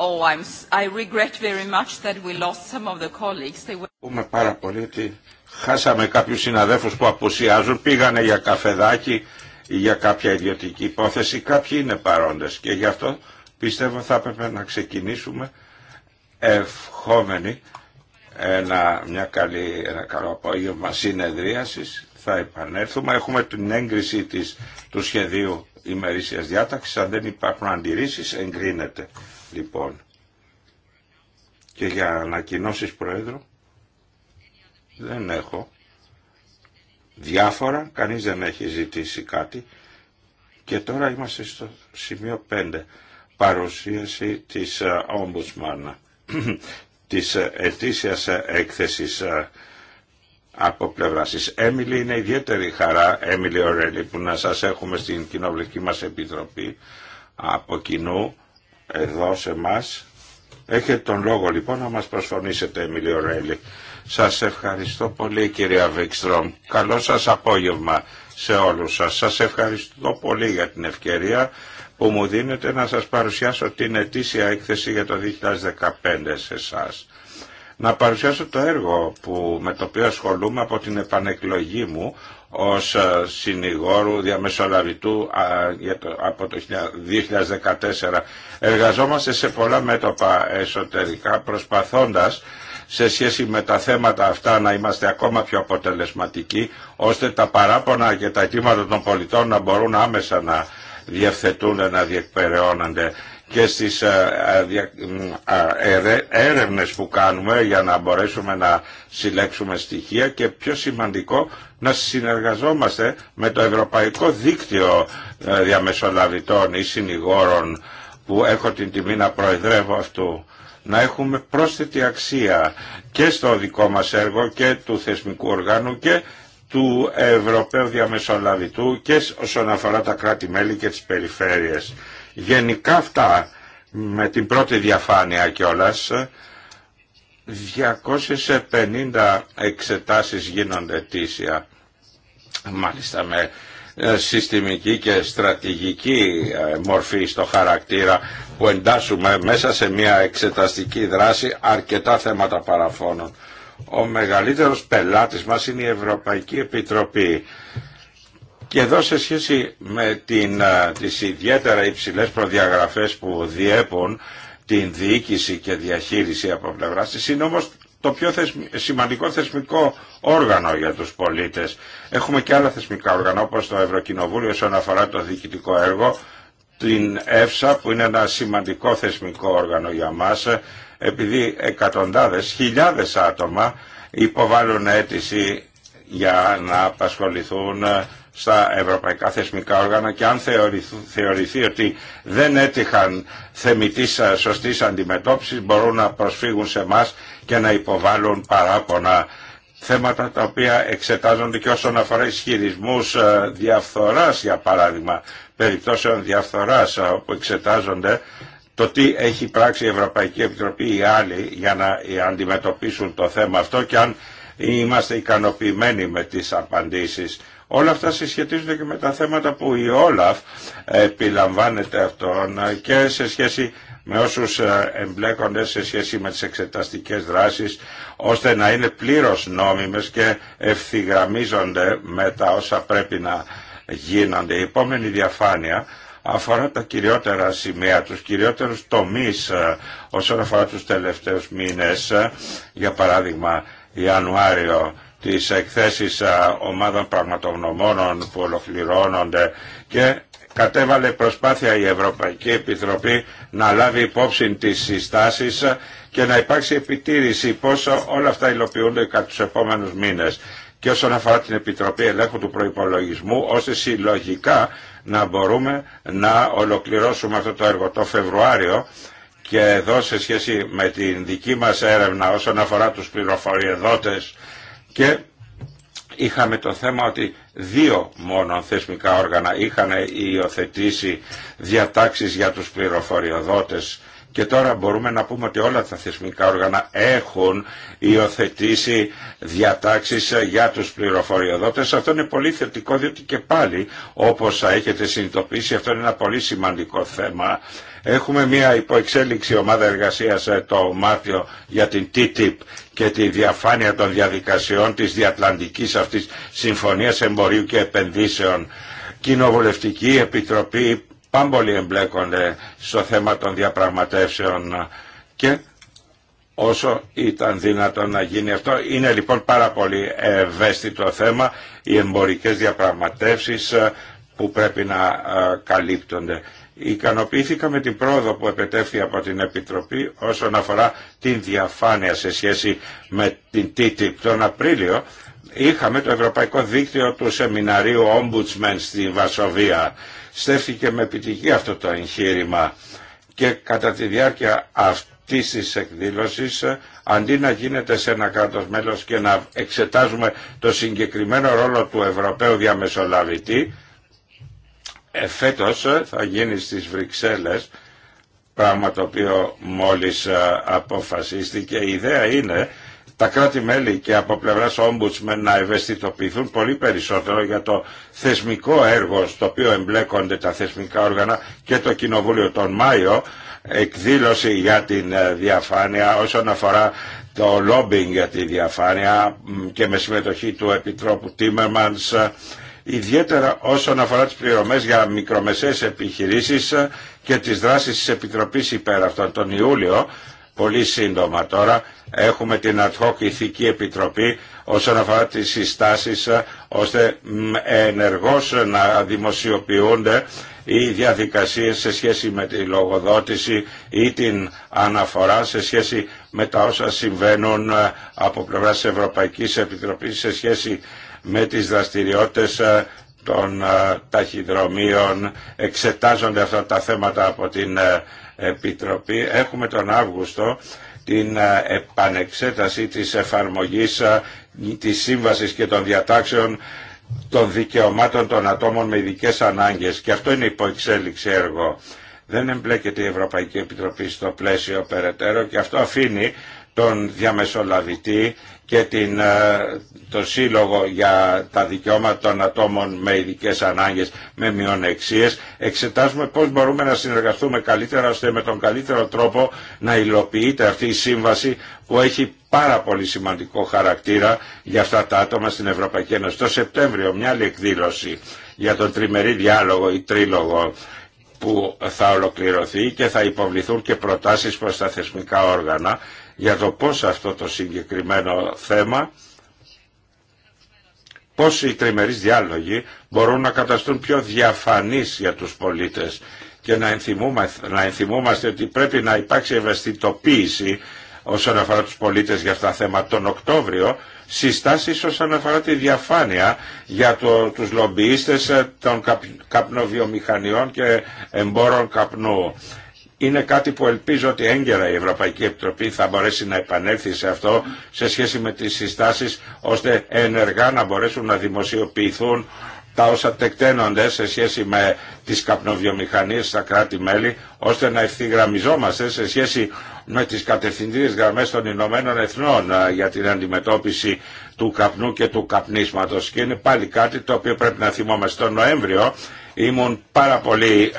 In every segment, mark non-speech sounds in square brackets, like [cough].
Oh, I'm, I Πούμε πάρα πολύ ότι χάσαμε κάποιους συναδέλφους που απουσιάζουν, πήγανε για καφεδάκι ή για κάποια ιδιωτική υπόθεση. Κάποιοι είναι παρόντες και γι' αυτό πιστεύω θα έπρεπε να ξεκινήσουμε ευχόμενοι ένα, μια καλή, ένα καλό απόγευμα συνεδρίασης. Θα επανέλθουμε. Έχουμε την έγκριση της, του σχεδίου ημερήσιας διάταξης. Αν δεν υπάρχουν αντιρρήσεις, εγκρίνεται λοιπόν και για ανακοινώσεις Προέδρου δεν έχω διάφορα, κανείς δεν έχει ζητήσει κάτι και τώρα είμαστε στο σημείο 5 παρουσίαση της ε, Ombudsman [clears throat] της ε, ετήσιας ε, έκθεσης από πλευρά τη. Έμιλη, είναι ιδιαίτερη χαρά, Έμιλη Ωρέλη, που να σας έχουμε στην κοινοβουλευτική μας επιτροπή από κοινού εδώ σε εμά. Έχετε τον λόγο λοιπόν να μας προσφωνήσετε Εμίλιο Ρέλη. Σας ευχαριστώ πολύ κυρία Βίξτρομ. Καλό σας απόγευμα σε όλους σας. Σας ευχαριστώ πολύ για την ευκαιρία που μου δίνετε να σας παρουσιάσω την ετήσια έκθεση για το 2015 σε εσά. Να παρουσιάσω το έργο που, με το οποίο ασχολούμαι από την επανεκλογή μου ως ε, συνηγόρου διαμεσολαβητού από το 2014. Εργαζόμαστε σε πολλά μέτωπα εσωτερικά προσπαθώντας σε σχέση με τα θέματα αυτά να είμαστε ακόμα πιο αποτελεσματικοί ώστε τα παράπονα και τα κύματα των πολιτών να μπορούν άμεσα να διευθετούν, να διεκπεραιώνονται και στις ε, ε, έρευνες που κάνουμε για να μπορέσουμε να συλλέξουμε στοιχεία και πιο σημαντικό να συνεργαζόμαστε με το Ευρωπαϊκό Δίκτυο ε, Διαμεσολαβητών ή Συνηγόρων που έχω την τιμή να προεδρεύω αυτού να έχουμε πρόσθετη αξία και στο δικό μας έργο και του θεσμικού οργάνου και του Ευρωπαίου Διαμεσολαβητού και όσον αφορά τα κράτη-μέλη και τις περιφέρειες. Γενικά αυτά με την πρώτη διαφάνεια κιόλα, 250 εξετάσεις γίνονται τήσια μάλιστα με ε, συστημική και στρατηγική ε, μορφή στο χαρακτήρα που εντάσσουμε μέσα σε μια εξεταστική δράση αρκετά θέματα παραφώνων. Ο μεγαλύτερος πελάτης μας είναι η Ευρωπαϊκή Επιτροπή και εδώ σε σχέση με την, τις ιδιαίτερα υψηλές προδιαγραφές που διέπουν την διοίκηση και διαχείριση από πλευρά της είναι όμως το πιο σημαντικό θεσμικό όργανο για τους πολίτες. Έχουμε και άλλα θεσμικά όργανα όπως το Ευρωκοινοβούλιο όσον αφορά το διοικητικό έργο, την ΕΦΣΑ που είναι ένα σημαντικό θεσμικό όργανο για μας επειδή εκατοντάδες, χιλιάδες άτομα υποβάλλουν αίτηση για να απασχοληθούν στα ευρωπαϊκά θεσμικά όργανα και αν θεωρηθεί ότι δεν έτυχαν θεμητής σωστής αντιμετώπισης μπορούν να προσφύγουν σε εμά και να υποβάλουν παράπονα θέματα τα οποία εξετάζονται και όσον αφορά ισχυρισμού ε, διαφθοράς για παράδειγμα περιπτώσεων διαφθοράς ε, όπου εξετάζονται το τι έχει πράξει η Ευρωπαϊκή Επιτροπή ή άλλοι για να ε, αντιμετωπίσουν το θέμα αυτό και αν ή είμαστε ικανοποιημένοι με τις απαντήσεις. Όλα αυτά συσχετίζονται και με τα θέματα που η Όλαφ επιλαμβάνεται αυτών και σε σχέση με όσους ε, εμπλέκονται σε σχέση με τις εξεταστικές δράσεις, ώστε να είναι πλήρως νόμιμες και ευθυγραμμίζονται με τα όσα πρέπει να γίνονται. Η επόμενη διαφάνεια αφορά τα κυριότερα σημεία, τους κυριότερους τομείς ε, όσον αφορά τους τελευταίους μήνες. Για παράδειγμα, Ιανουάριο τις εκθέσεις ομάδων πραγματογνωμόνων που ολοκληρώνονται και κατέβαλε προσπάθεια η Ευρωπαϊκή Επιτροπή να λάβει υπόψη τις συστάσεις και να υπάρξει επιτήρηση πόσο όλα αυτά υλοποιούνται κατά τους επόμενους μήνες και όσον αφορά την Επιτροπή Ελέγχου του Προϋπολογισμού ώστε συλλογικά να μπορούμε να ολοκληρώσουμε αυτό το έργο το Φεβρουάριο και εδώ σε σχέση με την δική μας έρευνα όσον αφορά τους πληροφοριοδότες και είχαμε το θέμα ότι δύο μόνο θεσμικά όργανα είχαν υιοθετήσει διατάξεις για τους πληροφοριοδότες και τώρα μπορούμε να πούμε ότι όλα τα θεσμικά όργανα έχουν υιοθετήσει διατάξεις για τους πληροφοριοδότες. Αυτό είναι πολύ θετικό διότι και πάλι όπως έχετε συνειδητοποιήσει αυτό είναι ένα πολύ σημαντικό θέμα. Έχουμε μια υποεξέλιξη ομάδα εργασίας ε, το Μάρτιο για την TTIP και τη διαφάνεια των διαδικασιών της διατλαντικής αυτής συμφωνίας εμπορίου και επενδύσεων. Κοινοβουλευτική Επιτροπή πάμπολοι εμπλέκονται στο θέμα των διαπραγματεύσεων και όσο ήταν δυνατόν να γίνει αυτό. Είναι λοιπόν πάρα πολύ ευαίσθητο θέμα οι εμπορικές διαπραγματεύσεις ε, που πρέπει να ε, καλύπτονται. Ικανοποιήθηκα με την πρόοδο που επετεύχθη από την Επιτροπή όσον αφορά την διαφάνεια σε σχέση με την TTIP τον Απρίλιο. Είχαμε το Ευρωπαϊκό Δίκτυο του Σεμιναρίου Ombudsman στη Βασοβία στέφθηκε με επιτυχία αυτό το εγχείρημα και κατά τη διάρκεια αυτής της εκδήλωσης αντί να γίνεται σε ένα κράτος μέλος και να εξετάζουμε το συγκεκριμένο ρόλο του Ευρωπαίου διαμεσολαβητή ε, φέτος θα γίνει στις Βρυξέλλες πράγμα το οποίο μόλις ε, αποφασίστηκε η ιδέα είναι τα κράτη-μέλη και από πλευράς ομπούτσμεν να ευαισθητοποιηθούν πολύ περισσότερο για το θεσμικό έργο στο οποίο εμπλέκονται τα θεσμικά όργανα και το Κοινοβούλιο τον Μάιο εκδήλωση για την ε, διαφάνεια όσον αφορά το λόμπινγκ για τη διαφάνεια και με συμμετοχή του Επιτρόπου Τίμερμανς ε, ιδιαίτερα όσον αφορά τις πληρωμές για μικρομεσαίες επιχειρήσεις ε, και τις δράσεις της Επιτροπής υπέρ αυτών τον Ιούλιο πολύ σύντομα τώρα έχουμε την Ad hoc Ηθική Επιτροπή όσον αφορά τις συστάσεις ε, ώστε ενεργώς να δημοσιοποιούνται οι διαδικασίες σε σχέση με τη λογοδότηση ή την αναφορά σε σχέση με τα όσα συμβαίνουν ε, από πλευράς Ευρωπαϊκής Επιτροπής σε σχέση με τις δραστηριότητες ε, των ταχυδρομείων. Εξετάζονται αυτά τα θέματα από την Επιτροπή έχουμε τον Αύγουστο την ε, επανεξέταση της εφαρμογής ε, της σύμβασης και των διατάξεων των δικαιωμάτων των ατόμων με ειδικέ ανάγκες και αυτό είναι υποεξέλιξη έργο. Δεν εμπλέκεται η Ευρωπαϊκή Επιτροπή στο πλαίσιο περαιτέρω και αυτό αφήνει τον διαμεσολαβητή και την, ε, το Σύλλογο για τα Δικαιώματα των Ατόμων με ειδικέ Ανάγκες, με μειονεξίες. Εξετάζουμε πώς μπορούμε να συνεργαστούμε καλύτερα ώστε με τον καλύτερο τρόπο να υλοποιείται αυτή η σύμβαση που έχει πάρα πολύ σημαντικό χαρακτήρα για αυτά τα άτομα στην Ευρωπαϊκή Ένωση. Το Σεπτέμβριο μια άλλη εκδήλωση για τον τριμερή διάλογο ή τρίλογο που θα ολοκληρωθεί και θα υποβληθούν και προτάσεις προς τα θεσμικά όργανα για το πώς αυτό το συγκεκριμένο θέμα, πώς οι τριμερείς διάλογοι μπορούν να καταστούν πιο διαφανείς για τους πολίτες και να, ενθυμούμαστε, να ότι πρέπει να υπάρξει ευαισθητοποίηση όσον αφορά τους πολίτες για αυτά τα θέματα τον Οκτώβριο, συστάσεις όσον αφορά τη διαφάνεια για το, τους λομπιίστες ε, των καπνοβιομηχανιών και εμπόρων καπνού είναι κάτι που ελπίζω ότι έγκαιρα η Ευρωπαϊκή Επιτροπή θα μπορέσει να επανέλθει σε αυτό σε σχέση με τις συστάσεις ώστε ενεργά να μπορέσουν να δημοσιοποιηθούν τα όσα τεκταίνονται σε σχέση με τις καπνοβιομηχανίες στα κράτη-μέλη, ώστε να ευθυγραμμιζόμαστε σε σχέση με τις κατευθυντήριες γραμμές των Ηνωμένων Εθνών ε, για την αντιμετώπιση του καπνού και του καπνίσματος. Και είναι πάλι κάτι το οποίο πρέπει να θυμόμαστε. τον Νοέμβριο Ήμουν πάρα πολύ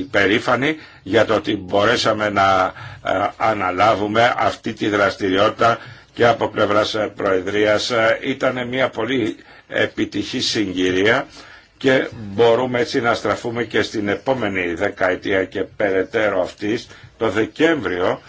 υπερήφανη για το ότι μπορέσαμε να ε, αναλάβουμε αυτή τη δραστηριότητα και από πλευράς ε, Προεδρίας. Ε, ήταν μια πολύ επιτυχή συγκυρία και μπορούμε έτσι να στραφούμε και στην επόμενη δεκαετία και περαιτέρω αυτής το Δεκέμβριο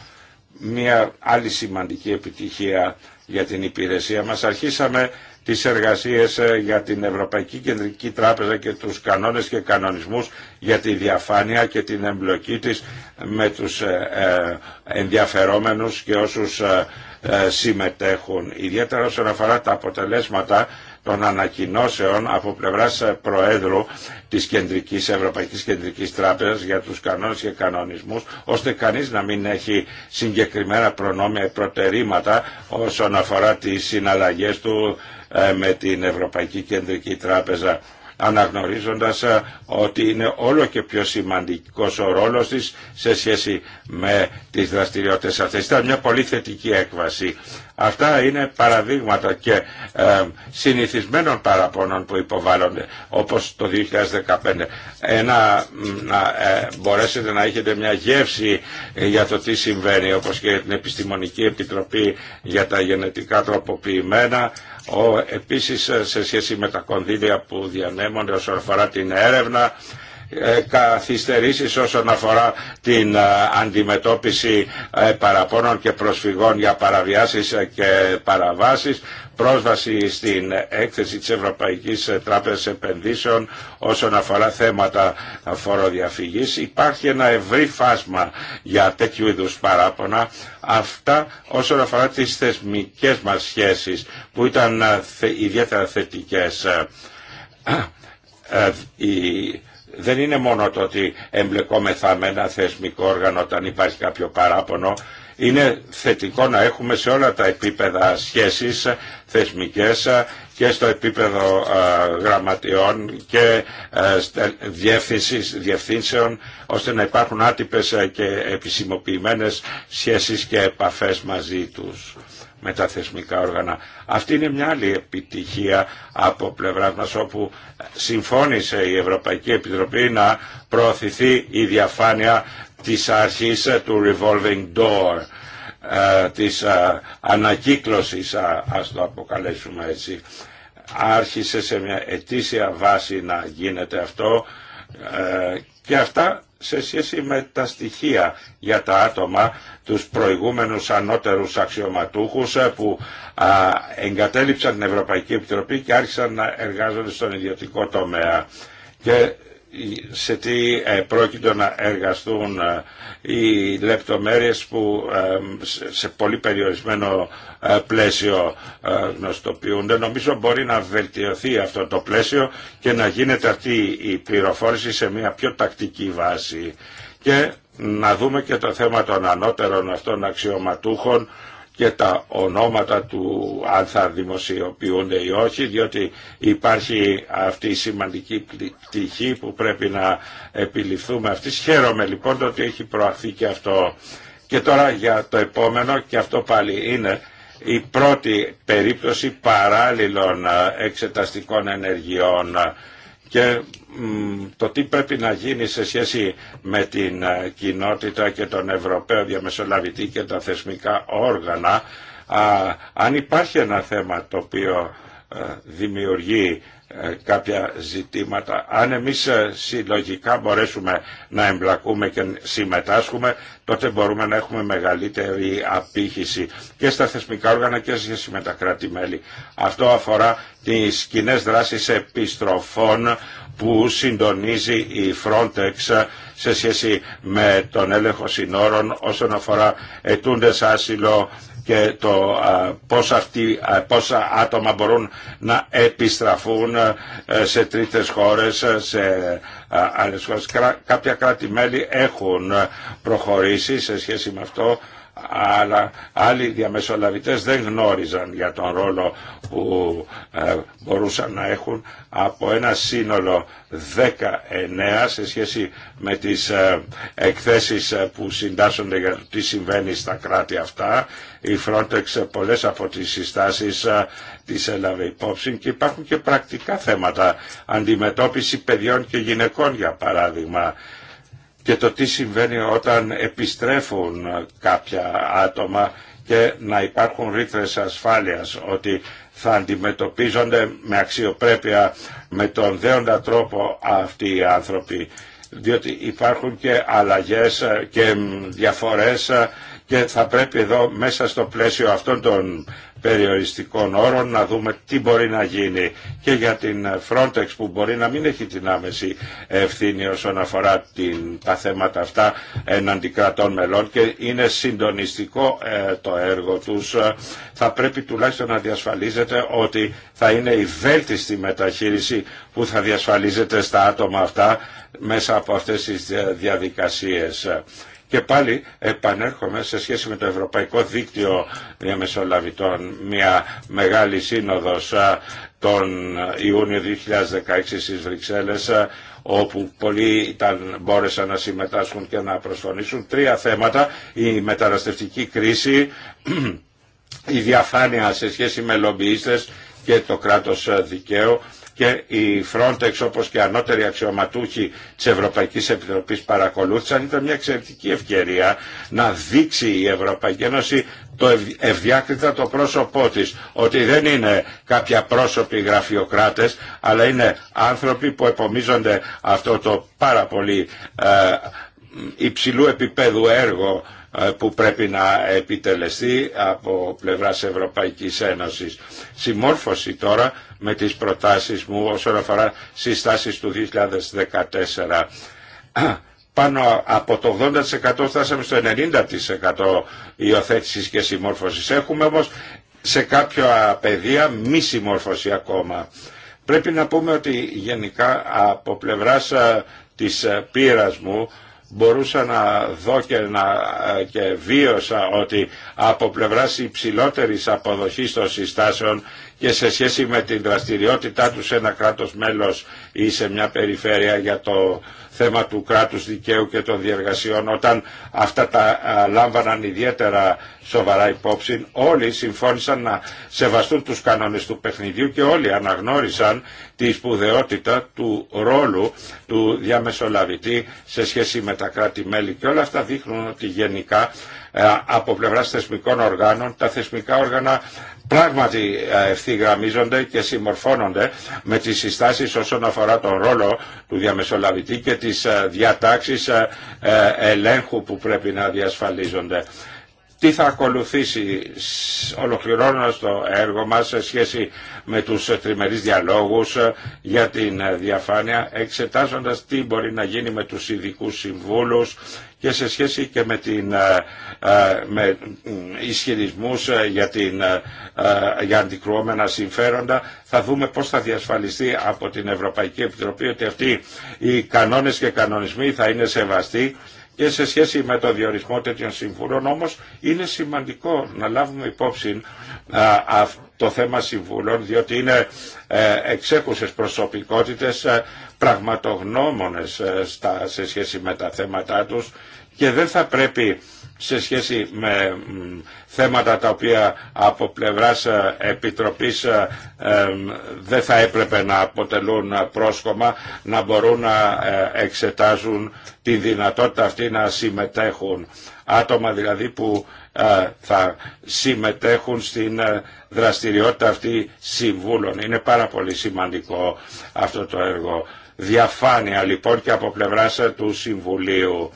μια άλλη σημαντική επιτυχία για την υπηρεσία μας. Αρχίσαμε τις εργασίες ε, για την Ευρωπαϊκή Κεντρική Τράπεζα και τους κανόνες και κανονισμούς για τη διαφάνεια και την εμπλοκή της με τους ε, ε, ενδιαφερόμενους και όσους συμμετέχουν. Ιδιαίτερα όσον αφορά τα αποτελέσματα των ανακοινώσεων από πλευράς ε, Προέδρου της Κεντρικής, Ευρωπαϊκής Κεντρικής Τράπεζας για τους κανόνες και κανονισμούς, ώστε κανείς να μην έχει συγκεκριμένα προνόμια προτερήματα όσον αφορά τις συναλλαγές του ε, με την Ευρωπαϊκή Κεντρική Τράπεζα αναγνωρίζοντας ε, ότι είναι όλο και πιο σημαντικός ο ρόλος της σε σχέση με τις δραστηριότητες αυτές. Ήταν μια πολύ θετική έκβαση. Αυτά είναι παραδείγματα και ε, συνηθισμένων παραπονών που υποβάλλονται όπως το 2015. Ένα, να ε, μπορέσετε να έχετε μια γεύση για το τι συμβαίνει όπως και την Επιστημονική Επιτροπή για τα Γενετικά Τροποποιημένα ο, επίσης σε σχέση με τα κονδύλια που διανέμονται όσον αφορά την έρευνα ε, καθυστερήσεις όσον αφορά την ε, αντιμετώπιση ε, παραπόνων και προσφυγών για παραβιάσεις και παραβάσεις πρόσβαση στην έκθεση της Ευρωπαϊκής Τράπεζας Επενδύσεων όσον αφορά θέματα φοροδιαφυγής. Υπάρχει ένα ευρύ φάσμα για τέτοιου είδους παράπονα. Αυτά όσον αφορά τις θεσμικές μας σχέσεις που ήταν ιδιαίτερα θετικές δεν είναι μόνο το ότι εμπλεκόμεθα με ένα θεσμικό όργανο όταν υπάρχει κάποιο παράπονο. Είναι θετικό να έχουμε σε όλα τα επίπεδα σχέσεις θεσμικές και στο επίπεδο γραμματιών και διευθύνσεων ώστε να υπάρχουν άτυπες και επισημοποιημένες σχέσεις και επαφές μαζί τους με τα θεσμικά όργανα. Αυτή είναι μια άλλη επιτυχία από πλευρά μας όπου συμφώνησε η Ευρωπαϊκή Επιτροπή να προωθηθεί η διαφάνεια της αρχής του revolving door ε, της ε, ανακύκλωσης ας το αποκαλέσουμε έτσι άρχισε σε μια ετήσια βάση να γίνεται αυτό ε, και αυτά σε σχέση με τα στοιχεία για τα άτομα τους προηγούμενους ανώτερους αξιωματούχους ε, που εγκατέλειψαν την Ευρωπαϊκή Επιτροπή και άρχισαν να εργάζονται στον ιδιωτικό τομέα. Και σε τι ε, πρόκειται να εργαστούν ε, οι λεπτομέρειες που σε πολύ περιορισμένο πλαίσιο γνωστοποιούνται. Νομίζω μπορεί να βελτιωθεί αυτό το πλαίσιο και να γίνεται αυτή η πληροφόρηση σε μια πιο τακτική βάση. Και να δούμε και το θέμα των ανώτερων αυτών αξιωματούχων και τα ονόματα του αν θα δημοσιοποιούνται ή όχι, διότι υπάρχει αυτή η σημαντική πτυχή που πρέπει να επιληφθούμε αυτής. Χαίρομαι λοιπόν το ότι έχει προαχθεί και αυτό. Και τώρα για το επόμενο, και αυτό πάλι είναι η πρώτη περίπτωση παράλληλων ε, εξεταστικών ενεργειών και το τι πρέπει να γίνει σε σχέση με την ε, κοινότητα και τον Ευρωπαίο Διαμεσολαβητή και τα θεσμικά όργανα, αν υπάρχει ένα θέμα το οποίο ε, δημιουργεί ε, κάποια ζητήματα. Αν εμείς ε, συλλογικά μπορέσουμε να εμπλακούμε και συμμετάσχουμε, τότε μπορούμε να έχουμε μεγαλύτερη απήχηση και στα θεσμικά όργανα και σε σχέση με τα κρατη Αυτό αφορά τις κοινέ δράσεις επιστροφών που συντονίζει η Frontex σε σχέση με τον έλεγχο συνόρων όσον αφορά ετούντες άσυλο, και το πόσα, πόσα άτομα μπορούν να επιστραφούν σε τρίτες χώρες, σε άλλες χώρες. Κάποια κράτη-μέλη έχουν προχωρήσει σε σχέση με αυτό αλλά άλλοι διαμεσολαβητές δεν γνώριζαν για τον ρόλο που ε, μπορούσαν να έχουν από ένα σύνολο 19 σε σχέση με τις ε, εκθέσεις ε, που συντάσσονται για το τι συμβαίνει στα κράτη αυτά. Η Frontex πολλές από τις συστάσεις τις έλαβε υπόψη και υπάρχουν και πρακτικά θέματα αντιμετώπιση παιδιών και γυναικών για παράδειγμα και το τι συμβαίνει όταν επιστρέφουν κάποια άτομα και να υπάρχουν ρήτρες ασφάλειας ότι θα αντιμετωπίζονται με αξιοπρέπεια με τον δέοντα τρόπο αυτοί οι άνθρωποι διότι υπάρχουν και αλλαγές και διαφορές και θα πρέπει εδώ μέσα στο πλαίσιο αυτών των περιοριστικών όρων, να δούμε τι μπορεί να γίνει και για την Frontex που μπορεί να μην έχει την άμεση ευθύνη όσον αφορά την, τα θέματα αυτά εναντί κρατών μελών και είναι συντονιστικό ε, το έργο τους. Θα πρέπει τουλάχιστον να διασφαλίζεται ότι θα είναι η βέλτιστη μεταχείριση που θα διασφαλίζεται στα άτομα αυτά μέσα από αυτές τις ε, διαδικασίες. Και πάλι επανέρχομαι σε σχέση με το Ευρωπαϊκό Δίκτυο Διαμεσολαβητών, μια μεγάλη σύνοδος τον Ιούνιο 2016 στις Βρυξέλλες, όπου πολλοί ήταν, μπόρεσαν να συμμετάσχουν και να προσφωνήσουν. Τρία θέματα, η μεταναστευτική κρίση, [clears throat] η διαφάνεια σε σχέση με λομπιίστες και το κράτος δικαίου και η Frontex όπως και ανώτεροι αξιωματούχοι της Ευρωπαϊκής Επιτροπής παρακολούθησαν ήταν μια εξαιρετική ευκαιρία να δείξει η Ευρωπαϊκή Ένωση το ευδιάκριτα το πρόσωπό της ότι δεν είναι κάποια πρόσωποι γραφειοκράτες αλλά είναι άνθρωποι που επομίζονται αυτό το πάρα πολύ ε, υψηλού επίπεδου έργο ε, που πρέπει να επιτελεστεί από πλευράς Ευρωπαϊκής Ένωσης. Συμμόρφωση τώρα με τις προτάσεις μου όσον αφορά συστάσεις του 2014. Πάνω από το 80% φτάσαμε στο 90% υιοθέτησης και συμμόρφωσης. Έχουμε όμως σε κάποια πεδία μη συμμόρφωση ακόμα. Πρέπει να πούμε ότι γενικά από πλευράς ε, της ε, πείρας μου μπορούσα να δω και, να, ε, και βίωσα ότι από πλευράς υψηλότερης αποδοχής των συστάσεων και σε σχέση με την δραστηριότητά του σε ένα κράτος μέλος ή σε μια περιφέρεια για το θέμα του κράτους δικαίου και των διεργασιών όταν αυτά τα λάμβαναν ιδιαίτερα σοβαρά υπόψη όλοι συμφώνησαν να σεβαστούν τους κανόνες του παιχνιδιού και όλοι αναγνώρισαν τη σπουδαιότητα του ρόλου του διαμεσολαβητή σε σχέση με τα κράτη-μέλη και όλα αυτά δείχνουν ότι γενικά ε, από πλευράς θεσμικών οργάνων. Τα θεσμικά όργανα πράγματι ε, ευθυγραμμίζονται και συμμορφώνονται με τις συστάσεις όσον αφορά τον ρόλο του διαμεσολαβητή και τις ε, διατάξεις ελέγχου που πρέπει να διασφαλίζονται τι θα ακολουθήσει ολοκληρώνοντας το έργο μας σε σχέση με τους ε, τριμερείς διαλόγους ε, για την ε, διαφάνεια, εξετάζοντας τι μπορεί να γίνει με τους ειδικού συμβούλους και σε σχέση και με, την, με ισχυρισμούς για, την, για αντικρουόμενα συμφέροντα, θα δούμε πώς θα διασφαλιστεί από την Ευρωπαϊκή Επιτροπή ότι αυτοί οι κανόνες και κανονισμοί θα είναι σεβαστοί και σε σχέση με το διορισμό τέτοιων συμβούλων όμως είναι σημαντικό να λάβουμε υπόψη το θέμα συμβούλων διότι είναι ε, εξέχουσες προσωπικότητες ε, πραγματογνώμονες ε, σε σχέση με τα θέματά τους και δεν θα πρέπει σε σχέση με θέματα τα οποία από πλευράς ε, Επιτροπής ε, ε, δεν θα έπρεπε να αποτελούν πρόσκομα, να μπορούν να εξετάζουν τη δυνατότητα αυτή να συμμετέχουν. Άτομα δηλαδή που θα συμμετέχουν στην δραστηριότητα αυτή συμβούλων. Είναι πάρα πολύ σημαντικό αυτό το έργο. Διαφάνεια λοιπόν και από πλευράς του Συμβουλίου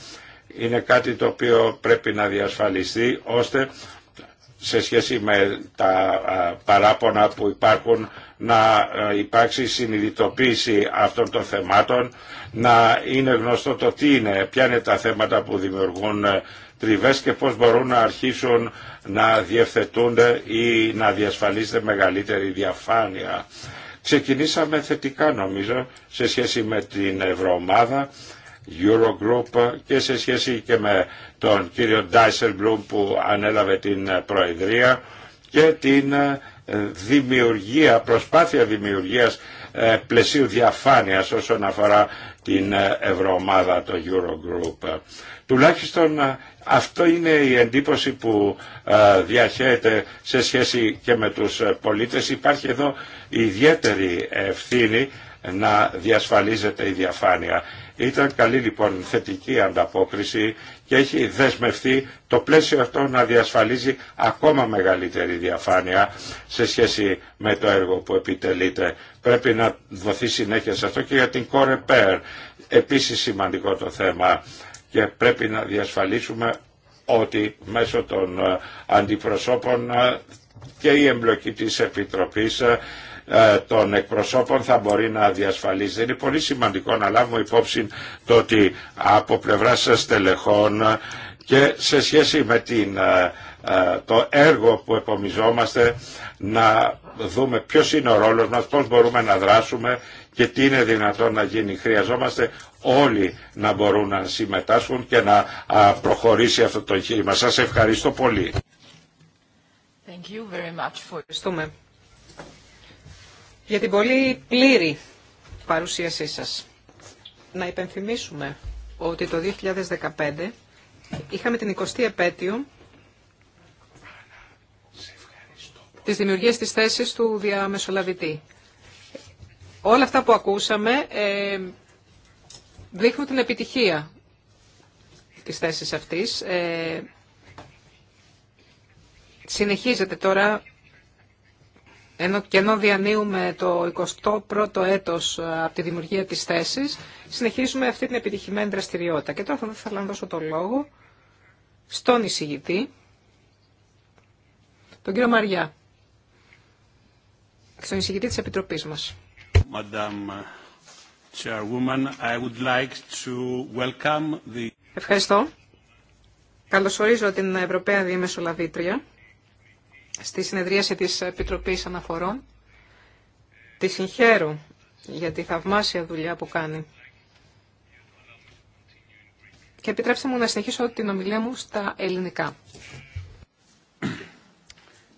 είναι κάτι το οποίο πρέπει να διασφαλιστεί ώστε σε σχέση με τα παράπονα που υπάρχουν να υπάρξει συνειδητοποίηση αυτών των θεμάτων, να είναι γνωστό το τι είναι, ποια είναι τα θέματα που δημιουργούν ε, τριβές και πώς μπορούν να αρχίσουν να διευθετούνται ή να διασφαλίζεται μεγαλύτερη διαφάνεια. Ξεκινήσαμε θετικά νομίζω σε σχέση με την Ευρωομάδα Eurogroup και σε σχέση και με τον κύριο Dijsselbloem που ανέλαβε την Προεδρία και την ε, δημιουργία, προσπάθεια δημιουργίας ε, πλαισίου διαφάνειας όσον αφορά την ε, Ευρωομάδα, το Eurogroup. Τουλάχιστον αυτό είναι η εντύπωση που διαχέεται σε σχέση και με τους πολίτες. Υπάρχει εδώ ιδιαίτερη ευθύνη να διασφαλίζεται η διαφάνεια. Ήταν καλή λοιπόν θετική ανταπόκριση και έχει δεσμευτεί το πλαίσιο αυτό να διασφαλίζει ακόμα μεγαλύτερη διαφάνεια σε σχέση με το έργο που επιτελείται. Πρέπει να δοθεί συνέχεια σε αυτό και για την Κορεπέρ. Επίσης σημαντικό το θέμα και πρέπει να διασφαλίσουμε ότι μέσω των ε, αντιπροσώπων ε, και η εμπλοκή της Επιτροπής ε, ε, των εκπροσώπων θα μπορεί να διασφαλίσει. Είναι πολύ σημαντικό να λάβουμε υπόψη το ότι από πλευρά σας τελεχών και σε σχέση με την, ε, το έργο που επομιζόμαστε να δούμε ποιος είναι ο ρόλος μας, πώς μπορούμε να δράσουμε και τι είναι δυνατόν να γίνει. Χρειαζόμαστε όλοι να μπορούν να συμμετάσχουν και να προχωρήσει αυτό το εγχείρημα. Σας ευχαριστώ πολύ. Ευχαριστούμε για την πολύ πλήρη παρουσίασή σας. Να υπενθυμίσουμε ότι το 2015 είχαμε την 20η επέτειο της δημιουργίας της θέσης του διαμεσολαβητή. Όλα αυτά που ακούσαμε ε, δείχνουν την επιτυχία της θέσης αυτής. Ε, συνεχίζεται τώρα, ενώ, και ενώ διανύουμε το 21ο έτος ε, από τη δημιουργία της θέσης, συνεχίζουμε αυτή την επιτυχημένη δραστηριότητα. Και τώρα θα ήθελα να δώσω το λόγο στον εισηγητή, τον κύριο Μαριά, στον εισηγητή της Επιτροπής μας. Ε, Ευχαριστώ. Καλωσορίζω την Ευρωπαία Διεμεσολαβήτρια στη συνεδρίαση της Επιτροπής Αναφορών. Τη συγχαίρω για τη θαυμάσια δουλειά που κάνει. Και επιτρέψτε μου να συνεχίσω την ομιλία μου στα ελληνικά.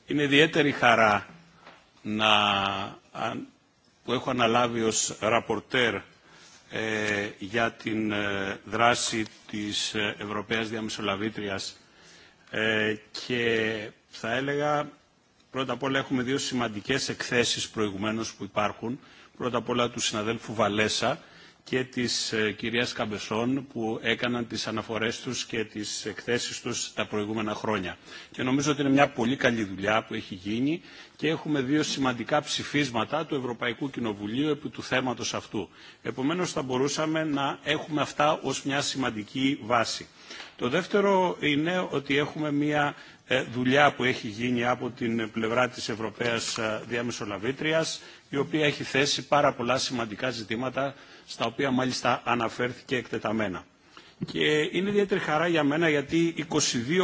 Είναι ιδιαίτερη χαρά να, που έχω αναλάβει ως ραπορτέρ ε, για την ε, δράση της ε, Ευρωπαίας Διαμεσολαβήτριας και θα έλεγα πρώτα απ' όλα έχουμε δύο σημαντικές εκθέσεις προηγουμένως που υπάρχουν. Πρώτα απ' όλα του συναδέλφου Βαλέσα και της ε, κυρίας Καμπεσόν που έκαναν τις αναφορές τους και τις εκθέσεις τους τα προηγούμενα χρόνια. Και νομίζω ότι είναι μια πολύ καλή δουλειά που έχει γίνει και έχουμε δύο σημαντικά ψηφίσματα του Ευρωπαϊκού Κοινοβουλίου επί του θέματος αυτού. Επομένως θα μπορούσαμε να έχουμε αυτά ως μια σημαντική βάση. Το δεύτερο είναι ότι έχουμε μια ε, δουλειά που έχει γίνει από την πλευρά της Ευρωπαίας ε, Διαμεσολαβήτριας, η οποία έχει θέσει πάρα πολλά σημαντικά ζητήματα, στα οποία μάλιστα αναφέρθηκε εκτεταμένα. Και είναι ιδιαίτερη χαρά για μένα γιατί 22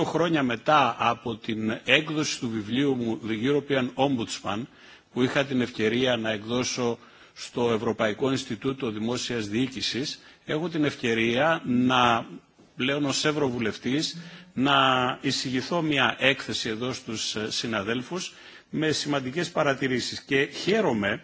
χρόνια μετά από την έκδοση του βιβλίου μου The European Ombudsman που είχα την ευκαιρία να εκδώσω στο Ευρωπαϊκό Ινστιτούτο Δημόσιας Διοίκησης έχω την ευκαιρία να Λέω ως Ευρωβουλευτής να εισηγηθώ μια έκθεση εδώ στους ε, συναδέλφους με σημαντικές παρατηρήσεις. Και χαίρομαι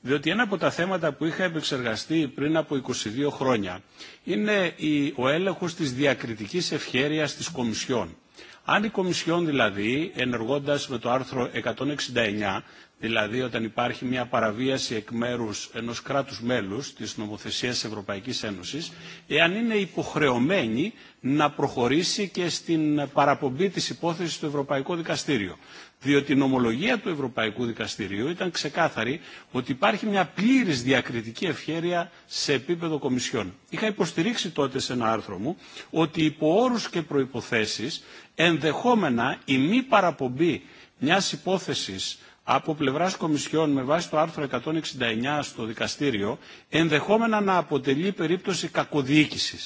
διότι ένα από τα θέματα που είχα επεξεργαστεί πριν από 22 χρόνια είναι ο έλεγχος της διακριτικής ευχέρειας της Κομισιόν. Αν η Κομισιόν δηλαδή, ενεργώντας με το άρθρο 169, δηλαδή όταν υπάρχει μια παραβίαση εκ μέρου ενό κράτου μέλου τη νομοθεσία τη Ευρωπαϊκή Ένωση, εάν είναι υποχρεωμένη να προχωρήσει και στην παραπομπή τη υπόθεση στο Ευρωπαϊκό Δικαστήριο. Διότι η νομολογία του Ευρωπαϊκού Δικαστηρίου ήταν ξεκάθαρη ότι υπάρχει μια πλήρη διακριτική ευχέρεια σε επίπεδο Κομισιόν. Είχα υποστηρίξει τότε σε ένα άρθρο μου ότι υπό όρου και προποθέσει ενδεχόμενα η μη παραπομπή μια υπόθεση από πλευράς Κομισιόν με βάση το άρθρο 169 στο δικαστήριο ενδεχόμενα να αποτελεί περίπτωση κακοδιοίκηση.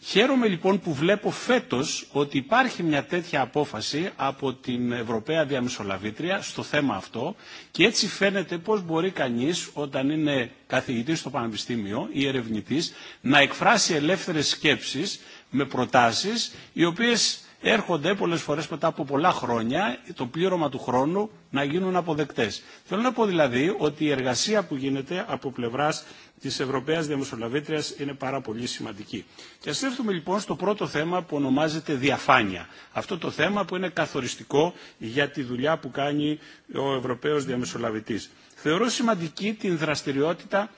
Χαίρομαι λοιπόν που βλέπω φέτος ότι υπάρχει μια τέτοια απόφαση από την Ευρωπαία Διαμεσολαβήτρια στο θέμα αυτό και έτσι φαίνεται πώς μπορεί κανείς όταν είναι καθηγητής στο Πανεπιστήμιο ή ερευνητής να εκφράσει ελεύθερες σκέψεις με προτάσεις οι οποίες έρχονται πολλέ φορέ μετά από πολλά χρόνια το πλήρωμα του χρόνου να γίνουν αποδεκτέ. Θέλω να πω δηλαδή ότι η εργασία που γίνεται από πλευρά τη Ευρωπαίας Διαμεσολαβήτριας είναι πάρα πολύ σημαντική. Και α έρθουμε λοιπόν στο πρώτο θέμα που ονομάζεται διαφάνεια. Αυτό το θέμα που είναι καθοριστικό για τη δουλειά που κάνει ο Ευρωπαίος Διαμεσολαβητής. Θεωρώ σημαντική την δραστηριότητα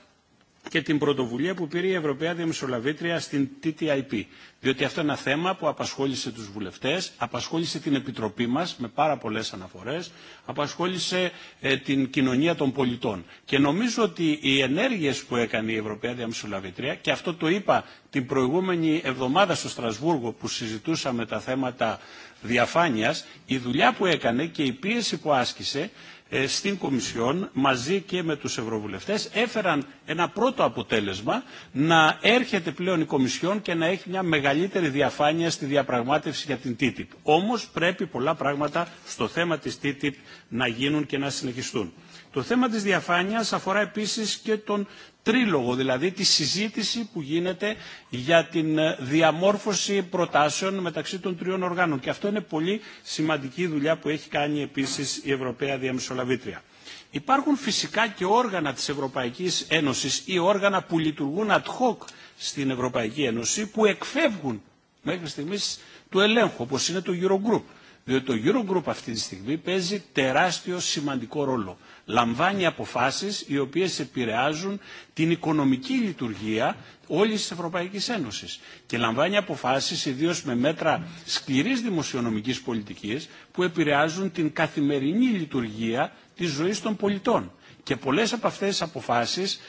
και την πρωτοβουλία που πήρε η Ευρωπαία Διαμεσολαβήτρια στην TTIP. Διότι αυτό είναι ένα θέμα που απασχόλησε τους βουλευτές, απασχόλησε την Επιτροπή μας με πάρα πολλές αναφορές, απασχόλησε ε, την κοινωνία των πολιτών. Και νομίζω ότι οι ενέργειες που έκανε η Ευρωπαία Διαμεσολαβήτρια, και αυτό το είπα την προηγούμενη εβδομάδα στο Στρασβούργο που συζητούσαμε τα θέματα διαφάνειας, η δουλειά που έκανε και η πίεση που άσκησε ε, στην Κομισιόν μαζί και με τους Ευρωβουλευτές έφεραν ένα πρώτο αποτέλεσμα να έρχεται πλέον η Κομισιόν και να έχει μια μεγαλύτερη διαφάνεια στη διαπραγμάτευση για την TTIP. Όμως πρέπει πολλά πράγματα στο θέμα της TTIP να γίνουν και να συνεχιστούν. Το θέμα της διαφάνειας αφορά επίσης και τον τρίλογο, δηλαδή τη συζήτηση που γίνεται για την ε, διαμόρφωση προτάσεων μεταξύ των τριών οργάνων. Και αυτό είναι πολύ σημαντική δουλειά που έχει κάνει επίσης η Ευρωπαία Διαμεσολαβήτρια. Υπάρχουν φυσικά και όργανα της Ευρωπαϊκής Ένωσης ή όργανα που λειτουργούν ad hoc στην Ευρωπαϊκή Ένωση που εκφεύγουν μέχρι στιγμής του ελέγχου, όπως είναι το Eurogroup. Διότι το Eurogroup αυτή τη στιγμή παίζει τεράστιο σημαντικό ρόλο λαμβάνει αποφάσεις οι οποίες επηρεάζουν την οικονομική λειτουργία όλης της Ευρωπαϊκής Ένωσης και λαμβάνει αποφάσεις ιδίως με μέτρα σκληρής δημοσιονομικής πολιτικής που επηρεάζουν την καθημερινή λειτουργία της ζωής των πολιτών. Και πολλές από αυτές τις αποφάσεις,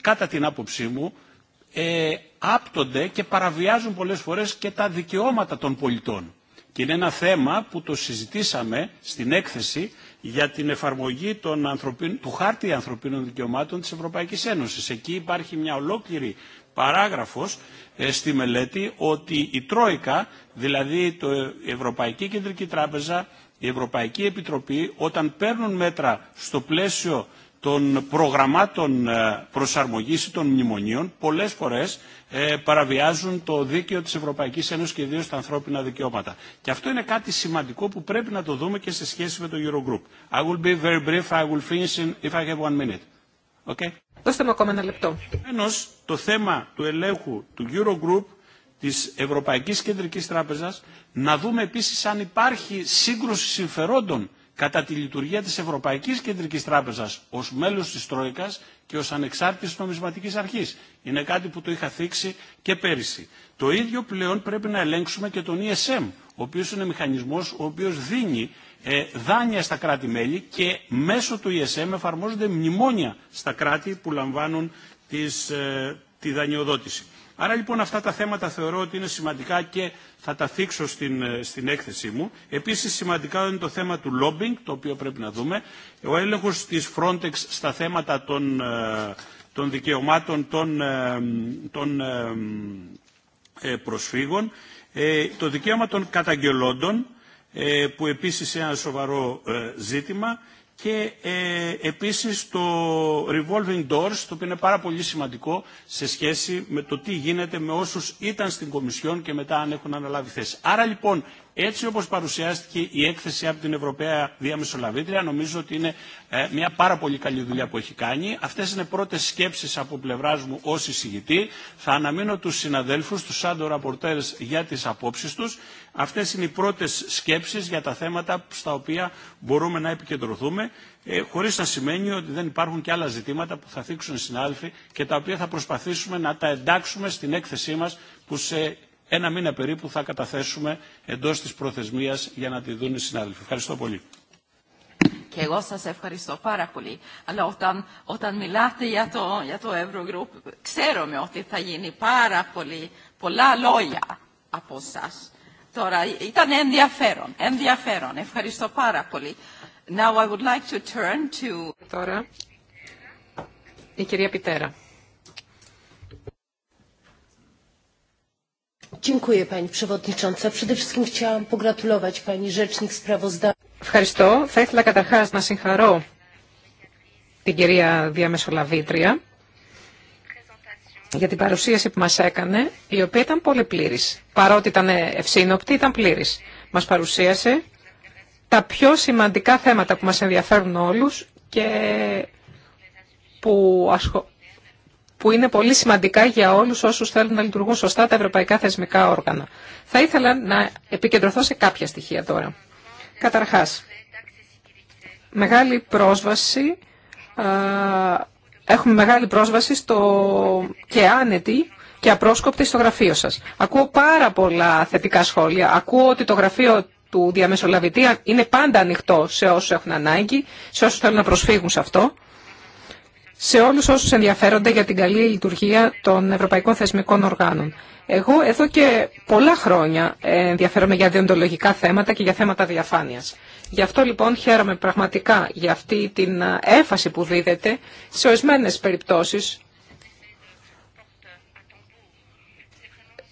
κατά την άποψή μου, ε, άπτονται και παραβιάζουν πολλές φορές και τα δικαιώματα των πολιτών. Και είναι ένα θέμα που το συζητήσαμε στην έκθεση για την εφαρμογή ανθρωπίν, του χάρτη ανθρωπίνων δικαιωμάτων της Ευρωπαϊκής Ένωσης. Εκεί υπάρχει μια ολόκληρη παράγραφος ε, στη μελέτη ότι η Τρόικα, δηλαδή το, η ε, Ευρωπαϊκή Κεντρική Τράπεζα, η Ευρωπαϊκή Επιτροπή, όταν παίρνουν μέτρα στο πλαίσιο των προγραμμάτων ε, προσαρμογής των μνημονίων πολλές φορές ε, παραβιάζουν το δίκαιο της Ευρωπαϊκής Ένωσης και ιδίως τα ανθρώπινα δικαιώματα. Και αυτό είναι κάτι σημαντικό που πρέπει να το δούμε και σε σχέση με το Eurogroup. I will be very brief, I will finish in, if I have one minute. Okay. Δώστε μου ακόμα ένα λεπτό. Ενός, το θέμα του ελέγχου του Eurogroup της Ευρωπαϊκής Κεντρικής Τράπεζας να δούμε επίσης αν υπάρχει σύγκρουση συμφερόντων κατά τη λειτουργία της Ευρωπαϊκής Κεντρικής Τράπεζας ως μέλος της Τρόικας και ως ανεξάρτητης νομισματικής αρχής. Είναι κάτι που το είχα θίξει και πέρυσι. Το ίδιο πλέον πρέπει να ελέγξουμε και τον ESM, ο οποίος είναι μηχανισμός ο οποίος δίνει ε, δάνεια στα κράτη-μέλη και μέσω του ESM εφαρμόζονται μνημόνια στα κράτη που λαμβάνουν τις, ε, τη δανειοδότηση. Άρα λοιπόν αυτά τα θέματα θεωρώ ότι είναι σημαντικά και θα τα θίξω στην, ε, στην έκθεσή μου. Επίσης σημαντικά είναι το θέμα του lobbying, το οποίο πρέπει να δούμε. Ο έλεγχος της Frontex στα θέματα των, ε, των δικαιωμάτων των, ε, των προσφύγων. Το δικαίωμα των καταγγελόντων, που επίσης είναι ένα σοβαρό ζήτημα και ε, επίσης το revolving doors, το οποίο είναι πάρα πολύ σημαντικό σε σχέση με το τι γίνεται με όσους ήταν στην Κομισιόν και μετά αν έχουν αναλάβει θέση. Άρα λοιπόν έτσι όπως παρουσιάστηκε η έκθεση από την Ευρωπαία Διαμεσολαβήτρια, νομίζω ότι είναι ε, μια πάρα πολύ καλή δουλειά που έχει κάνει. Αυτές είναι πρώτες σκέψεις από πλευράς μου ως εισηγητή. Θα αναμείνω τους συναδέλφους, τους άντο ραπορτέρες για τις απόψεις τους. Αυτές είναι οι πρώτες σκέψεις για τα θέματα στα οποία μπορούμε να επικεντρωθούμε, ε, χωρίς να σημαίνει ότι δεν υπάρχουν και άλλα ζητήματα που θα θίξουν οι συνάδελφοι και τα οποία θα προσπαθήσουμε να τα εντάξουμε στην έκθεσή μας που σε ένα μήνα περίπου θα καταθέσουμε εντός της προθεσμίας για να τη δουν οι συνάδελφοι. Ευχαριστώ πολύ. Και εγώ σας ευχαριστώ πάρα πολύ. Αλλά όταν, όταν μιλάτε για το, για το Eurogroup, ξέρουμε ότι θα γίνει πάρα πολύ, πολλά λόγια από εσά. Τώρα ήταν ενδιαφέρον, ενδιαφέρον. Ευχαριστώ πάρα πολύ. Τώρα, η κυρία Πιτέρα. Ευχαριστώ. Θα ήθελα καταρχά να συγχαρώ την κυρία Διαμεσολαβήτρια για την παρουσίαση που μας έκανε, η οποία ήταν πολύ πλήρης. Παρότι ήταν ευσύνοπτη, ήταν πλήρης. Μας παρουσίασε τα πιο σημαντικά θέματα που μας ενδιαφέρουν όλους και που που είναι πολύ σημαντικά για όλους όσους θέλουν να λειτουργούν σωστά τα ευρωπαϊκά θεσμικά όργανα. Θα ήθελα να επικεντρωθώ σε κάποια στοιχεία τώρα. Καταρχάς, μεγάλη πρόσβαση, έχουμε μεγάλη πρόσβαση στο και άνετη και απρόσκοπτη στο γραφείο σας. Ακούω πάρα πολλά θετικά σχόλια. Ακούω ότι το γραφείο του διαμεσολαβητή είναι πάντα ανοιχτό σε όσους έχουν ανάγκη, σε όσους θέλουν να προσφύγουν σε αυτό σε όλους όσους ενδιαφέρονται για την καλή λειτουργία των ευρωπαϊκών θεσμικών οργάνων. Εγώ εδώ και πολλά χρόνια ενδιαφέρομαι για διοντολογικά θέματα και για θέματα διαφάνειας. Γι' αυτό λοιπόν χαίρομαι πραγματικά για αυτή την έφαση που δίδεται σε ορισμένε περιπτώσεις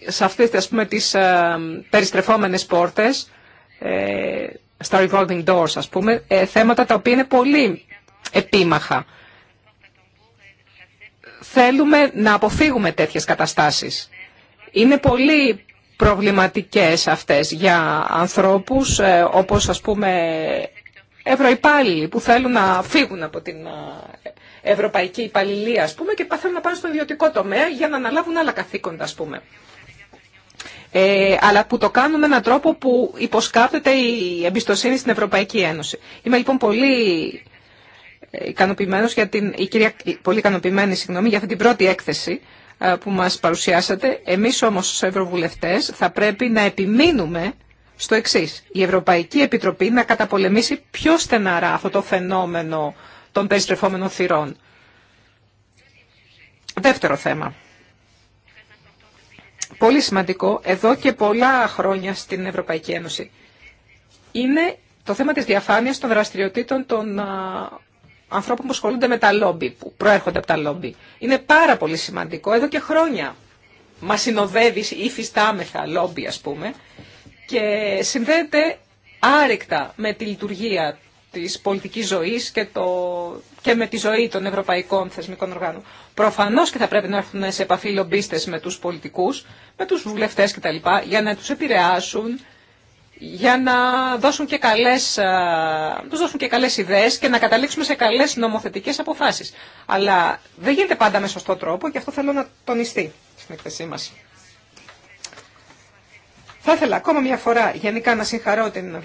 σε αυτές ας πούμε, τις ε, περιστρεφόμενες πόρτες, ε, στα revolving doors ας πούμε, ε, θέματα τα οποία είναι πολύ επίμαχα θέλουμε να αποφύγουμε τέτοιες καταστάσεις. Είναι πολύ προβληματικές αυτές για ανθρώπους ε, όπως ας πούμε ευρωϊπάλληλοι που θέλουν να φύγουν από την ε, ευρωπαϊκή υπαλληλία ας πούμε και θέλουν να πάνε στο ιδιωτικό τομέα για να αναλάβουν άλλα καθήκοντα ας πούμε. Ε, αλλά που το κάνουμε με έναν τρόπο που υποσκάπτεται η εμπιστοσύνη στην Ευρωπαϊκή Ένωση. Είμαι λοιπόν πολύ ικανοποιημένος για την, η κυρία πολύ ικανοποιημένη συγγνώμη, για αυτή την πρώτη έκθεση ε, που μας παρουσιάσατε. Εμείς όμως ως Ευρωβουλευτές θα πρέπει να επιμείνουμε στο εξή. Η Ευρωπαϊκή Επιτροπή να καταπολεμήσει πιο στεναρά αυτό το φαινόμενο των περιστρεφόμενων θυρών. Δεύτερο θέμα. Πολύ σημαντικό, εδώ και πολλά χρόνια στην Ευρωπαϊκή Ένωση, είναι το θέμα της διαφάνειας των δραστηριοτήτων των ανθρώπων που ασχολούνται με τα λόμπι, που προέρχονται από τα λόμπι. Είναι πάρα πολύ σημαντικό. Εδώ και χρόνια μα συνοδεύει ή φυστάμεθα λόμπι, α πούμε, και συνδέεται άρρηκτα με τη λειτουργία της πολιτική ζωής και, το, και με τη ζωή των ευρωπαϊκών θεσμικών οργάνων. Προφανώς και θα πρέπει να έρθουν σε επαφή λομπίστε με του πολιτικού, με του βουλευτέ κτλ. για να του επηρεάσουν για να δώσουν και καλές, τους δώσουν και καλές ιδέες και να καταλήξουμε σε καλές νομοθετικές αποφάσεις. Αλλά δεν γίνεται πάντα με σωστό τρόπο και αυτό θέλω να τονιστεί στην εκθεσή μας. Θα ήθελα ακόμα μια φορά γενικά να συγχαρώ την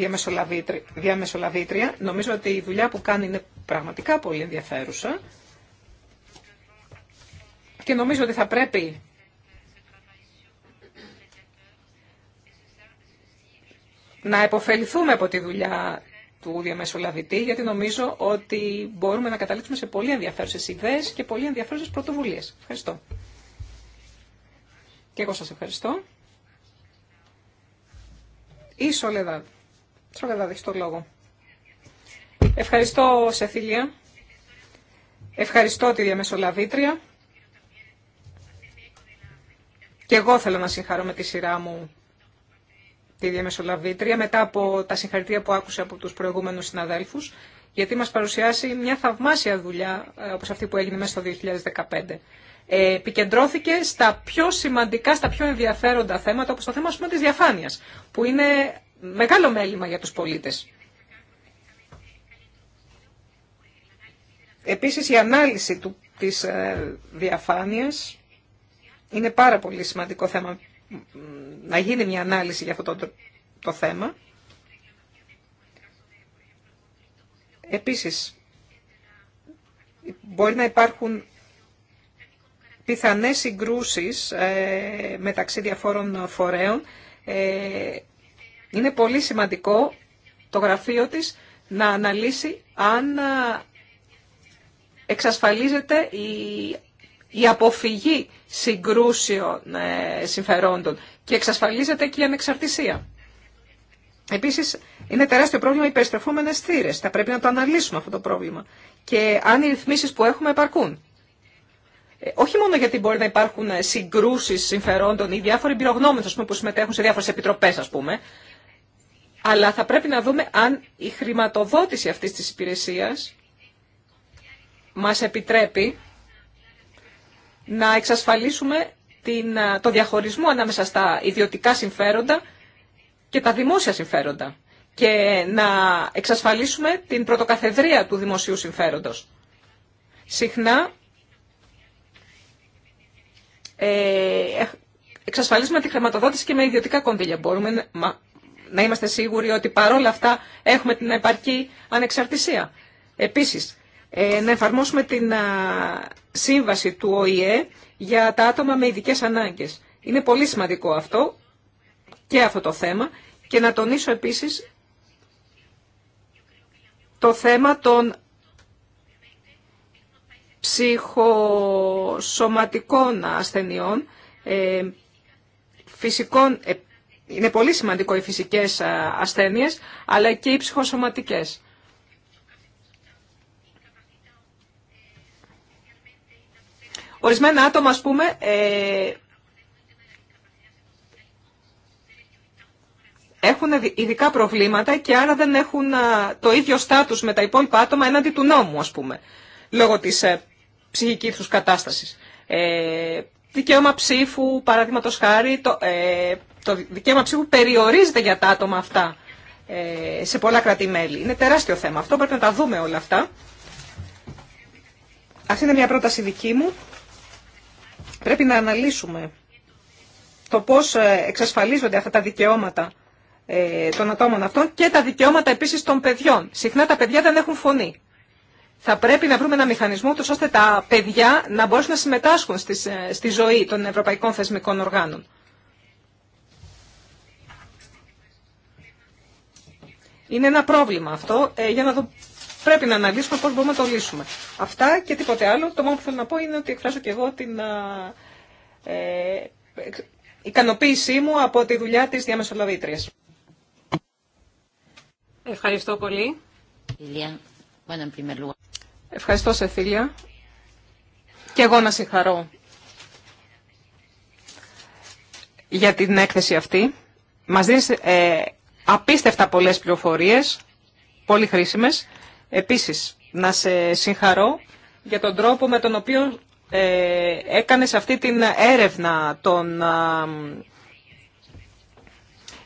διαμεσολαβήτρια. Νομίζω ότι η δουλειά που κάνει είναι πραγματικά πολύ ενδιαφέρουσα και νομίζω ότι θα πρέπει να επωφεληθούμε από τη δουλειά του διαμεσολαβητή, γιατί νομίζω ότι μπορούμε να καταλήξουμε σε πολύ ενδιαφέρουσες ιδέες και πολύ ενδιαφέρουσες πρωτοβουλίες. Ευχαριστώ. Και εγώ σας ευχαριστώ. Η Σολεδάδ. Σολεδάδ, το λόγο. Ευχαριστώ, Σεφίλια. Ευχαριστώ τη διαμεσολαβήτρια. Και εγώ θέλω να συγχαρώ με τη σειρά μου τη διαμεσολαβήτρια μετά από τα συγχαρητήρια που άκουσε από τους προηγούμενους συναδέλφους γιατί μας παρουσιάσει μια θαυμάσια δουλειά ε, όπως αυτή που έγινε μέσα στο 2015. Ε, επικεντρώθηκε στα πιο σημαντικά, στα πιο ενδιαφέροντα θέματα όπως το θέμα πούμε, της διαφάνειας που είναι μεγάλο μέλημα για τους πολίτες. Επίσης η ανάλυση του, της ε, διαφάνειας είναι πάρα πολύ σημαντικό θέμα να γίνει μια ανάλυση για αυτό το, θέμα. Επίσης, μπορεί να υπάρχουν πιθανές συγκρούσεις ε, μεταξύ διαφόρων φορέων. Ε, είναι πολύ σημαντικό το γραφείο της να αναλύσει αν ε, εξασφαλίζεται η η αποφυγή συγκρούσεων ε, συμφερόντων και εξασφαλίζεται και η ανεξαρτησία. Επίση, είναι τεράστιο πρόβλημα οι περιστρεφόμενε θύρε. Θα πρέπει να το αναλύσουμε αυτό το πρόβλημα. Και αν οι ρυθμίσει που έχουμε επαρκούν. Ε, όχι μόνο γιατί μπορεί να υπάρχουν συγκρούσει συμφερόντων ή διάφοροι πυρογνώμε που συμμετέχουν σε διάφορε επιτροπέ, α πούμε, αλλά θα πρέπει να δούμε αν η χρηματοδότηση αυτή τη υπηρεσία μα επιτρέπει να εξασφαλίσουμε την, το διαχωρισμό ανάμεσα στα ιδιωτικά συμφέροντα και τα δημόσια συμφέροντα και να εξασφαλίσουμε την πρωτοκαθεδρία του δημοσίου συμφέροντος. Συχνά ε, εξασφαλίσουμε τη χρηματοδότηση και με ιδιωτικά κονδύλια. Μπορούμε να είμαστε σίγουροι ότι παρόλα αυτά έχουμε την επαρκή ανεξαρτησία. Επίσης, ε, να εφαρμόσουμε την σύμβαση του ΟΗΕ για τα άτομα με ειδικέ ανάγκες. Είναι πολύ σημαντικό αυτό και αυτό το θέμα και να τονίσω επίσης το θέμα των ψυχοσωματικών ασθενειών, ε, φυσικών, ε, είναι πολύ σημαντικό οι φυσικές ε, ασθένειες, αλλά και οι ψυχοσωματικές. Ορισμένα άτομα, ας πούμε, ε, έχουν ειδικά προβλήματα και άρα δεν έχουν το ίδιο στάτους με τα υπόλοιπα άτομα έναντι του νόμου, ας πούμε, λόγω της ε, ψυχικής τους κατάστασης. Ε, δικαίωμα ψήφου, παραδείγματος χάρη, το, ε, το δικαίωμα ψήφου περιορίζεται για τα άτομα αυτά σε πολλά κράτη-μέλη. Είναι τεράστιο θέμα. Αυτό πρέπει να τα δούμε όλα αυτά. Αυτή είναι μια πρόταση δική μου. Πρέπει να αναλύσουμε το πώς ε, εξασφαλίζονται αυτά τα δικαιώματα ε, των ατόμων αυτών και τα δικαιώματα επίσης των παιδιών. Συχνά τα παιδιά δεν έχουν φωνή. Θα πρέπει να βρούμε ένα μηχανισμό ώστε τα παιδιά να μπορούν να συμμετάσχουν ε, στη ζωή των ευρωπαϊκών θεσμικών οργάνων. Είναι ένα πρόβλημα αυτό. Για να δω πρέπει να αναλύσουμε πώς μπορούμε να το λύσουμε. Αυτά και τίποτε άλλο. Το μόνο που θέλω να πω είναι ότι εκφράσω και εγώ την ε, ικανοποίησή μου από τη δουλειά της διαμεσολαβήτριας. Ευχαριστώ πολύ. Ευχαριστώ σε φίλια. Και εγώ να συγχαρώ για την έκθεση αυτή. Μας δίνει ε, απίστευτα πολλές πληροφορίες, πολύ χρήσιμες. Επίσης, να σε συγχαρώ για τον τρόπο με τον οποίο ε, έκανες αυτή την έρευνα των,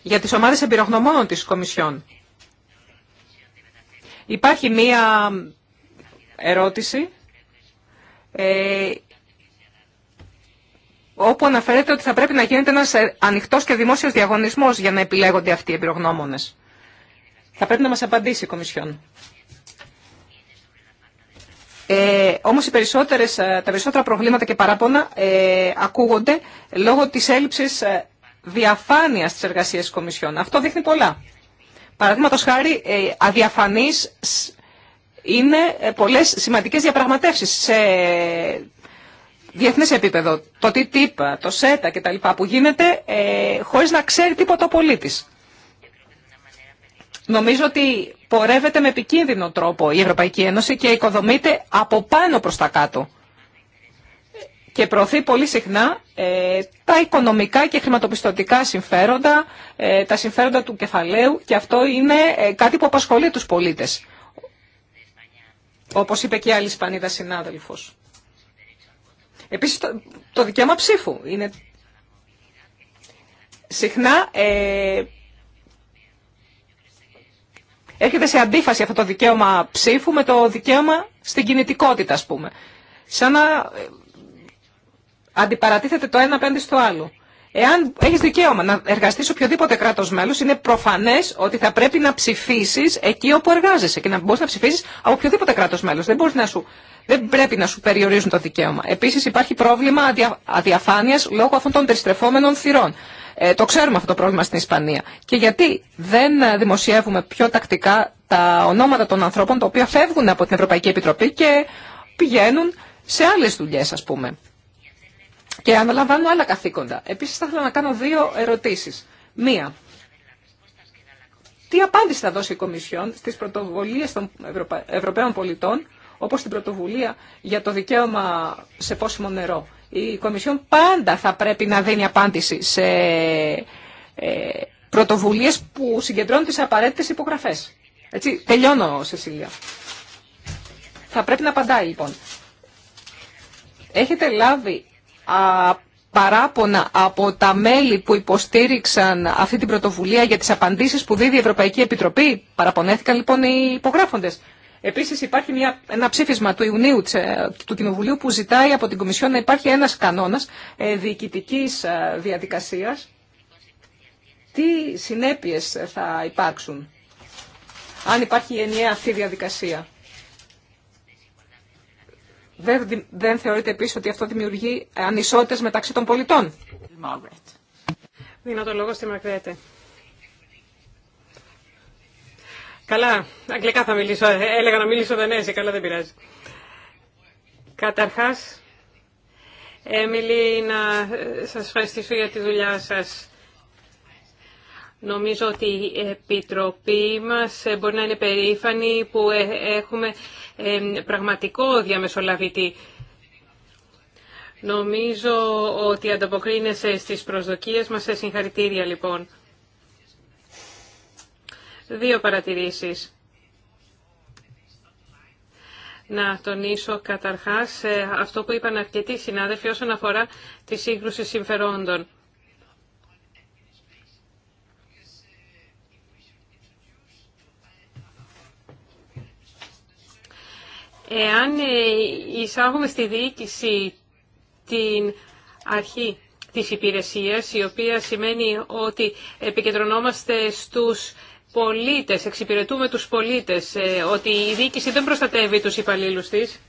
για τις ομάδες εμπειρογνωμόνων της Κομισιόν. Υπάρχει μία ερώτηση ε, όπου αναφέρεται ότι θα πρέπει να γίνεται ένας ανοιχτός και δημόσιος διαγωνισμός για να επιλέγονται αυτοί οι εμπειρογνώμονες. Θα πρέπει να μας απαντήσει η Κομισιόν. Ε, όμως οι περισσότερες, ε, τα περισσότερα προβλήματα και παράπονα ε, ακούγονται λόγω της έλλειψης ε, διαφάνειας της εργασία της Κομισιόν. Αυτό δείχνει πολλά. Παραδείγματο χάρη, ε, αδιαφανείς είναι ε, πολλές σημαντικές διαπραγματεύσεις σε διεθνές επίπεδο. Το TTIP, το SETA κτλ. που γίνεται ε, χωρίς να ξέρει τίποτα ο πολίτης. Νομίζω ότι πορεύεται με επικίνδυνο τρόπο η Ευρωπαϊκή Ένωση και οικοδομείται από πάνω προς τα κάτω και προωθεί πολύ συχνά ε, τα οικονομικά και χρηματοπιστωτικά συμφέροντα, ε, τα συμφέροντα του κεφαλαίου και αυτό είναι ε, κάτι που απασχολεί τους πολίτες. Όπως είπε και άλλη Ισπανίδα συνάδελφος. Επίσης το, το δικαίωμα ψήφου είναι συχνά έρχεται σε αντίφαση αυτό το δικαίωμα ψήφου με το δικαίωμα στην κινητικότητα, ας πούμε. Σαν να ε, αντιπαρατίθεται το ένα απέναντι στο άλλο. Εάν έχεις δικαίωμα να εργαστείς σε οποιοδήποτε κράτο μέλο, είναι προφανές ότι θα πρέπει να ψηφίσει εκεί όπου εργάζεσαι και να μπορεί να ψηφίσεις από οποιοδήποτε κράτο μέλο. Δεν, να σου, δεν πρέπει να σου περιορίζουν το δικαίωμα. Επίσης υπάρχει πρόβλημα αδιαφάνειας λόγω αυτών των περιστρεφόμενων θυρών. Ε, το ξέρουμε αυτό το πρόβλημα στην Ισπανία. Και γιατί δεν δημοσιεύουμε πιο τακτικά τα ονόματα των ανθρώπων τα οποία φεύγουν από την Ευρωπαϊκή Επιτροπή και πηγαίνουν σε άλλες δουλειέ, ας πούμε. Και αναλαμβάνουν άλλα καθήκοντα. Επίσης θα ήθελα να κάνω δύο ερωτήσεις. Μία. Τι απάντηση θα δώσει η Κομισιόν στι πρωτοβουλίε των Ευρωπαίων πολιτών όπω την πρωτοβουλία για το δικαίωμα σε πόσιμο νερό η Κομισιόν πάντα θα πρέπει να δίνει απάντηση σε ε, πρωτοβουλίες που συγκεντρώνουν τις απαραίτητες υπογραφές. Έτσι, τελειώνω, Σεσίλια. Θα πρέπει να απαντάει, λοιπόν. Έχετε λάβει α, παράπονα από τα μέλη που υποστήριξαν αυτή την πρωτοβουλία για τις απαντήσεις που δίδει η Ευρωπαϊκή Επιτροπή. Παραπονέθηκαν, λοιπόν, οι υπογράφοντες. Επίσης υπάρχει μια, ένα ψήφισμα του Ιουνίου του Κοινοβουλίου που ζητάει από την Κομισιόν να υπάρχει ένας κανόνας ε, διοικητική ε, διαδικασίας. Τι συνέπειες θα υπάρξουν αν υπάρχει ενιαία αυτή διαδικασία. Δεν, δεν θεωρείτε επίσης ότι αυτό δημιουργεί ανισότητες μεταξύ των πολιτών. Δίνω το λόγο στη Καλά, αγγλικά θα μιλήσω. Ε, έλεγα να μιλήσω δανέζικα, καλά δεν πειράζει. Καταρχάς, Έμιλη, να ε, σας ευχαριστήσω για τη δουλειά σας. Νομίζω ότι η Επιτροπή μας ε, μπορεί να είναι περήφανη που έχουμε πραγματικό διαμεσολαβητή. Νομίζω ότι ανταποκρίνεσαι στις προσδοκίες μας. Σε συγχαρητήρια λοιπόν. Δύο παρατηρήσεις. Να τονίσω καταρχάς ε, αυτό που είπαν αρκετοί συνάδελφοι όσον αφορά τη σύγκρουση συμφερόντων. Εάν ε, εισάγουμε στη διοίκηση την αρχή της υπηρεσίας, η οποία σημαίνει ότι επικεντρωνόμαστε στους πολίτες, εξυπηρετούμε τους πολίτες, ε, ότι η διοίκηση δεν προστατεύει τους υπαλλήλους της.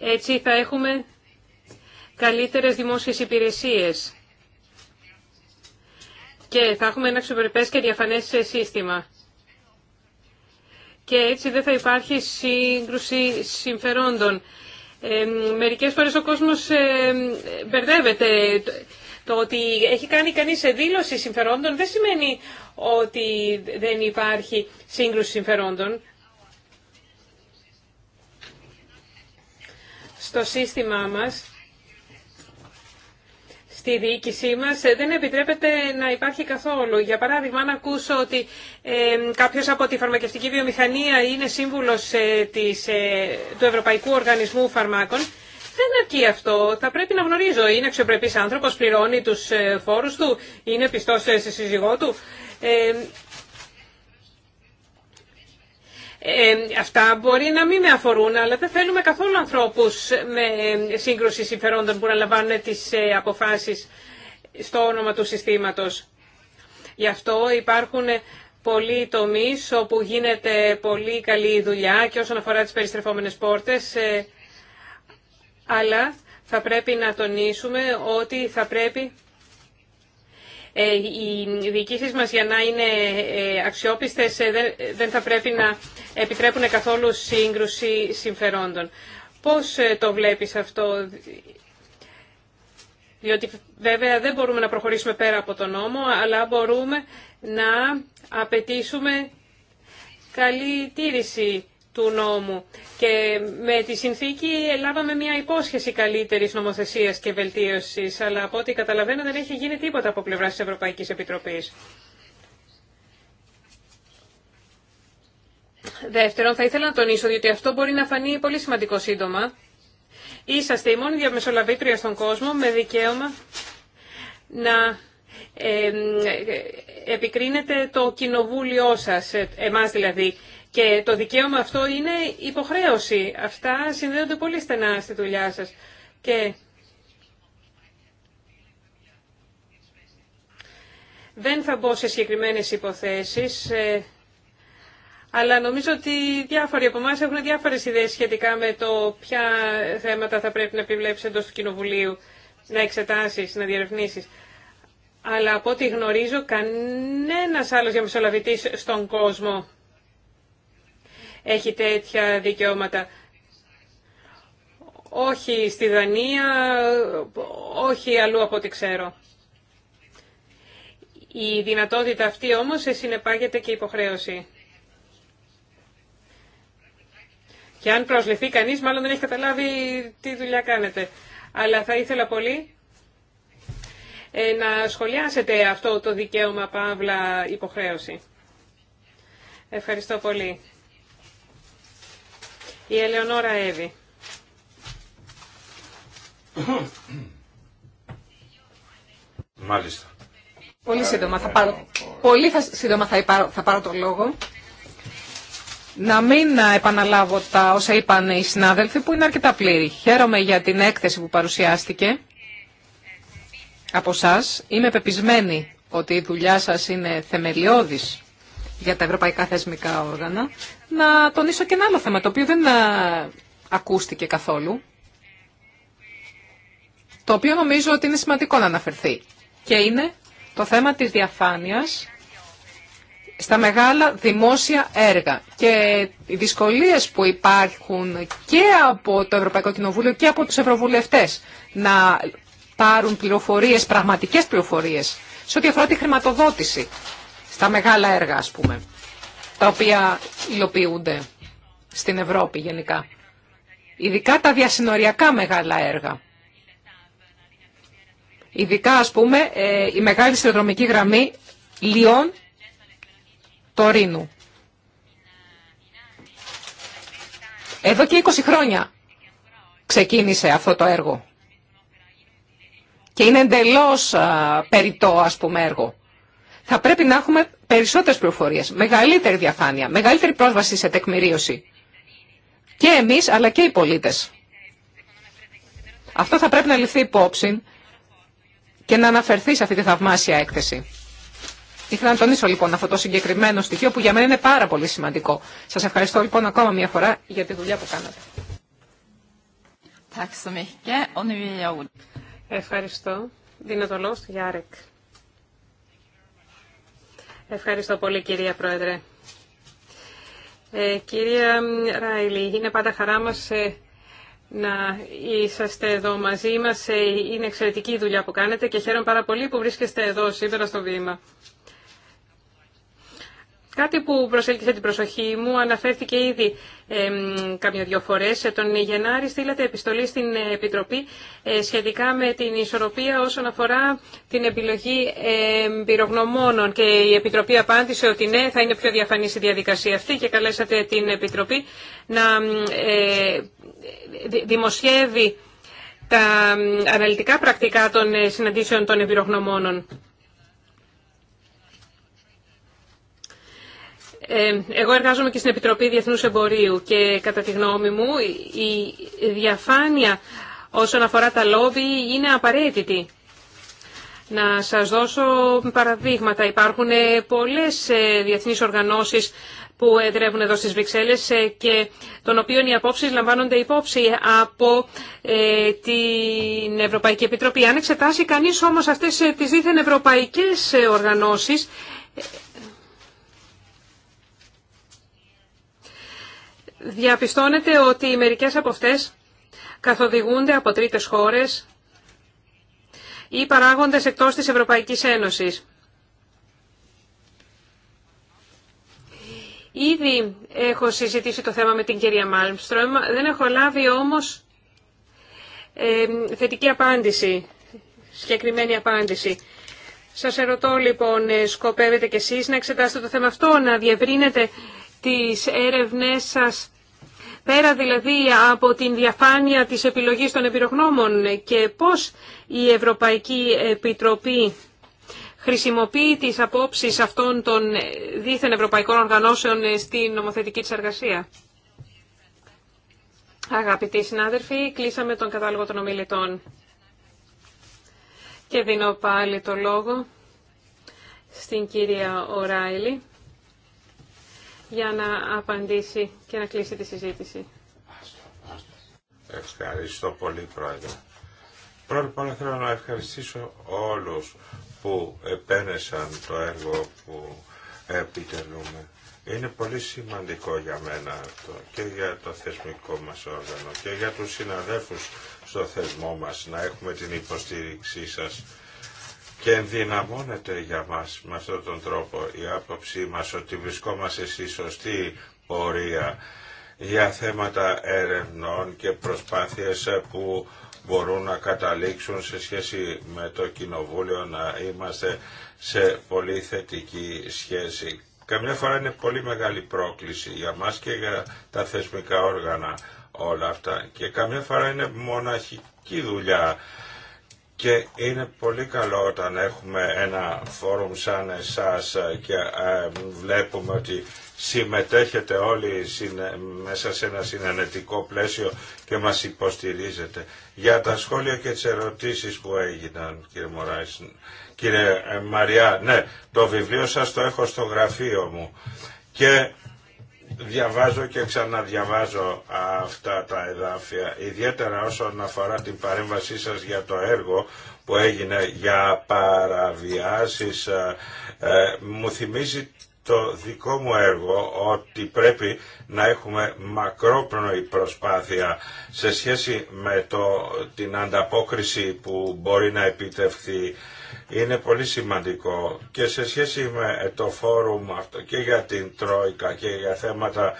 Έτσι θα έχουμε καλύτερες δημόσιες υπηρεσίες και θα έχουμε ένα αξιοπρεπές και διαφανές ε, σύστημα. Και έτσι δεν θα υπάρχει σύγκρουση συμφερόντων. Ε, μερικές φορές ο κόσμος ε, μπερδεύεται. Το ότι έχει κάνει κανείς δήλωση συμφερόντων δεν σημαίνει ότι δεν υπάρχει σύγκρουση συμφερόντων. Στο σύστημά μας, στη διοίκησή μας, ε, δεν επιτρέπεται να υπάρχει καθόλου. Για παράδειγμα, αν ακούσω ότι ε, κάποιος από τη φαρμακευτική βιομηχανία είναι σύμβουλος ε, της, του Ευρωπαϊκού Οργανισμού Φαρμάκων, δεν αρκεί αυτό. Θα πρέπει να γνωρίζω. Είναι αξιοπρεπής άνθρωπος, πληρώνει τους ε, φόρους του, είναι πιστός σε σύζυγό του. Ε, ε, αυτά μπορεί να μην με αφορούν, αλλά δεν θέλουμε καθόλου ανθρώπους με ε, σύγκρουση συμφερόντων που να λαμβάνουν τις αποφάσεις στο όνομα του συστήματος. Γι' αυτό υπάρχουν πολλοί τομείς όπου γίνεται πολύ καλή δουλειά και όσον αφορά τις περιστρεφόμενες πόρτες αλλά θα πρέπει να τονίσουμε ότι θα πρέπει ε, οι διοικήσεις μας για να είναι ε, αξιόπιστες ε, δεν θα πρέπει να επιτρέπουν καθόλου σύγκρουση συμφερόντων. Πώς το βλέπεις αυτό, διότι βέβαια δεν μπορούμε να προχωρήσουμε πέρα από τον νόμο, αλλά μπορούμε να απαιτήσουμε καλή τήρηση του νόμου. Και με τη συνθήκη λάβαμε μια υπόσχεση καλύτερης νομοθεσίας και βελτίωσης, αλλά από ό,τι καταλαβαίνω δεν έχει γίνει τίποτα από πλευράς της Ευρωπαϊκής Επιτροπής. Δεύτερον, θα ήθελα να τονίσω, διότι αυτό μπορεί να φανεί πολύ σημαντικό σύντομα. Είσαστε η μόνη διαμεσολαβήτρια στον κόσμο με δικαίωμα να ε, ε, επικρίνετε το κοινοβούλιο σας, ε, εμάς δηλαδή. Και το δικαίωμα αυτό είναι υποχρέωση. Αυτά συνδέονται πολύ στενά στη δουλειά σας. Και δεν θα μπω σε συγκεκριμένες υποθέσεις, ε, αλλά νομίζω ότι διάφοροι από εμά έχουν διάφορες ιδέες σχετικά με το ποια θέματα θα πρέπει να επιβλέψεις εντός του Κοινοβουλίου, να εξετάσεις, να διερευνήσεις. Αλλά από ό,τι γνωρίζω, κανένας άλλος διαμεσολαβητής στον κόσμο έχει τέτοια δικαιώματα. Όχι στη Δανία, όχι αλλού από ό,τι ξέρω. Η δυνατότητα αυτή όμως συνεπάγεται και υποχρέωση. Και αν προσληθεί κανείς, μάλλον δεν έχει καταλάβει τι δουλειά κάνετε. Αλλά θα ήθελα πολύ ε, να σχολιάσετε αυτό το δικαίωμα, Παύλα, υποχρέωση. Ευχαριστώ πολύ. Η Ελεονόρα Εύη. Μάλιστα. Πολύ σύντομα θα πάρω, πολύ θα, σύντομα θα, θα πάρω το λόγο. Να μην επαναλάβω τα όσα είπαν οι συνάδελφοι που είναι αρκετά πλήρη. Χαίρομαι για την έκθεση που παρουσιάστηκε από εσά. Είμαι πεπισμένη ότι η δουλειά σας είναι θεμελιώδης για τα ευρωπαϊκά θεσμικά όργανα, να τονίσω και ένα άλλο θέμα, το οποίο δεν ε, ακούστηκε καθόλου, το οποίο νομίζω ότι είναι σημαντικό να αναφερθεί. Και είναι το θέμα της διαφάνειας στα μεγάλα δημόσια έργα και οι δυσκολίες που υπάρχουν και από το Ευρωπαϊκό Κοινοβούλιο και από τους Ευρωβουλευτές να πάρουν πληροφορίες, πραγματικές πληροφορίες, σε ό,τι αφορά τη χρηματοδότηση στα μεγάλα έργα, ας πούμε, τα οποία υλοποιούνται στην Ευρώπη γενικά. Ειδικά τα διασυνοριακά μεγάλα έργα. Ειδικά, ας πούμε, ε, η μεγάλη συνδρομική γραμμή Λιών-Τωρίνου. Εδώ και 20 χρόνια ξεκίνησε αυτό το έργο. Και είναι εντελώς περιττό, ας πούμε, έργο θα πρέπει να έχουμε περισσότερες πληροφορίες, μεγαλύτερη διαφάνεια, μεγαλύτερη πρόσβαση σε τεκμηρίωση. Και εμείς αλλά και οι πολίτες. Αυτό θα πρέπει να ληφθεί υπόψη και να αναφερθεί σε αυτή τη θαυμάσια έκθεση. Ήθελα να τονίσω λοιπόν αυτό το συγκεκριμένο στοιχείο που για μένα είναι πάρα πολύ σημαντικό. Σας ευχαριστώ λοιπόν ακόμα μια φορά για τη δουλειά που κάνατε. Ευχαριστώ. Δίνω το λόγο στο Γιάρεκ. Ευχαριστώ πολύ κυρία Πρόεδρε. Ε, κυρία Ράιλι, είναι πάντα χαρά μας ε, να είσαστε εδώ μαζί μας. Ε, είναι εξαιρετική η δουλειά που κάνετε και χαίρομαι πάρα πολύ που βρίσκεστε εδώ σήμερα στο βήμα. Κάτι που προσέλκυσε την προσοχή μου αναφέρθηκε ήδη ε, κάμια δυο φορές. Τον Γενάρη στείλατε επιστολή στην Επιτροπή ε, σχετικά με την ισορροπία όσον αφορά την επιλογή ε, πυρογνωμόνων και η Επιτροπή απάντησε ότι ναι, θα είναι πιο διαφανής η διαδικασία αυτή και καλέσατε την Επιτροπή να ε, δημοσιεύει τα αναλυτικά πρακτικά των ε, συναντήσεων των εμπειρογνωμόνων. Ε, εγώ εργάζομαι και στην Επιτροπή Διεθνούς Εμπορίου και κατά τη γνώμη μου η διαφάνεια όσον αφορά τα λόμπι είναι απαραίτητη. Να σας δώσω παραδείγματα. Υπάρχουν ε, πολλές ε, διεθνείς οργανώσεις που εδρεύουν εδώ στις Βρυξέλλες και των οποίων οι απόψεις λαμβάνονται υπόψη από την Ευρωπαϊκή Επιτροπή. Αν εξετάσει κανείς όμως αυτές τις δίθεν ευρωπαϊκές οργανώσεις, διαπιστώνεται ότι μερικές από αυτές καθοδηγούνται από τρίτες χώρες ή παράγοντες εκτός της Ευρωπαϊκής Ένωσης. Ήδη έχω συζητήσει το θέμα με την κυρία Μάλμστρομ, δεν έχω λάβει όμως ε, θετική απάντηση, συγκεκριμένη απάντηση. Σας ερωτώ λοιπόν, ε, σκοπεύετε κι εσείς να εξετάσετε το θέμα αυτό, να διευρύνετε τις έρευνές σας πέρα δηλαδή από την διαφάνεια της επιλογής των εμπειρογνώμων και πώς η Ευρωπαϊκή Επιτροπή χρησιμοποιεί τις απόψεις αυτών των δίθεν ευρωπαϊκών οργανώσεων στην νομοθετική της εργασία. Αγαπητοί συνάδελφοι, κλείσαμε τον κατάλογο των ομιλητών. Και δίνω πάλι το λόγο στην κυρία Οράιλη για να απαντήσει και να κλείσει τη συζήτηση. Ευχαριστώ πολύ, Πρόεδρε. Πρώτα απ' όλα θέλω να ευχαριστήσω όλους που επένεσαν το έργο που επιτελούμε. Είναι πολύ σημαντικό για μένα αυτό και για το θεσμικό μας όργανο και για τους συναδέλφους στο θεσμό μας να έχουμε την υποστήριξή σας και ενδυναμώνεται για μας με αυτόν τον τρόπο η άποψή μας ότι βρισκόμαστε στη σωστή πορεία για θέματα ερευνών και προσπάθειες που μπορούν να καταλήξουν σε σχέση με το Κοινοβούλιο να είμαστε σε πολύ θετική σχέση. Καμιά φορά είναι πολύ μεγάλη πρόκληση για μας και για τα θεσμικά όργανα όλα αυτά και καμιά φορά είναι μοναχική δουλειά και είναι πολύ καλό όταν έχουμε ένα φόρουμ σαν εσάς και ε, βλέπουμε ότι συμμετέχετε όλοι μέσα σε ένα συνενετικό πλαίσιο και μας υποστηρίζετε. Για τα σχόλια και τις ερωτήσεις που έγιναν, κύριε Μωράης. Κύριε ε, Μαριά, ναι, το βιβλίο σας το έχω στο γραφείο μου. Και διαβάζω και ξαναδιαβάζω αυτά τα εδάφια, ιδιαίτερα όσον αφορά την παρέμβασή σας για το έργο που έγινε για παραβιάσεις. Ε, ε, μου θυμίζει το δικό μου έργο ότι πρέπει να έχουμε μακρόπνοη προσπάθεια σε σχέση με το, την ανταπόκριση που μπορεί να επιτευχθεί είναι πολύ σημαντικό και σε σχέση με το φόρουμ αυτό και για την Τρόικα και για θέματα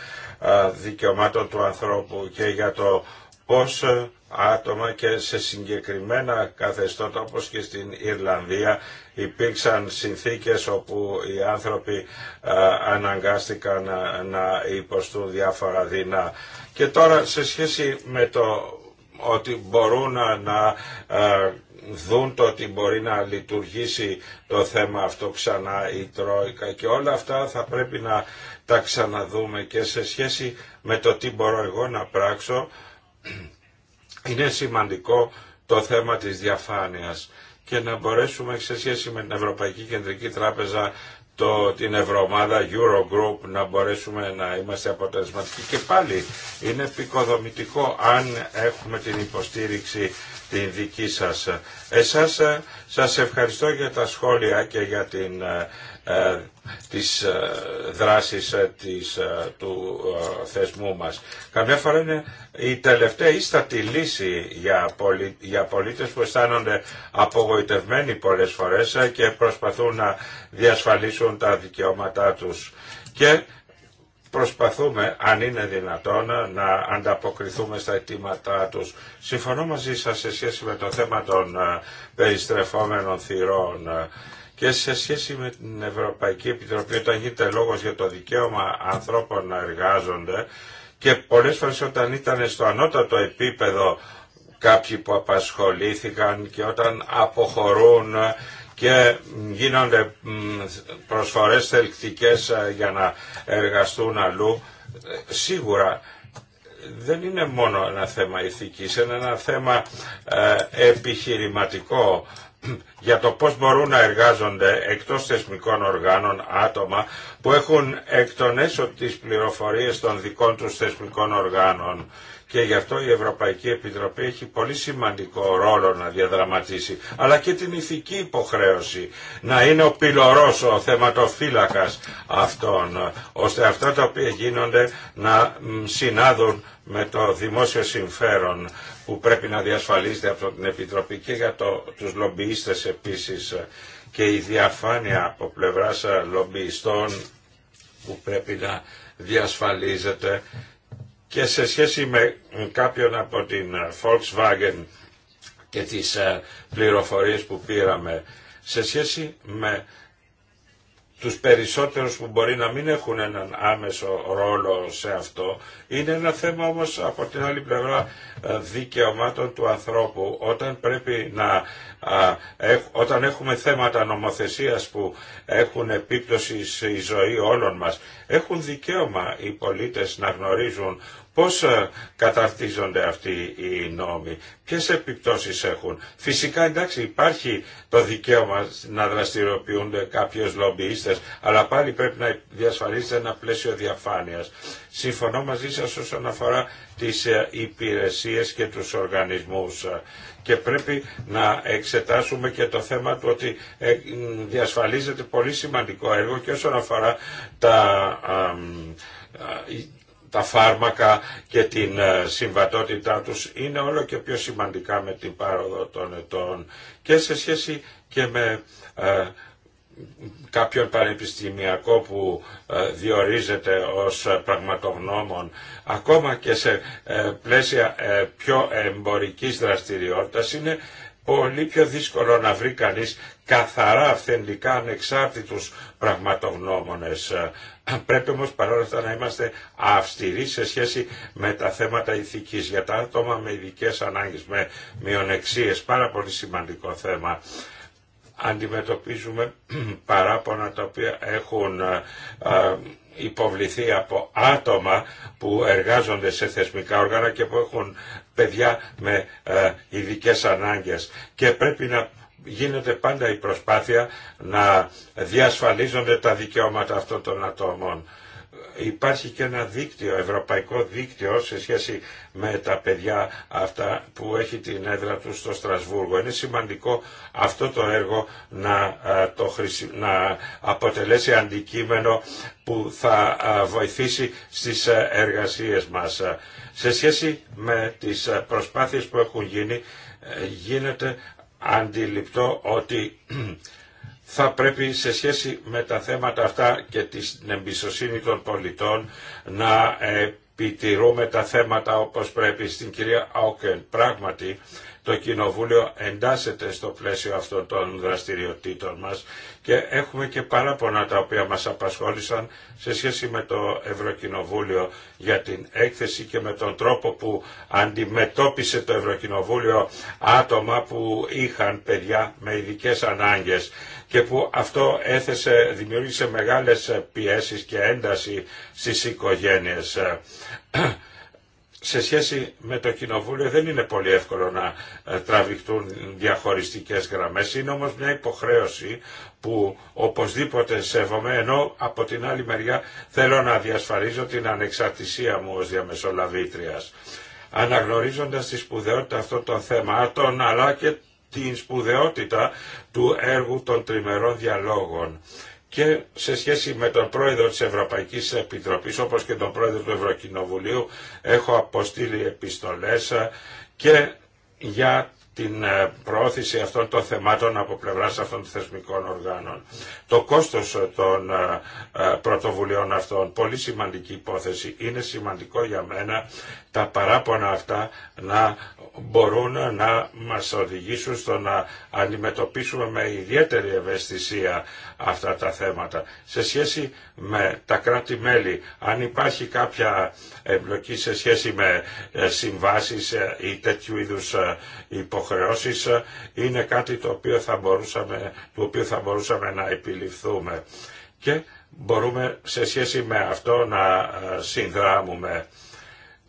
δικαιωμάτων του ανθρώπου και για το πώς ε, άτομα και σε συγκεκριμένα καθεστώτα όπως και στην Ιρλανδία υπήρξαν συνθήκες όπου οι άνθρωποι αναγκάστηκαν να υποστούν διάφορα δεινά. Και τώρα σε σχέση με το ότι μπορούν να, δουν το ότι μπορεί να λειτουργήσει το θέμα αυτό ξανά η Τρόικα και όλα αυτά θα πρέπει να τα ξαναδούμε και σε σχέση με το τι μπορώ εγώ να πράξω είναι σημαντικό το θέμα της διαφάνειας και να μπορέσουμε σε σχέση με την Ευρωπαϊκή Κεντρική Τράπεζα το, την Ευρωομάδα Eurogroup να μπορέσουμε να είμαστε αποτελεσματικοί. Και πάλι είναι επικοδομητικό αν έχουμε την υποστήριξη την δική σας. Εσάς ε, σας ευχαριστώ για τα σχόλια και για την ε, ε, της ε, δράσης ε, της, του θεσμού μας. Καμιά φορά είναι η τελευταία ίστατη λύση για, πολίτες που αισθάνονται απογοητευμένοι πολλές φορές και προσπαθούν να διασφαλίσουν τα δικαιώματά τους. Και προσπαθούμε, αν είναι δυνατόν, να ανταποκριθούμε στα αιτήματά τους. Συμφωνώ μαζί σας σε σχέση με το θέμα των περιστρεφόμενων θυρών και σε σχέση με την Ευρωπαϊκή Επιτροπή, όταν γίνεται λόγος για το δικαίωμα ανθρώπων να εργάζονται και πολλές φορές όταν ήταν στο ανώτατο επίπεδο κάποιοι που απασχολήθηκαν και όταν αποχωρούν και γίνονται προσφορές θελκτικές ε, για να εργαστούν αλλού, σίγουρα δεν είναι μόνο ένα θέμα ηθικής, είναι ένα θέμα ε, επιχειρηματικό για το πώς μπορούν να εργάζονται εκτός θεσμικών οργάνων άτομα που έχουν εκ των έσω τις πληροφορίες των δικών τους θεσμικών οργάνων. Και γι' αυτό η Ευρωπαϊκή Επιτροπή έχει πολύ σημαντικό ρόλο να διαδραματίσει, αλλά και την ηθική υποχρέωση να είναι ο πυλωρός, ο θεματοφύλακας αυτών, ώστε αυτά τα οποία γίνονται να συνάδουν με το δημόσιο συμφέρον που πρέπει να διασφαλίζεται από την Επιτροπή και για το, τους λομπιίστες επίσης και η διαφάνεια από πλευράς λομπιιστών που πρέπει να διασφαλίζεται και σε σχέση με κάποιον από την Volkswagen και τις ε, πληροφορίες που πήραμε σε σχέση με τους περισσότερους που μπορεί να μην έχουν έναν άμεσο ρόλο σε αυτό. Είναι ένα θέμα όμως από την άλλη πλευρά ε, δικαιωμάτων του ανθρώπου. Όταν πρέπει να όταν έχουμε θέματα νομοθεσίας που έχουν επίπτωση στη ζωή όλων μας, έχουν δικαίωμα οι πολίτες να γνωρίζουν Πώς ε, καταρτίζονται αυτοί οι νόμοι, ποιες επιπτώσεις έχουν. Φυσικά εντάξει υπάρχει το δικαίωμα να δραστηριοποιούνται κάποιες λομπιίστες, αλλά πάλι πρέπει να διασφαλίζεται ένα πλαίσιο διαφάνειας. Συμφωνώ μαζί σας όσον αφορά τις ε, υπηρεσίες και τους οργανισμούς και πρέπει να εξετάσουμε και το θέμα του ότι ε, διασφαλίζεται πολύ σημαντικό έργο και όσον αφορά τα τα φάρμακα και την ε, συμβατότητά τους είναι όλο και πιο σημαντικά με την πάροδο των ετών και σε σχέση και με ε, κάποιον πανεπιστημιακό που ε, διορίζεται ως πραγματογνώμων ακόμα και σε ε, πλαίσια πιο εμπορικής δραστηριότητας είναι πολύ πιο δύσκολο να βρει κανείς καθαρά αυθεντικά ανεξάρτητους πραγματογνώμονες. Πρέπει όμως παρόλα αυτά να είμαστε αυστηροί σε σχέση με τα θέματα ηθικής για τα άτομα με ειδικέ ανάγκες, με μειονεξίες, πάρα πολύ σημαντικό θέμα αντιμετωπίζουμε παράπονα τα οποία έχουν ε, υποβληθεί από άτομα που εργάζονται σε θεσμικά όργανα και που έχουν παιδιά με ε, ειδικέ ανάγκες και πρέπει να γίνεται πάντα η προσπάθεια να διασφαλίζονται τα δικαιώματα αυτών των ατόμων υπάρχει και ένα δίκτυο, ευρωπαϊκό δίκτυο σε σχέση με τα παιδιά αυτά που έχει την έδρα του στο Στρασβούργο. Είναι σημαντικό αυτό το έργο να, το να αποτελέσει αντικείμενο που θα βοηθήσει στις εργασίες μας. Σε σχέση με τις προσπάθειες που έχουν γίνει, ε, γίνεται αντιληπτό ότι θα πρέπει σε σχέση με τα θέματα αυτά και την εμπιστοσύνη των πολιτών να ε, επιτηρούμε τα θέματα όπως πρέπει στην κυρία Άουκεν. Πράγματι, το Κοινοβούλιο εντάσσεται στο πλαίσιο αυτών των δραστηριοτήτων μας και έχουμε και παράπονα τα οποία μας απασχόλησαν σε σχέση με το Ευρωκοινοβούλιο για την έκθεση και με τον τρόπο που αντιμετώπισε το Ευρωκοινοβούλιο άτομα που είχαν παιδιά με ειδικέ ανάγκες και που αυτό έθεσε, δημιούργησε μεγάλες πιέσεις και ένταση στις οικογένειες. [clears throat] σε σχέση με το Κοινοβούλιο δεν είναι πολύ εύκολο να ε, τραβηχτούν διαχωριστικές γραμμές. Είναι όμως μια υποχρέωση που οπωσδήποτε σέβομαι, ενώ από την άλλη μεριά θέλω να διασφαλίζω την ανεξαρτησία μου ως διαμεσολαβήτριας. Αναγνωρίζοντας τη σπουδαιότητα αυτών των θεμάτων, αλλά και την σπουδαιότητα του έργου των τριμερών διαλόγων και σε σχέση με τον πρόεδρο της Ευρωπαϊκής Επιτροπής όπως και τον πρόεδρο του Ευρωκοινοβουλίου έχω αποστείλει επιστολές ε, και για την ε, προώθηση αυτών των θεμάτων από πλευράς αυτών των θεσμικών οργάνων. Το κόστος ε, των πρωτοβουλειών αυτών, πολύ σημαντική υπόθεση, είναι σημαντικό για μένα τα παράπονα αυτά να μπορούν να μας οδηγήσουν στο να αντιμετωπίσουμε με ιδιαίτερη ευαισθησία αυτά τα θέματα. Σε σχέση με τα κράτη-μέλη, αν υπάρχει κάποια εμπλοκή σε σχέση με ε, συμβάσεις ε, ή τέτοιου είδους ε, υποχρεώσεις, είναι κάτι το οποίο θα μπορούσαμε, το οποίο θα μπορούσαμε να επιληφθούμε. Και μπορούμε σε σχέση με αυτό να συνδράμουμε.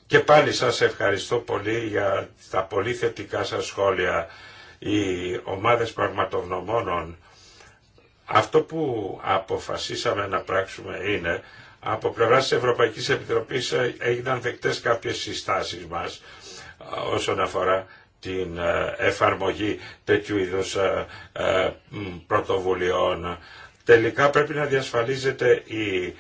Και πάλι σας ευχαριστώ πολύ για τα πολύ θετικά σας σχόλια. Οι ομάδες πραγματογνωμόνων αυτό που αποφασίσαμε να πράξουμε είναι από πλευρά της Ευρωπαϊκής Επιτροπής ε, έγιναν δεκτές κάποιες συστάσεις μας ε, όσον αφορά την ε, εφαρμογή τέτοιου είδους πρωτοβουλειών. Τελικά πρέπει να διασφαλίζεται η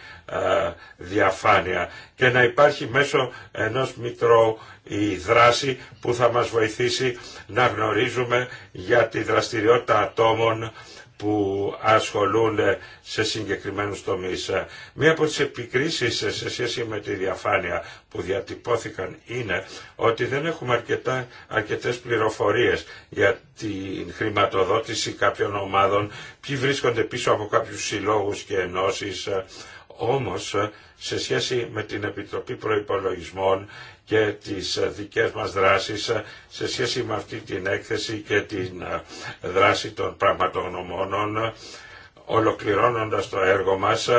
διαφάνεια και να υπάρχει μέσω ενός μητρώου η δράση που θα μας βοηθήσει να γνωρίζουμε για τη δραστηριότητα ατόμων που ασχολούνται σε συγκεκριμένους τομείς. Μία από τις επικρίσεις σε σχέση με τη διαφάνεια που διατυπώθηκαν είναι ότι δεν έχουμε αρκετά, αρκετές πληροφορίες για την χρηματοδότηση κάποιων ομάδων, ποιοι βρίσκονται πίσω από κάποιους συλλόγους και ενώσεις, όμως σε σχέση με την Επιτροπή Προϋπολογισμών και τις ε, δικές μας δράσεις ε, σε σχέση με αυτή την έκθεση και την ε, δράση των πραγματογνωμόνων ολοκληρώνοντας το έργο μας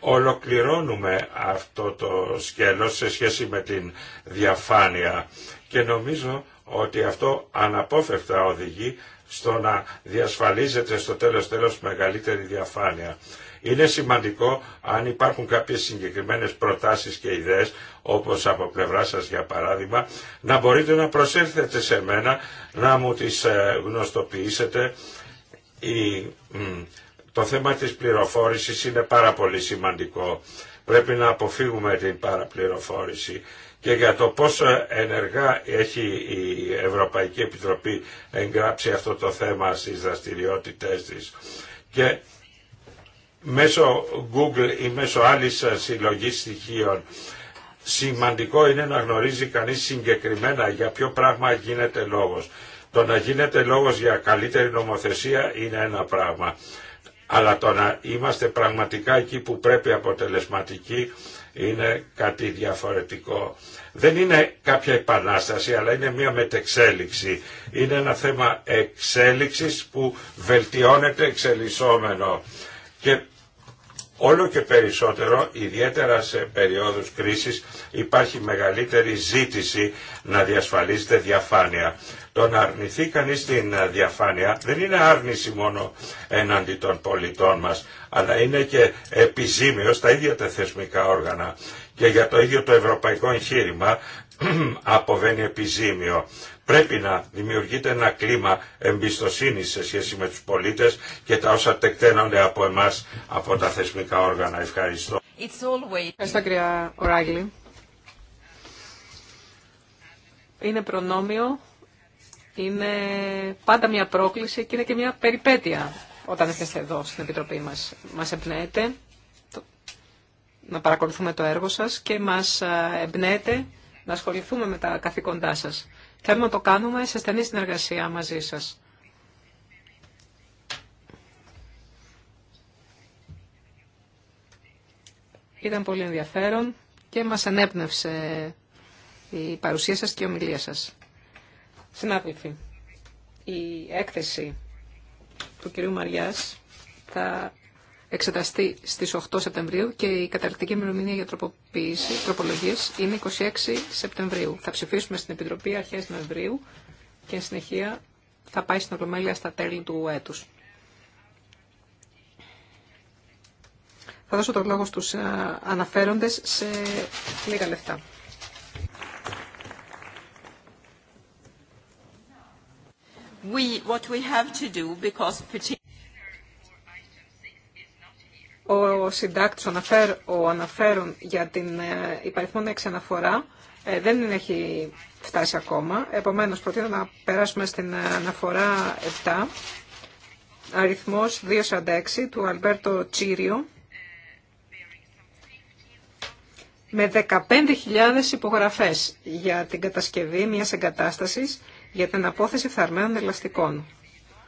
ολοκληρώνουμε αυτό το σκέλος σε σχέση με την διαφάνεια και νομίζω ότι αυτό αναπόφευκτα οδηγεί στο να διασφαλίζεται στο τέλος τέλος μεγαλύτερη διαφάνεια. Είναι σημαντικό αν υπάρχουν κάποιες συγκεκριμένες προτάσεις και ιδέες όπως από πλευρά σας για παράδειγμα να μπορείτε να προσέλθετε σε μένα να μου τις ε, γνωστοποιήσετε η, το θέμα της πληροφόρησης είναι πάρα πολύ σημαντικό. Πρέπει να αποφύγουμε την παραπληροφόρηση και για το πόσο ε, ενεργά έχει η Ευρωπαϊκή Επιτροπή εγγράψει αυτό το θέμα στις δραστηριότητές της. Και μέσω Google ή μέσω άλλης συλλογής στοιχείων σημαντικό είναι να γνωρίζει κανείς συγκεκριμένα για ποιο πράγμα γίνεται λόγος. Το να γίνεται λόγος για καλύτερη νομοθεσία είναι ένα πράγμα. Αλλά το να είμαστε πραγματικά εκεί που πρέπει αποτελεσματικοί είναι κάτι διαφορετικό. Δεν είναι κάποια επανάσταση, αλλά είναι μια μετεξέλιξη. Είναι ένα θέμα εξέλιξης που βελτιώνεται εξελισσόμενο. Και όλο και περισσότερο, ιδιαίτερα σε περιόδους κρίσης, υπάρχει μεγαλύτερη ζήτηση να διασφαλίζεται διαφάνεια. Το να αρνηθεί κανείς την διαφάνεια δεν είναι άρνηση μόνο έναντι των πολιτών μας, αλλά είναι και επιζήμιο στα ίδια τα θεσμικά όργανα. Και για το ίδιο το ευρωπαϊκό εγχείρημα [clears throat] αποβαίνει επιζήμιο Πρέπει να δημιουργείται ένα κλίμα εμπιστοσύνης σε σχέση με τους πολίτες και τα όσα τεκταίνονται από εμάς, από τα θεσμικά όργανα. Ευχαριστώ. Ευχαριστώ κυρία Οράγλη. Είναι προνόμιο, είναι πάντα μια πρόκληση και είναι και μια περιπέτεια όταν έρχεστε εδώ στην Επιτροπή μας. Μας εμπνέετε να παρακολουθούμε το έργο σας και μας ε, εμπνέετε να ασχοληθούμε με τα καθήκοντά σας. Θέλουμε να το κάνουμε σε στενή συνεργασία μαζί σας. Ήταν πολύ ενδιαφέρον και μας ανέπνευσε η παρουσία σας και η ομιλία σας. Συνάδελφοι, η έκθεση του κυρίου Μαριάς θα εξεταστεί στις 8 Σεπτεμβρίου και η καταληκτική ημερομηνία για τροποποίηση, είναι 26 Σεπτεμβρίου. Θα ψηφίσουμε στην Επιτροπή αρχές Νοεμβρίου και εν συνεχεία θα πάει στην Ολομέλεια στα τέλη του έτου. Θα δώσω το λόγο στους ε, αναφέροντες σε λίγα λεφτά. We, what we have to do because ο συντάκτης, ο, αναφέρον για την ε, υπαριθμόν 6 αναφορά ε, δεν έχει φτάσει ακόμα. Επομένως, προτείνω να περάσουμε στην ε, αναφορά 7, αριθμός 246 του Αλμπέρτο Τσίριο, με 15.000 υπογραφές για την κατασκευή μιας εγκατάστασης για την απόθεση φθαρμένων ελαστικών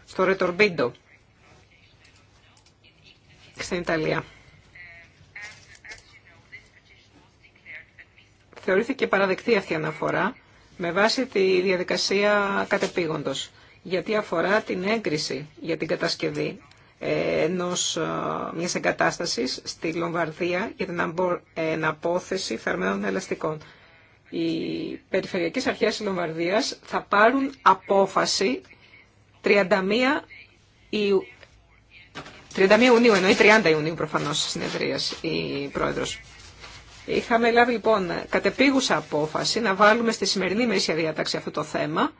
στο Ρετορμπίντο στην Ιταλία. Θεωρήθηκε παραδεκτή αυτή η αναφορά με βάση τη διαδικασία κατεπήγοντος, γιατί αφορά την έγκριση για την κατασκευή ε, ενός, ε, μιας εγκατάστασης στη Λομβαρδία για την ε, απόθεση φερμένων ελαστικών. Οι περιφερειακές αρχές της Λομβαρδίας θα πάρουν απόφαση 31 31 Ιουνίου, εννοεί 30 Ιουνίου προφανώς συνεδρία η το δημοτικό Είχαμε λάβει λοιπόν κατεπίγουσα απόφαση να βάλουμε στη σημερινή μερίσια διάταξη αυτό το θέμα.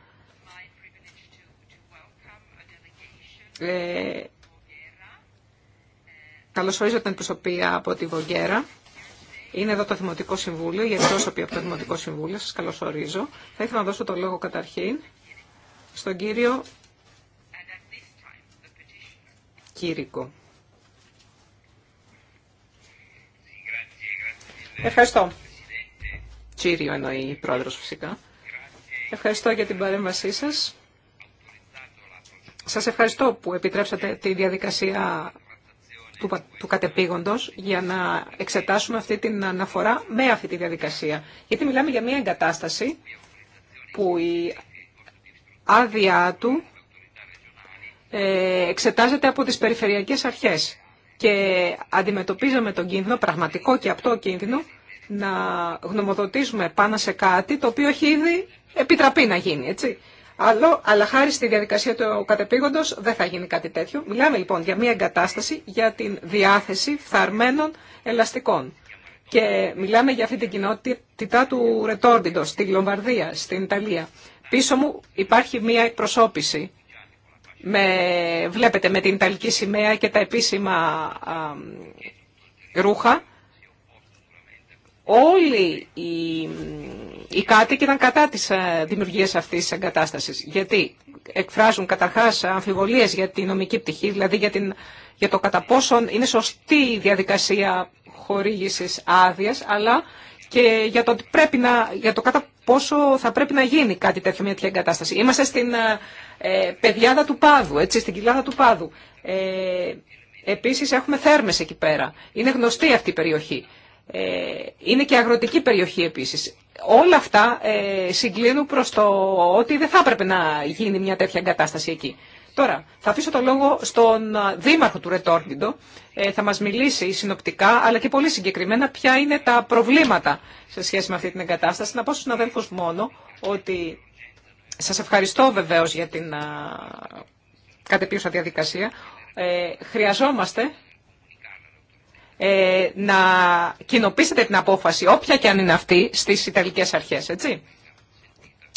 Ε, καλωσορίζω την προσωπία από τη Βογγέρα. Είναι εδώ το Δημοτικό Συμβούλιο, οι εκπρόσωποι από το Δημοτικό Συμβούλιο. Σας καλωσορίζω. Θα ήθελα να δώσω το λόγο καταρχήν στον κύριο Ευχαριστώ. Κύριο εννοεί η πρόεδρος φυσικά. Ευχαριστώ για την παρέμβασή σας. Σας ευχαριστώ που επιτρέψατε τη διαδικασία του, του κατεπήγοντος για να εξετάσουμε αυτή την αναφορά με αυτή τη διαδικασία. Γιατί μιλάμε για μια εγκατάσταση που η άδειά του ε, εξετάζεται από τις περιφερειακές αρχές και αντιμετωπίζαμε τον κίνδυνο, πραγματικό και απτό κίνδυνο, να γνωμοδοτήσουμε πάνω σε κάτι το οποίο έχει ήδη επιτραπεί να γίνει, έτσι. Άλλο, αλλά χάρη στη διαδικασία του κατεπήγοντος δεν θα γίνει κάτι τέτοιο. Μιλάμε λοιπόν για μια εγκατάσταση για την διάθεση φθαρμένων ελαστικών. Και μιλάμε για αυτή την κοινότητα του ρετόρντιντος στη Λομβαρδία, στην Ιταλία. Πίσω μου υπάρχει μια εκπροσώπηση με, βλέπετε με την Ιταλική σημαία και τα επίσημα ρούχα. Όλοι οι, οι κάτοικοι ήταν κατά της α, ε, δημιουργίας αυτής της εγκατάστασης. Γιατί εκφράζουν καταρχάς αμφιβολίες για την νομική πτυχή, δηλαδή για, την, για το κατά πόσον είναι σωστή η διαδικασία χορήγησης άδειας, αλλά και για το, πρέπει να, για το κατά πόσο θα πρέπει να γίνει κάτι τέτοιο, μια τέτοια εγκατάσταση. Είμαστε στην ε, ε, Παιδιάδα του Πάδου, έτσι, στην κοιλάδα του Πάδου. Ε, επίσης έχουμε θέρμες εκεί πέρα. Είναι γνωστή αυτή η περιοχή. Ε, είναι και αγροτική περιοχή επίσης. Όλα αυτά ε, συγκλίνουν προς το ότι δεν θα έπρεπε να γίνει μια τέτοια εγκατάσταση εκεί. Τώρα, θα αφήσω το λόγο στον ε, δήμαρχο του Ρετόρντιντο. Ε, θα μας μιλήσει συνοπτικά, αλλά και πολύ συγκεκριμένα, ποια είναι τα προβλήματα σε σχέση με αυτή την εγκατάσταση. Να πω στους αδέλφους μόνο ότι σας ευχαριστώ βεβαίως για την κατεπίουσα διαδικασία. Ε, χρειαζόμαστε ε, να κοινοποιήσετε την απόφαση, όποια και αν είναι αυτή, στις Ιταλικές αρχές, έτσι.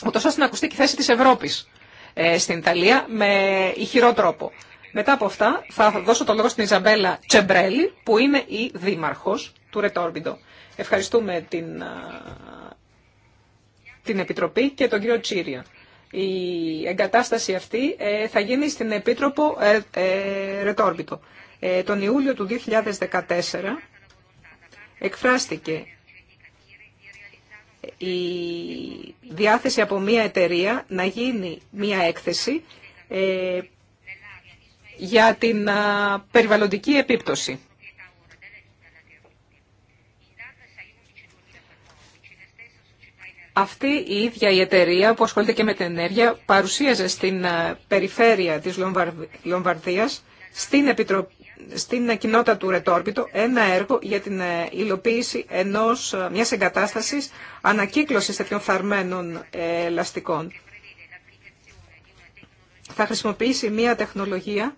Ούτως ώστε να ακουστεί και η θέση της Ευρώπης ε, στην Ιταλία με ηχηρό τρόπο. Μετά από αυτά θα δώσω το λόγο στην Ιζαμπέλα Τσεμπρέλη, που είναι η δήμαρχος του Ρετόρμπιντο. Ευχαριστούμε την, την Επιτροπή και τον κύριο Τσίρια η εγκατάσταση αυτή ε, θα γίνει στην Επίτροπο ε, ε, Ρετόρμπιτο. Τον Ιούλιο του 2014 εκφράστηκε η διάθεση από μία εταιρεία να γίνει μία έκθεση για την περιβαλλοντική επίπτωση. Αυτή η ίδια η εταιρεία που ασχολείται και με την ενέργεια παρουσίαζε στην ε, περιφέρεια της Λομβαρδίας στην, Επιτρο... στην κοινότητα του Ρετόρπιτο ένα έργο για την ε, υλοποίηση ενός, ε, μιας εγκατάστασης ανακύκλωσης τέτοιων θαρμένων ελαστικών. Θα χρησιμοποιήσει μια τεχνολογία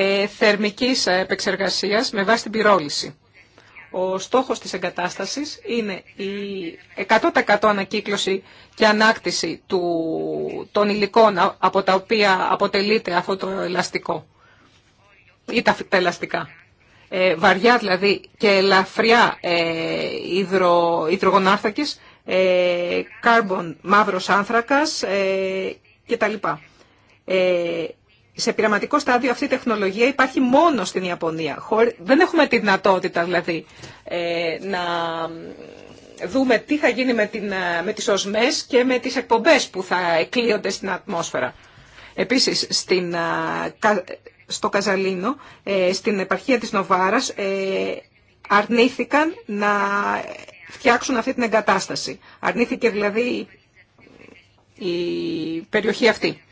Ε, θερμικής επεξεργασίας με βάση την πυρόληση. Ο στόχος της εγκατάστασης είναι η 100% ανακύκλωση και ανάκτηση του, των υλικών από τα οποία αποτελείται αυτό το ελαστικό ή τα, ελαστικά. Ε, βαριά δηλαδή και ελαφριά ε, υδρο, υδρογονάρθακης, ε, μαύρος άνθρακας ε, κτλ. Ε, σε πειραματικό στάδιο αυτή η τεχνολογία υπάρχει μόνο στην Ιαπωνία. Δεν έχουμε τη δυνατότητα δηλαδή ε, να δούμε τι θα γίνει με, την, ε, με τις οσμές και με τις εκπομπές που θα εκλείονται στην ατμόσφαιρα. Επίσης, στην, ε, στο Καζαλίνο, στην επαρχία της Νοβάρας, αρνήθηκαν να φτιάξουν αυτή την εγκατάσταση. Αρνήθηκε δηλαδή η περιοχή αυτή.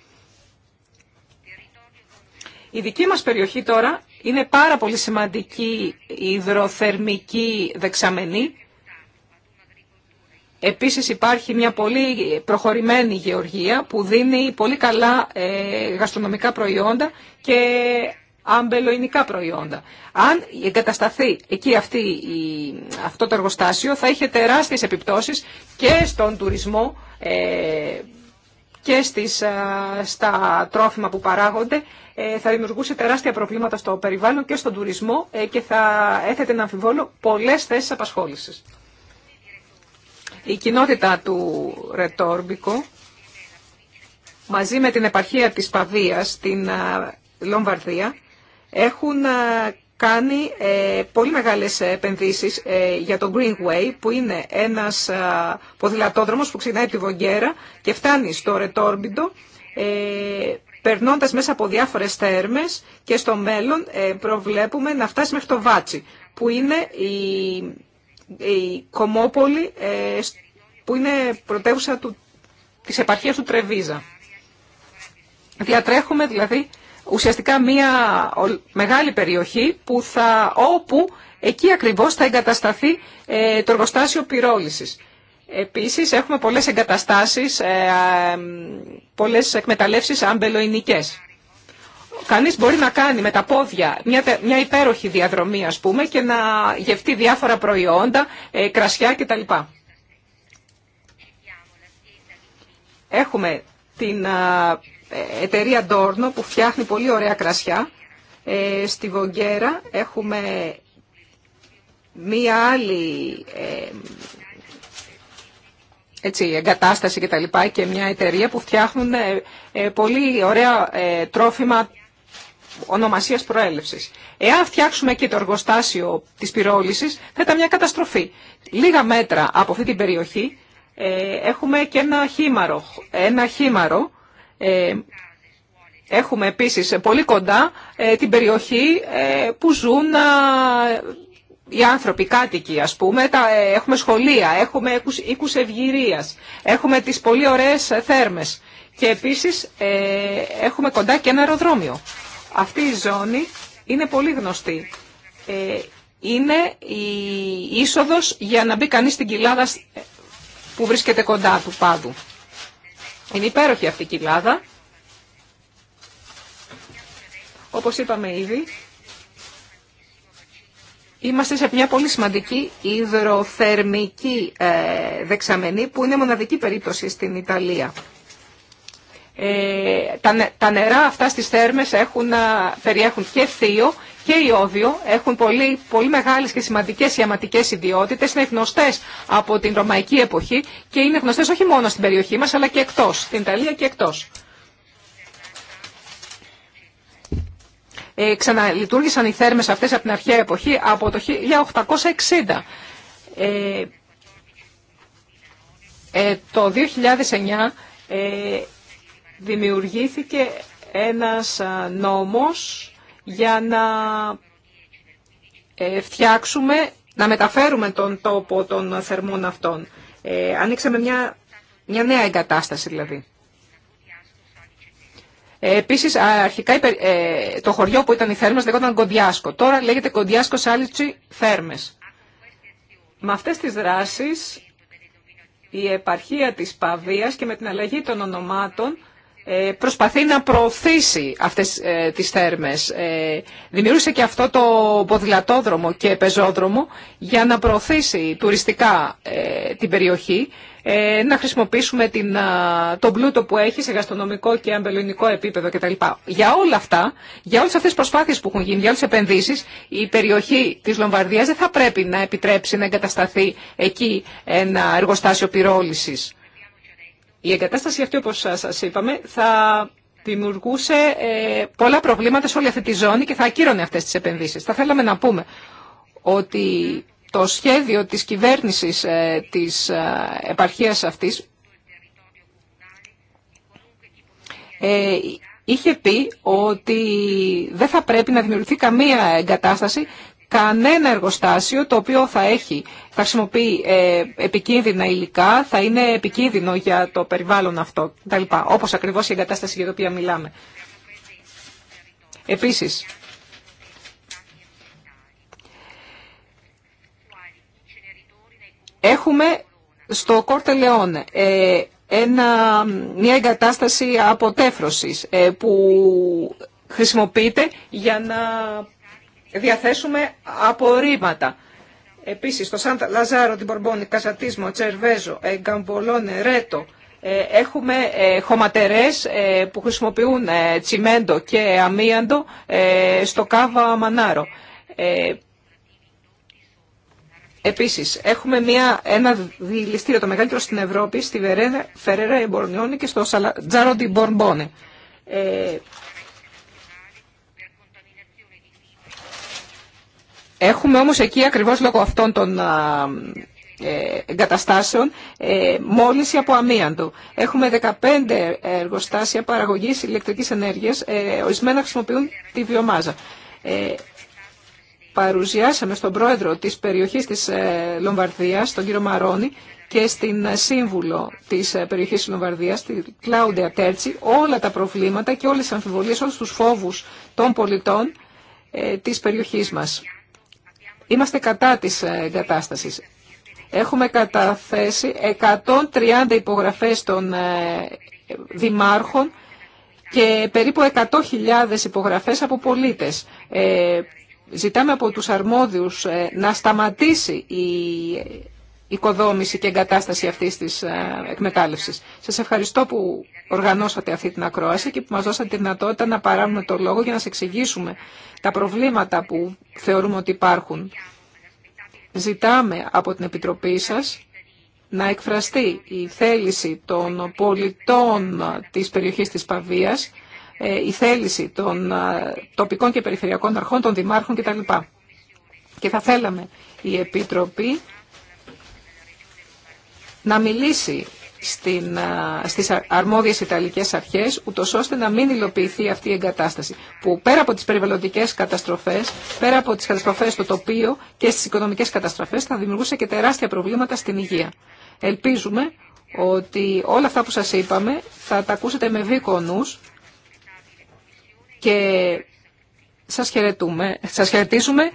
Η δική μας περιοχή τώρα είναι πάρα πολύ σημαντική υδροθερμική δεξαμενή. Επίσης υπάρχει μια πολύ προχωρημένη γεωργία που δίνει πολύ καλά ε, γαστρονομικά προϊόντα και αμπελοϊνικά προϊόντα. Αν εγκατασταθεί εκεί αυτή, αυτό το εργοστάσιο θα είχε τεράστιες επιπτώσεις και στον τουρισμό ε, και στις, ε, στα τρόφιμα που παράγονται ε, θα δημιουργούσε τεράστια προβλήματα στο περιβάλλον και στον τουρισμό ε, και θα έθετε να αμφιβόλω πολλές θέσεις απασχόλησης. Η κοινότητα του Ρετόρμπικο μαζί με την επαρχία της Παβίας την Λομβαρδία έχουν κάνει ε, πολύ μεγάλες επενδύσεις ε, για το Greenway, που είναι ένας ε, ποδηλατόδρομος που ξεκινάει από τη Βογγέρα και φτάνει στο Ρετόρμπιντο, περνώντας μέσα από διάφορες θέρμες και στο μέλλον προβλέπουμε να φτάσει μέχρι το Βάτσι, που είναι η, η Κομόπολη, που είναι πρωτεύουσα του, της επαρχίας του Τρεβίζα. Διατρέχουμε δηλαδή ουσιαστικά μια μεγάλη περιοχή που θα, όπου εκεί ακριβώς θα εγκατασταθεί ε, το εργοστάσιο πυρόλησης. Επίσης έχουμε πολλές εγκαταστάσεις, ε, πολλές εκμεταλλεύσεις αμπελοϊνικές. Κανείς μπορεί να κάνει με τα πόδια μια, μια υπέροχη διαδρομή ας πούμε και να γευτεί διάφορα προϊόντα, ε, κρασιά κτλ. Έχουμε την εταιρεία Ντόρνο που φτιάχνει πολύ ωραία κρασιά. Ε, στη Βογγέρα έχουμε μία άλλη ε, έτσι, εγκατάσταση και τα λοιπά και μια εταιρεία που φτιάχνουν ε, πολύ ωραία τρόφιμα ονομασίας προέλευσης. Εάν φτιάξουμε και το εργοστάσιο της πυρόλησης θα ήταν μια καταστροφή. Λίγα μέτρα από αυτή την περιοχή έχουμε και ένα χήμαρο, ένα χήμαρο ε, έχουμε επίσης πολύ κοντά ε, την περιοχή ε, που ζουν οι άνθρωποι, οι κάτοικοι ας πούμε. Έχουμε σχολεία, έχουμε οίκους ευγυρίας, έχουμε τις πολύ ωραίες θέρμες και επίσης έχουμε κοντά και ένα αεροδρόμιο. Αυτή η ζώνη είναι πολύ γνωστή. Είναι η είσοδος για να μπει κανείς στην κοιλάδα που βρίσκεται κοντά του πάντου. Είναι υπέροχη αυτή η κοιλάδα. Όπως είπαμε ήδη, είμαστε σε μια πολύ σημαντική υδροθερμική ε, δεξαμενή που είναι μοναδική περίπτωση στην Ιταλία. Ε, τα, νερά αυτά στις θέρμες έχουν, ε, περιέχουν και θείο και οι όδιο έχουν πολύ, πολύ μεγάλες και σημαντικές ιαματικές ιδιότητες, είναι γνωστές από την ρωμαϊκή εποχή και είναι γνωστές όχι μόνο στην περιοχή μας αλλά και εκτός, στην Ιταλία και εκτός. Ε, ξαναλειτουργήσαν οι θέρμες αυτές από την αρχαία εποχή από το 1860. Ε, ε, το 2009 ε, δημιουργήθηκε ένας νόμος για να ε, φτιάξουμε, να μεταφέρουμε τον τόπο των θερμών αυτών. Ε, ανοίξαμε μια, μια νέα εγκατάσταση δηλαδή. Ε, επίσης, αρχικά ε, το χωριό που ήταν η Θέρμες λεγόταν Κοντιάσκο. Τώρα λέγεται Κοντιάσκο Σάλιτσι Θέρμες. Με αυτές τις δράσεις η επαρχία της Παβίας και με την αλλαγή των ονομάτων ε, προσπαθεί να προωθήσει αυτές ε, τις θέρμες. Ε, δημιούργησε και αυτό το ποδηλατόδρομο και πεζόδρομο για να προωθήσει τουριστικά την περιοχή, να χρησιμοποιήσουμε την, τον πλούτο που έχει σε γαστρονομικό και αμπελονικό επίπεδο κτλ. Για όλα αυτά, για όλες αυτές τις προσπάθειες που έχουν γίνει, για όλες τις επενδύσεις, η περιοχή της Λομβαρδίας δεν θα πρέπει να επιτρέψει να εγκατασταθεί εκεί ένα εργοστάσιο πυρόλησης. Η εγκατάσταση αυτή, όπως σας είπαμε, θα δημιουργούσε ε, πολλά προβλήματα σε όλη αυτή τη ζώνη και θα ακύρωνε αυτές τις επενδύσεις. Θα θέλαμε να πούμε ότι το σχέδιο της κυβέρνησης ε, της ε, επαρχίας αυτής είχε πει ότι δεν θα πρέπει να δημιουργηθεί καμία εγκατάσταση κανένα εργοστάσιο το οποίο θα έχει, χρησιμοποιεί ε, επικίνδυνα υλικά, θα είναι επικίνδυνο για το περιβάλλον αυτό κτλ. Όπως ακριβώς η εγκατάσταση για την οποία μιλάμε. Επίσης, έχουμε στο Κόρτε Λεόν ε, μια εγκατάσταση αποτέφρωσης ε, που χρησιμοποιείται για να διαθέσουμε απορρίμματα. Επίσης, στο Σάντα Λαζάρο, την Μπορμπόνη, καζατίσμο Τσερβέζο, ε, Γκαμπολόνε, Ρέτο, ε, έχουμε ε, χωματερές που χρησιμοποιούν τσιμέντο και αμίαντο στο Κάβα Μανάρο. Επίση, έχουμε μια, ένα δηληστήριο το μεγαλύτερο στην Ευρώπη, στη Βερένα Φερέρα Εμπορνιόνη και στο Σαλατζάρο την Μπορμπόνε. Έχουμε όμως εκεί ακριβώς λόγω αυτών των ε, εγκαταστάσεων ε, μόλυνση από αμίαντο. Έχουμε 15 εργοστάσια παραγωγής ηλεκτρικής ενέργειας, ε, ορισμένα χρησιμοποιούν τη βιομάζα. Παρουσιάσαμε στον πρόεδρο της περιοχής της Λομβαρδίας, τον κύριο Μαρόνι, και στην σύμβουλο της περιοχής της Λομβαρδίας, τη Κλάουντια Τέρτσι, όλα τα προβλήματα και όλες τις αμφιβολίες, όλους τους φόβους των πολιτών της περιοχής μας. Είμαστε κατά της ε, εγκατάστασης. Έχουμε καταθέσει 130 υπογραφές των ε, δημάρχων και περίπου 100.000 υπογραφές από πολίτες. Ε, ζητάμε από τους αρμόδιους να σταματήσει η οικοδόμηση και εγκατάσταση αυτής της ε, εκμετάλλευσης. Σας ευχαριστώ που οργανώσατε αυτή την ακρόαση και που μας δώσατε τη δυνατότητα να παράγουμε το λόγο για να σας εξηγήσουμε τα προβλήματα που θεωρούμε ότι υπάρχουν. Ζητάμε από την Επιτροπή σας να εκφραστεί η θέληση των πολιτών της περιοχής της Παβίας, ε, η θέληση των ε, τοπικών και περιφερειακών αρχών, των δημάρχων κτλ. Και θα θέλαμε η Επιτροπή να μιλήσει στην, στις αρμόδιες Ιταλικές αρχές, ούτω ώστε να μην υλοποιηθεί αυτή η εγκατάσταση, που πέρα από τις περιβαλλοντικές καταστροφές, πέρα από τις καταστροφές στο τοπίο και στις οικονομικές καταστροφές, θα δημιουργούσε και τεράστια προβλήματα στην υγεία. Ελπίζουμε ότι όλα αυτά που σας είπαμε θα τα ακούσετε με βίκο νους και σας, χαιρετούμε, σας χαιρετίζουμε.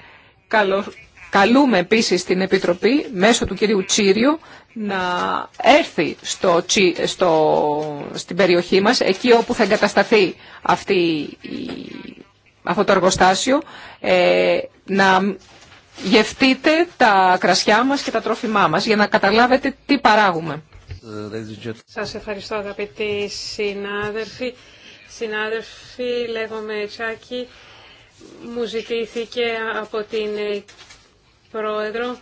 Καλούμε επίσης την Επιτροπή μέσω του κυρίου Τσίριου να έρθει στο, στο, στην περιοχή μας, εκεί όπου θα εγκατασταθεί αυτή, αυτό το εργοστάσιο, ε, να γευτείτε τα κρασιά μας και τα τρόφιμά μας για να καταλάβετε τι παράγουμε. Σας ευχαριστώ αγαπητοί συνάδελφοι. Συνάδελφοι, λέγομαι Τσάκη. Μου ζητήθηκε από την Πρόεδρο,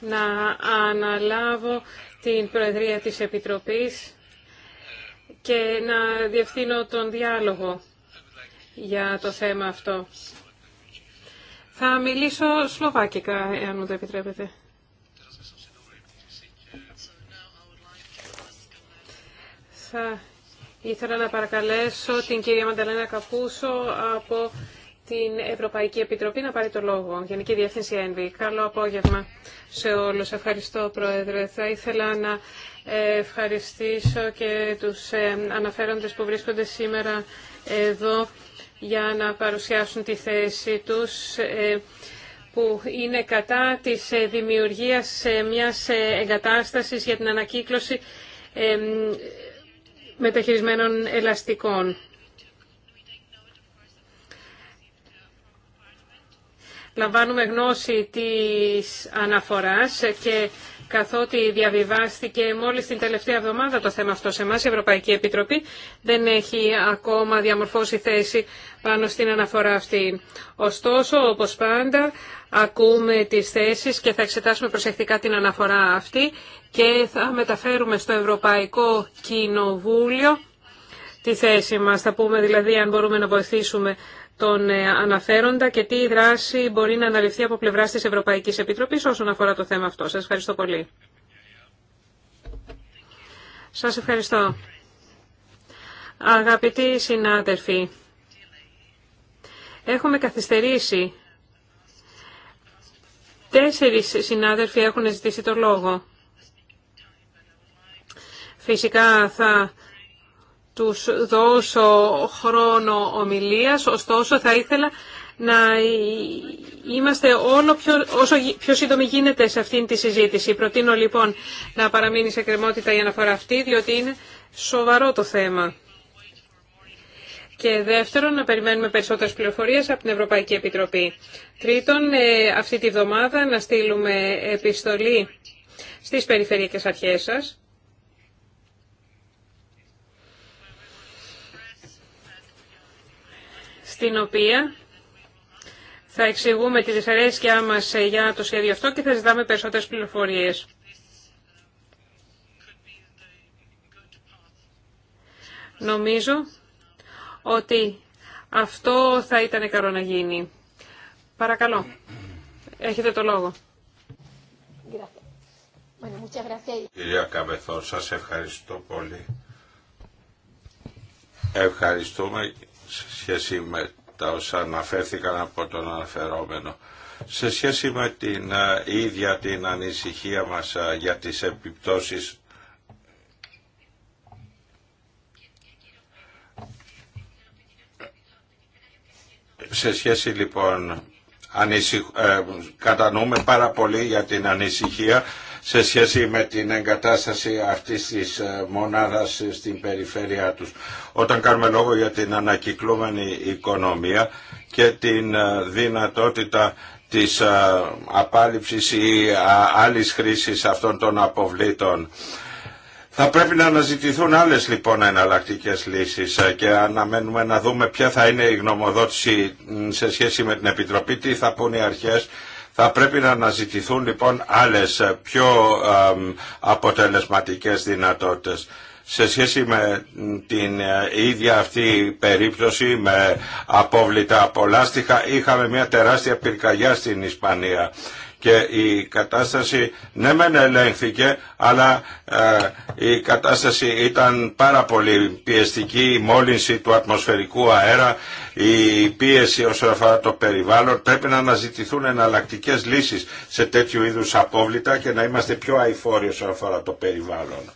να αναλάβω την Προεδρία της Επιτροπής και να διευθύνω τον διάλογο για το θέμα αυτό. Θα μιλήσω σλοβάκικα, εάν μου το επιτρέπετε. Θα ήθελα να παρακαλέσω την κυρία Μανταλένα Καπούσο από την Ευρωπαϊκή Επιτροπή να πάρει το λόγο. Γενική Διεύθυνση ΕΝΒΗ. Καλό απόγευμα σε όλους. Ευχαριστώ, Πρόεδρε. Θα ήθελα να ευχαριστήσω και τους ε, αναφέροντες που βρίσκονται σήμερα εδώ για να παρουσιάσουν τη θέση τους ε, που είναι κατά της ε, δημιουργίας μιας εγκατάστασης για την ανακύκλωση μεταχειρισμένων ελαστικών. λαμβάνουμε γνώση της αναφοράς και καθότι διαβιβάστηκε μόλις την τελευταία εβδομάδα το θέμα αυτό σε εμάς, η Ευρωπαϊκή Επιτροπή δεν έχει ακόμα διαμορφώσει θέση πάνω στην αναφορά αυτή. Ωστόσο, όπως πάντα, ακούμε τις θέσεις και θα εξετάσουμε προσεκτικά την αναφορά αυτή και θα μεταφέρουμε στο Ευρωπαϊκό Κοινοβούλιο τη θέση μας. Θα πούμε δηλαδή αν μπορούμε να βοηθήσουμε τον ε, αναφέροντα και τι δράση μπορεί να αναλυθεί από πλευρά τη Ευρωπαϊκή Επίτροπή όσον αφορά το θέμα αυτό. Σας ευχαριστώ πολύ. Σας ευχαριστώ. Αγαπητοί συνάδελφοι, έχουμε καθυστερήσει. Τέσσερις συνάδελφοι έχουν ζητήσει το λόγο. Φυσικά θα τους δώσω χρόνο ομιλίας, ωστόσο θα ήθελα να είμαστε όλο πιο, όσο πιο σύντομοι γίνεται σε αυτήν τη συζήτηση. Προτείνω λοιπόν να παραμείνει σε κρεμότητα η αναφορά αυτή, διότι είναι σοβαρό το θέμα. Και δεύτερον, να περιμένουμε περισσότερες πληροφορίες από την Ευρωπαϊκή Επιτροπή. Τρίτον, ε, αυτή τη βδομάδα να στείλουμε επιστολή στις περιφερειακές αρχές σας στην οποία θα εξηγούμε τη δυσαρέσκειά μας ε, για το σχέδιο αυτό και θα ζητάμε περισσότερες πληροφορίες. Νομίζω ότι αυτό θα ήταν καλό να γίνει. Παρακαλώ. Έχετε το λόγο. Κυρία Καβεθό, σας ευχαριστώ πολύ. Ευχαριστούμε σε σχέση με τα όσα αναφέρθηκαν από τον αναφερόμενο. Σε σχέση με την ίδια την ανησυχία μας για τις επιπτώσεις σε σχέση λοιπόν Ανησυχ... Ε, κατανοούμε πάρα πολύ για την ανησυχία σε σχέση με την εγκατάσταση αυτής της ε, μονάδας στην περιφέρειά τους. Όταν κάνουμε λόγο για την ανακυκλούμενη οικονομία και την ε, δυνατότητα της ε, απάλληψης ή άλλης χρήσης αυτών των αποβλήτων. Θα πρέπει να αναζητηθούν άλλες λοιπόν εναλλακτικέ λύσεις και αναμένουμε να δούμε ποια θα είναι η γνωμοδότηση σε σχέση με την Επιτροπή, τι θα πούν οι αρχές θα πρέπει να αναζητηθούν λοιπόν άλλες ε, πιο αποτελεσματικές δυνατότητες σε σχέση με την ε, ίδια αυτή περίπτωση με απόβλητα απολάστιχα είχαμε μια τεράστια πυρκαγιά στην Ισπανία και η κατάσταση ναι μεν ελέγχθηκε αλλά ε, η κατάσταση ήταν πάρα πολύ πιεστική η μόλυνση του ατμοσφαιρικού αέρα η πίεση όσον αφορά το περιβάλλον πρέπει να αναζητηθούν εναλλακτικέ λύσεις σε τέτοιου είδους απόβλητα και να είμαστε πιο αηφόροι όσον αφορά το περιβάλλον.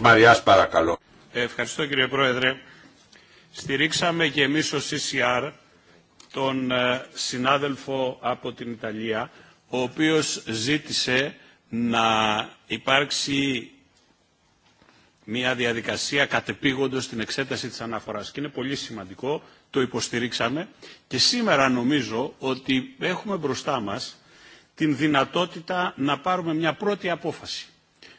Μαριάς παρακαλώ. Ευχαριστώ κύριε Πρόεδρε. Στηρίξαμε και εμείς ως CCR τον ε, συνάδελφο από την Ιταλία, ο οποίος ζήτησε να υπάρξει μια διαδικασία κατεπήγοντος την εξέταση της αναφοράς. Και είναι πολύ σημαντικό, το υποστηρίξαμε και σήμερα νομίζω ότι έχουμε μπροστά μας την δυνατότητα να πάρουμε μια πρώτη απόφαση.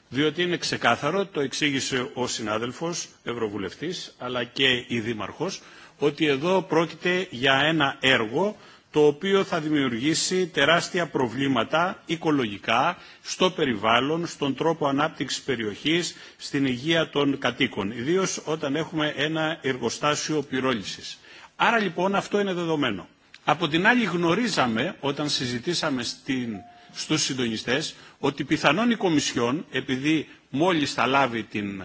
Διότι είναι ξεκάθαρο, το εξήγησε ο συνάδελφος Ευρωβουλευτής αλλά και η Δήμαρχος, ότι εδώ πρόκειται για ένα έργο το οποίο θα δημιουργήσει τεράστια προβλήματα οικολογικά στο περιβάλλον, στον τρόπο ανάπτυξης περιοχής, στην υγεία των κατοίκων, ιδίω όταν έχουμε ένα εργοστάσιο πυρόλησης. Άρα λοιπόν αυτό είναι δεδομένο. Από την άλλη γνωρίζαμε όταν συζητήσαμε στην, στους συντονιστές ότι πιθανόν η Κομισιόν, επειδή μόλις θα λάβει την,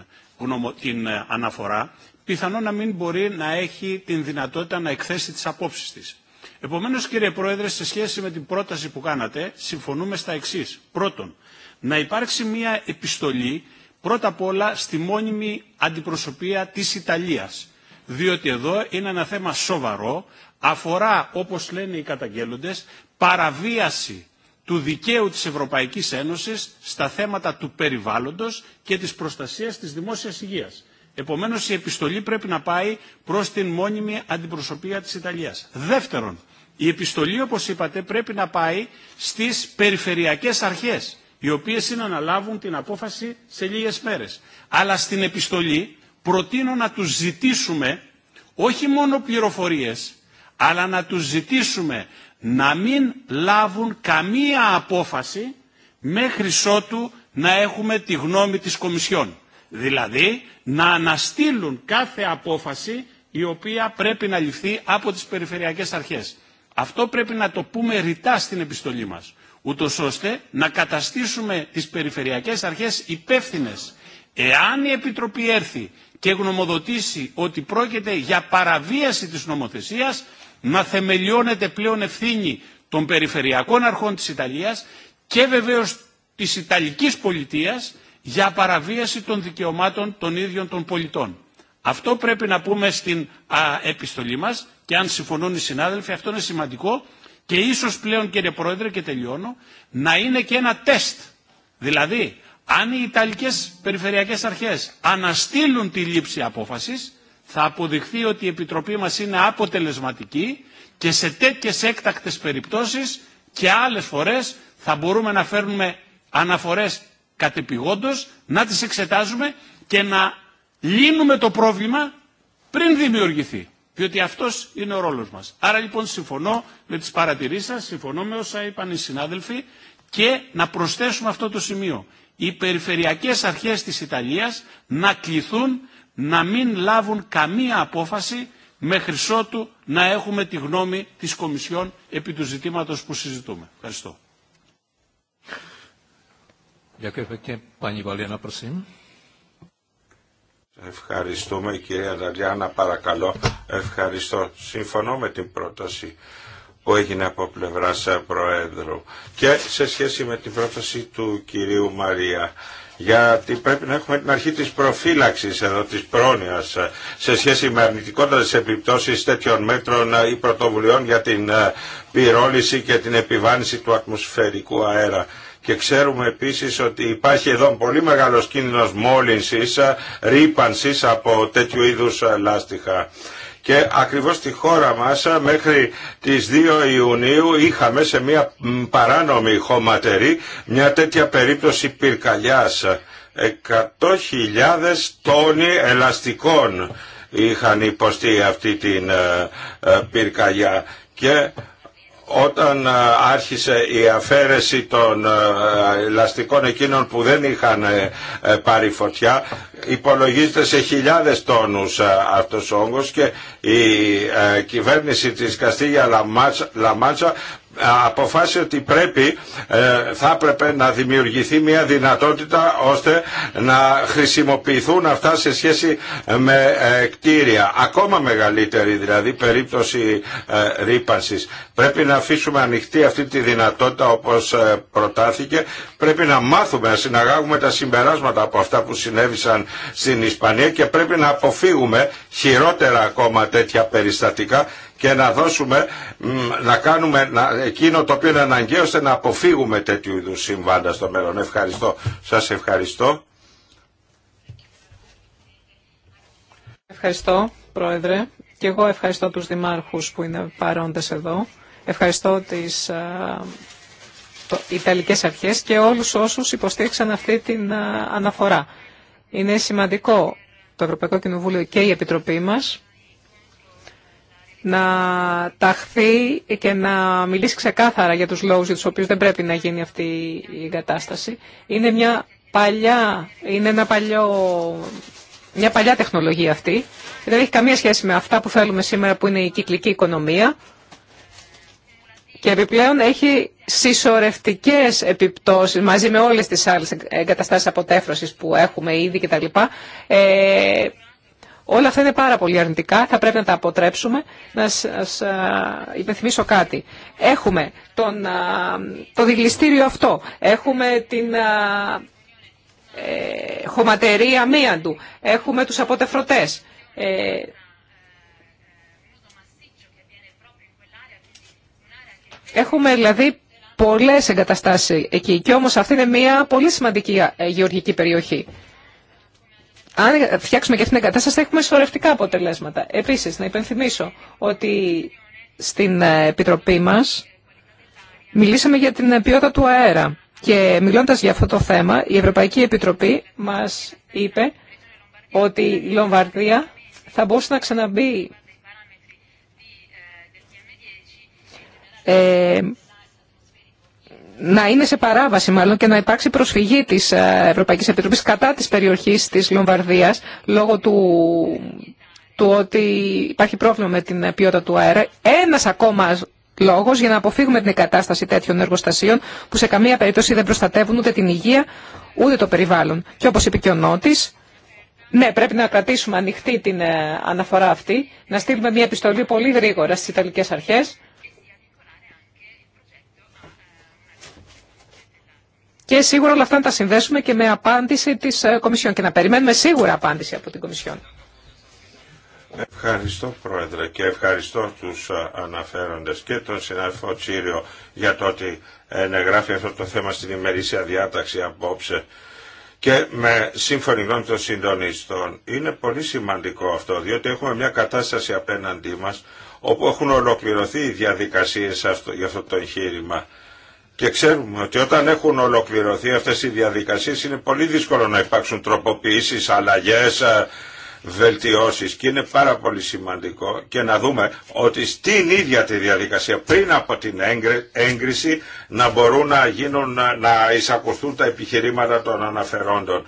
την ε, αναφορά, πιθανόν να μην μπορεί να έχει την δυνατότητα να εκθέσει τις απόψεις της. Επομένως, κύριε Πρόεδρε, σε σχέση με την πρόταση που κάνατε, συμφωνούμε στα εξή. Πρώτον, να υπάρξει μια επιστολή πρώτα απ' όλα στη μόνιμη αντιπροσωπεία της Ιταλίας. Διότι εδώ είναι ένα θέμα σοβαρό, αφορά, όπως λένε οι καταγγέλλοντες, παραβίαση του δικαίου της Ευρωπαϊκής Ένωσης στα θέματα του περιβάλλοντος και της προστασίας της δημόσιας υγείας. Επομένως η επιστολή πρέπει να πάει προς την μόνιμη αντιπροσωπεία της Ιταλίας. Δεύτερον, η επιστολή όπως είπατε πρέπει να πάει στις περιφερειακές αρχές οι οποίες είναι να λάβουν την απόφαση σε λίγες μέρες. Αλλά στην επιστολή προτείνω να τους ζητήσουμε όχι μόνο πληροφορίες αλλά να τους ζητήσουμε να μην λάβουν καμία απόφαση μέχρι ότου να έχουμε τη γνώμη της Κομισιόν. Δηλαδή να αναστείλουν κάθε απόφαση η οποία πρέπει να ληφθεί από τις περιφερειακές αρχές. Αυτό πρέπει να το πούμε ρητά στην επιστολή μας, ούτω ώστε να καταστήσουμε τις περιφερειακές αρχές υπεύθυνε. Εάν η Επιτροπή έρθει και γνωμοδοτήσει ότι πρόκειται για παραβίαση της νομοθεσίας, να θεμελιώνεται πλέον ευθύνη των περιφερειακών αρχών της Ιταλίας και βεβαίως της Ιταλικής πολιτείας για παραβίαση των δικαιωμάτων των ίδιων των πολιτών. Αυτό πρέπει να πούμε στην επιστολή μας και αν συμφωνούν οι συνάδελφοι αυτό είναι σημαντικό και ίσως πλέον κύριε Πρόεδρε και τελειώνω να είναι και ένα τεστ. Δηλαδή αν οι Ιταλικές Περιφερειακές Αρχές αναστείλουν τη λήψη απόφασης θα αποδειχθεί ότι η Επιτροπή μας είναι αποτελεσματική και σε τέτοιες έκτακτες περιπτώσεις και άλλες φορές θα μπορούμε να φέρνουμε αναφορές κατεπηγόντως να τις εξετάζουμε και να λύνουμε το πρόβλημα πριν δημιουργηθεί. Διότι αυτός είναι ο ρόλος μας. Άρα λοιπόν συμφωνώ με τις παρατηρήσεις σας, συμφωνώ με όσα είπαν οι συνάδελφοι και να προσθέσουμε αυτό το σημείο. Οι περιφερειακές αρχές της Ιταλίας να κληθούν να μην λάβουν καμία απόφαση μέχρι ότου να έχουμε τη γνώμη της Κομισιόν επί του ζητήματος που συζητούμε. Ευχαριστώ. Ευχαριστούμε κυρία Δαλιάνα, παρακαλώ. Ευχαριστώ. Συμφωνώ με την πρόταση που έγινε από σε Προέδρου και σε σχέση με την πρόταση του κυρίου Μαρία γιατί πρέπει να έχουμε την αρχή της προφύλαξης εδώ, της πρόνοιας σε σχέση με αρνητικότητες επιπτώσεις τέτοιων μέτρων ή πρωτοβουλειών για την ε, πυρόληση και την επιβάνηση του ατμοσφαιρικού αέρα και ξέρουμε επίσης ότι υπάρχει εδώ πολύ μεγάλος κίνδυνος μόλυνσης, ρήπανσης από τέτοιου είδους λάστιχα. Και ακριβώς στη χώρα μας μέχρι τις 2 Ιουνίου είχαμε σε μια παράνομη χωματερή μια τέτοια περίπτωση πυρκαλιάς, 100.000 τόνοι ελαστικών είχαν υποστεί αυτή την ε, ε, πυρκαλιά και όταν ε, άρχισε η αφαίρεση των ε, λαστικών εκείνων που δεν είχαν ε, πάρει φωτιά υπολογίζεται σε χιλιάδες τόνους αυτός ο όγκος και η κυβέρνηση της Καστίγια Λαμάτσα Αποφάσισε ότι πρέπει, ε, θα έπρεπε να δημιουργηθεί μια δυνατότητα ώστε να χρησιμοποιηθούν αυτά σε σχέση με ε, κτίρια. Ακόμα μεγαλύτερη δηλαδή περίπτωση ε, ρήπανσης. Πρέπει να αφήσουμε ανοιχτή αυτή τη δυνατότητα όπως προτάθηκε. Πρέπει να μάθουμε, να συναγάγουμε τα συμπεράσματα από αυτά που συνέβησαν στην Ισπανία και πρέπει να αποφύγουμε χειρότερα ακόμα τέτοια περιστατικά και να δώσουμε, να κάνουμε εκείνο το οποίο είναι αναγκαίο ώστε να αποφύγουμε τέτοιου είδου συμβάντα στο μέλλον. Ευχαριστώ. Σας ευχαριστώ. Ευχαριστώ, Πρόεδρε. Και εγώ ευχαριστώ τους δημάρχους που είναι παρόντες εδώ. Ευχαριστώ τις Ιταλικές αρχές και όλους όσους υποστήριξαν αυτή την αναφορά. Είναι σημαντικό το Ευρωπαϊκό Κοινοβούλιο και η Επιτροπή μας να ταχθεί και να μιλήσει ξεκάθαρα για τους λόγους για τους οποίους δεν πρέπει να γίνει αυτή η εγκατάσταση. Είναι μια παλιά, είναι ένα παλιό, μια παλιά τεχνολογία αυτή. Δεν έχει καμία σχέση με αυτά που θέλουμε σήμερα που είναι η κυκλική οικονομία. Και επιπλέον έχει συσσωρευτικές επιπτώσεις μαζί με όλες τις άλλες εγκαταστάσεις αποτέφρωσης που έχουμε ήδη κτλ. Ε, Όλα αυτά είναι πάρα πολύ αρνητικά, θα πρέπει να τα αποτρέψουμε. Να σας υπενθυμίσω κάτι. Έχουμε τον, το διγλιστήριο αυτό, έχουμε την ε, χωματερή αμίαντου, έχουμε τους αποτεφρωτές. Ε, έχουμε δηλαδή πολλές εγκαταστάσεις εκεί και όμως αυτή είναι μια πολύ σημαντική ε, γεωργική περιοχή αν φτιάξουμε και αυτήν την εγκατάσταση, θα έχουμε σωρευτικά αποτελέσματα. Επίσης, να υπενθυμίσω ότι στην ε, Επιτροπή μας μιλήσαμε για την ε, ποιότητα του αέρα και μιλώντας για αυτό το θέμα η Ευρωπαϊκή Επιτροπή μας είπε ότι η Λομβαρδία θα μπορούσε να ξαναμπεί ε, να είναι σε παράβαση μάλλον και να υπάρξει προσφυγή της ε, Ευρωπαϊκής Επιτροπής κατά της περιοχής της Λομβαρδίας λόγω του, του ότι υπάρχει πρόβλημα με την ποιότητα του αέρα. Ένας ακόμα λόγος για να αποφύγουμε την κατάσταση τέτοιων εργοστασίων που σε καμία περίπτωση δεν προστατεύουν ούτε την υγεία ούτε το περιβάλλον. Και όπως είπε και ο Νότης, ναι, πρέπει να κρατήσουμε ανοιχτή την ε, αναφορά αυτή, να στείλουμε μια επιστολή πολύ γρήγορα στις Ιταλικές Αρχές Και σίγουρα όλα αυτά να τα συνδέσουμε και με απάντηση τη ε, Κομισιόν και να περιμένουμε σίγουρα απάντηση από την Κομισιόν. Ευχαριστώ Πρόεδρε και ευχαριστώ τους ε, αναφέροντες και τον συνάδελφο Τσίριο για το ότι ε, ενεγράφει αυτό το θέμα στην ημερήσια διάταξη απόψε και με σύμφωνη γνώμη των συντονιστών. Είναι πολύ σημαντικό αυτό διότι έχουμε μια κατάσταση απέναντί μας όπου έχουν ολοκληρωθεί οι διαδικασίες για αυτό το εγχείρημα και ξέρουμε ότι όταν έχουν ολοκληρωθεί αυτές οι διαδικασίες είναι πολύ δύσκολο να υπάρξουν τροποποιήσεις, αλλαγές, ε, βελτιώσεις και είναι πάρα πολύ σημαντικό και να δούμε ότι στην ίδια τη διαδικασία πριν από την έγκριση να μπορούν να, γίνουν, να εισακουστούν τα επιχειρήματα των αναφερόντων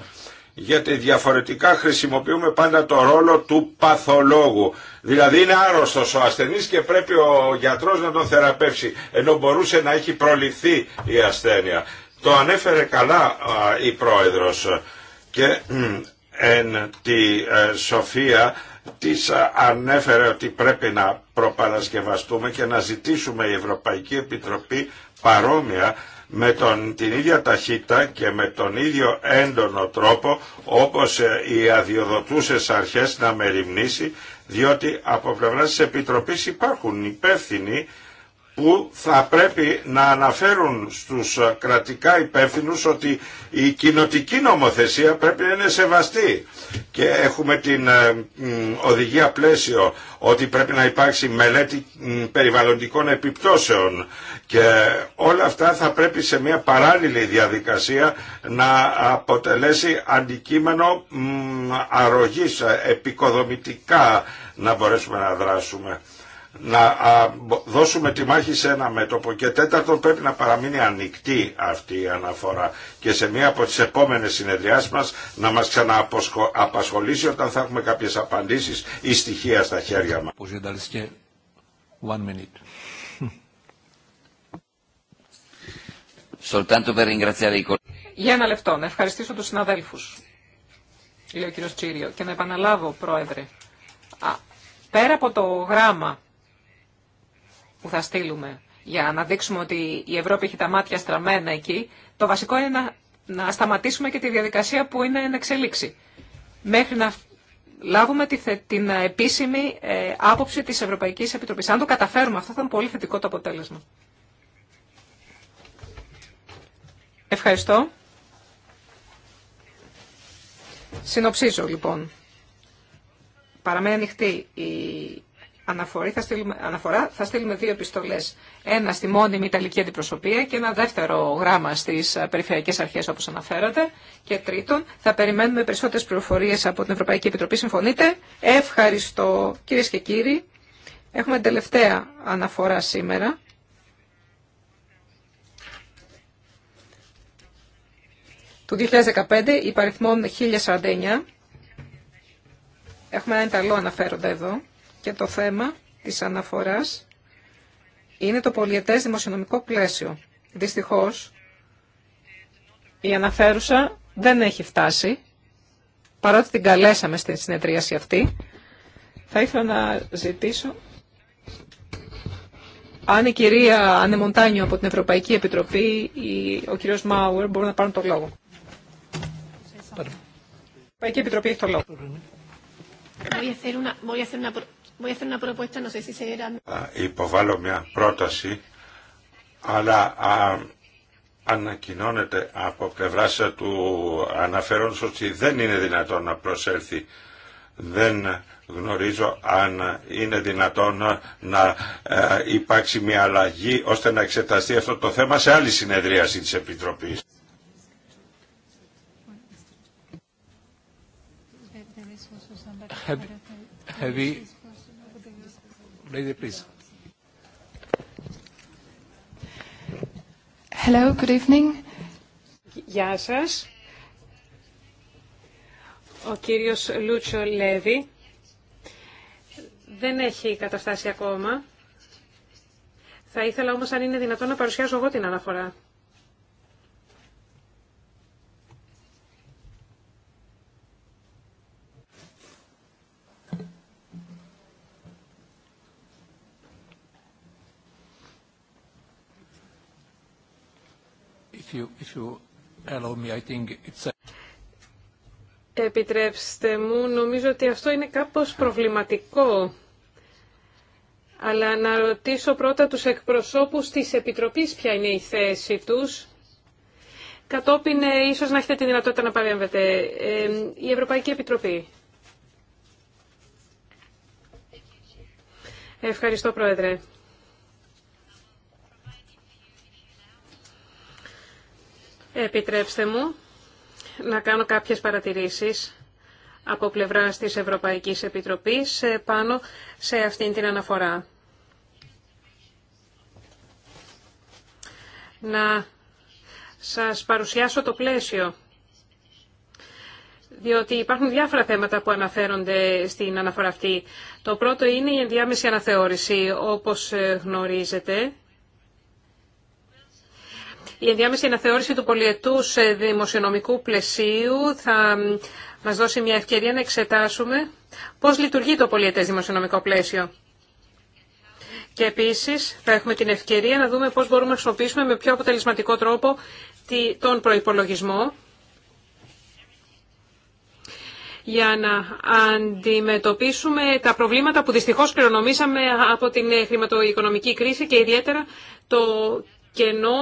γιατί διαφορετικά χρησιμοποιούμε πάντα το ρόλο του παθολόγου. Δηλαδή είναι άρρωστος ο ασθενής και πρέπει ο γιατρός να τον θεραπεύσει, ενώ μπορούσε να έχει προληφθεί η ασθένεια. Το ανέφερε καλά η πρόεδρος και εν τη ε, Σοφία της ε, ανέφερε ότι πρέπει να προπαρασκευαστούμε και να ζητήσουμε η Ευρωπαϊκή Επιτροπή παρόμοια με τον, την ίδια ταχύτητα και με τον ίδιο έντονο τρόπο όπως ε, οι αδειοδοτούσες αρχές να μεριμνήσει διότι από πλευρά της Επιτροπής υπάρχουν υπεύθυνοι που θα πρέπει να αναφέρουν στους κρατικά υπεύθυνους ότι η κοινοτική νομοθεσία πρέπει να είναι σεβαστή και έχουμε την ε, οδηγία πλαίσιο ότι πρέπει να υπάρξει μελέτη περιβαλλοντικών επιπτώσεων και όλα αυτά θα πρέπει σε μια παράλληλη διαδικασία να αποτελέσει αντικείμενο αρρωγής ε, επικοδομητικά να μπορέσουμε να δράσουμε να δώσουμε τη μάχη σε ένα μέτωπο και τέταρτον πρέπει να παραμείνει ανοιχτή αυτή η αναφορά και σε μία από τις επόμενες συνεδριάσεις μας να μας ξανααπασχολήσει όταν θα έχουμε κάποιες απαντήσεις ή στοιχεία στα χέρια μας. One minute. Για ένα λεπτό, να ευχαριστήσω τους συναδέλφους, λέει ο Τσίριο, και να επαναλάβω, Πρόεδρε, πέρα από το γράμμα που θα στείλουμε για να δείξουμε ότι η Ευρώπη έχει τα μάτια στραμμένα εκεί, το βασικό είναι να, να σταματήσουμε και τη διαδικασία που είναι εν εξελίξη. Μέχρι να λάβουμε την επίσημη ε, άποψη της Ευρωπαϊκής Επιτροπής. Αν το καταφέρουμε αυτό θα είναι πολύ θετικό το αποτέλεσμα. Ευχαριστώ. Συνοψίζω λοιπόν. Παραμένει ανοιχτή η αναφορά θα, στείλουμε, αναφορά, θα στείλουμε δύο επιστολές. Ένα στη μόνιμη Ιταλική Αντιπροσωπεία και ένα δεύτερο γράμμα στις ε, περιφερειακές αρχές όπως αναφέρατε. Και τρίτον, θα περιμένουμε περισσότερες πληροφορίες από την Ευρωπαϊκή Επιτροπή. Συμφωνείτε. Ευχαριστώ κύριε και κύριοι. Έχουμε τελευταία αναφορά σήμερα. Του 2015 υπαριθμών 1049. Έχουμε ένα Ιταλό αναφέροντα εδώ και το θέμα της αναφοράς είναι το πολιετές δημοσιονομικό πλαίσιο. Δυστυχώς, η αναφέρουσα δεν έχει φτάσει, παρότι την καλέσαμε στην συνεδρίαση αυτή. Θα ήθελα να ζητήσω αν η κυρία Ανεμοντάνιο από την Ευρωπαϊκή Επιτροπή ή ο κύριος Μάουερ μπορούν να πάρουν το λόγο. Η Ευρωπαϊκή Επιτροπή έχει το λόγο. Υποβάλλω μια πρόταση, αλλά ανακοινώνεται από πλευρά του αναφέροντος ότι δεν είναι δυνατόν να προσέλθει. Δεν γνωρίζω αν είναι δυνατόν να ε, υπάρξει μια αλλαγή ώστε να εξεταστεί αυτό το θέμα σε άλλη συνεδρίαση της Επιτροπής. Γεια σας. Ο κύριος Λούτσο Λέβη δεν έχει καταστάσει ακόμα. Θα ήθελα όμως αν είναι δυνατόν να παρουσιάσω εγώ την αναφορά. Επιτρέψτε μου, νομίζω ότι αυτό είναι κάπως προβληματικό. Αλλά να ρωτήσω πρώτα τους εκπροσώπους της Επιτροπής ποια είναι η θέση τους. Κατόπιν ε, ίσως να έχετε τη δυνατότητα να παρέμβετε. Ε, η Ευρωπαϊκή Επιτροπή. Ευχαριστώ, Πρόεδρε. Επιτρέψτε μου να κάνω κάποιες παρατηρήσεις από πλευράς της Ευρωπαϊκής Επιτροπής πάνω σε αυτήν την αναφορά. Να σας παρουσιάσω το πλαίσιο, διότι υπάρχουν διάφορα θέματα που αναφέρονται στην αναφορά αυτή. Το πρώτο είναι η ενδιάμεση αναθεώρηση. Όπως γνωρίζετε, η ενδιάμεση αναθεώρηση του πολιετούς ε, δημοσιονομικού πλαισίου θα μας δώσει μια ευκαιρία να εξετάσουμε πώς λειτουργεί το πολιετές δημοσιονομικό πλαίσιο. Και επίσης θα έχουμε την ευκαιρία να δούμε πώς μπορούμε να χρησιμοποιήσουμε με πιο αποτελεσματικό τρόπο τον προϋπολογισμό για να αντιμετωπίσουμε τα προβλήματα που δυστυχώς κληρονομήσαμε από την χρηματοοικονομική κρίση και ιδιαίτερα το κενό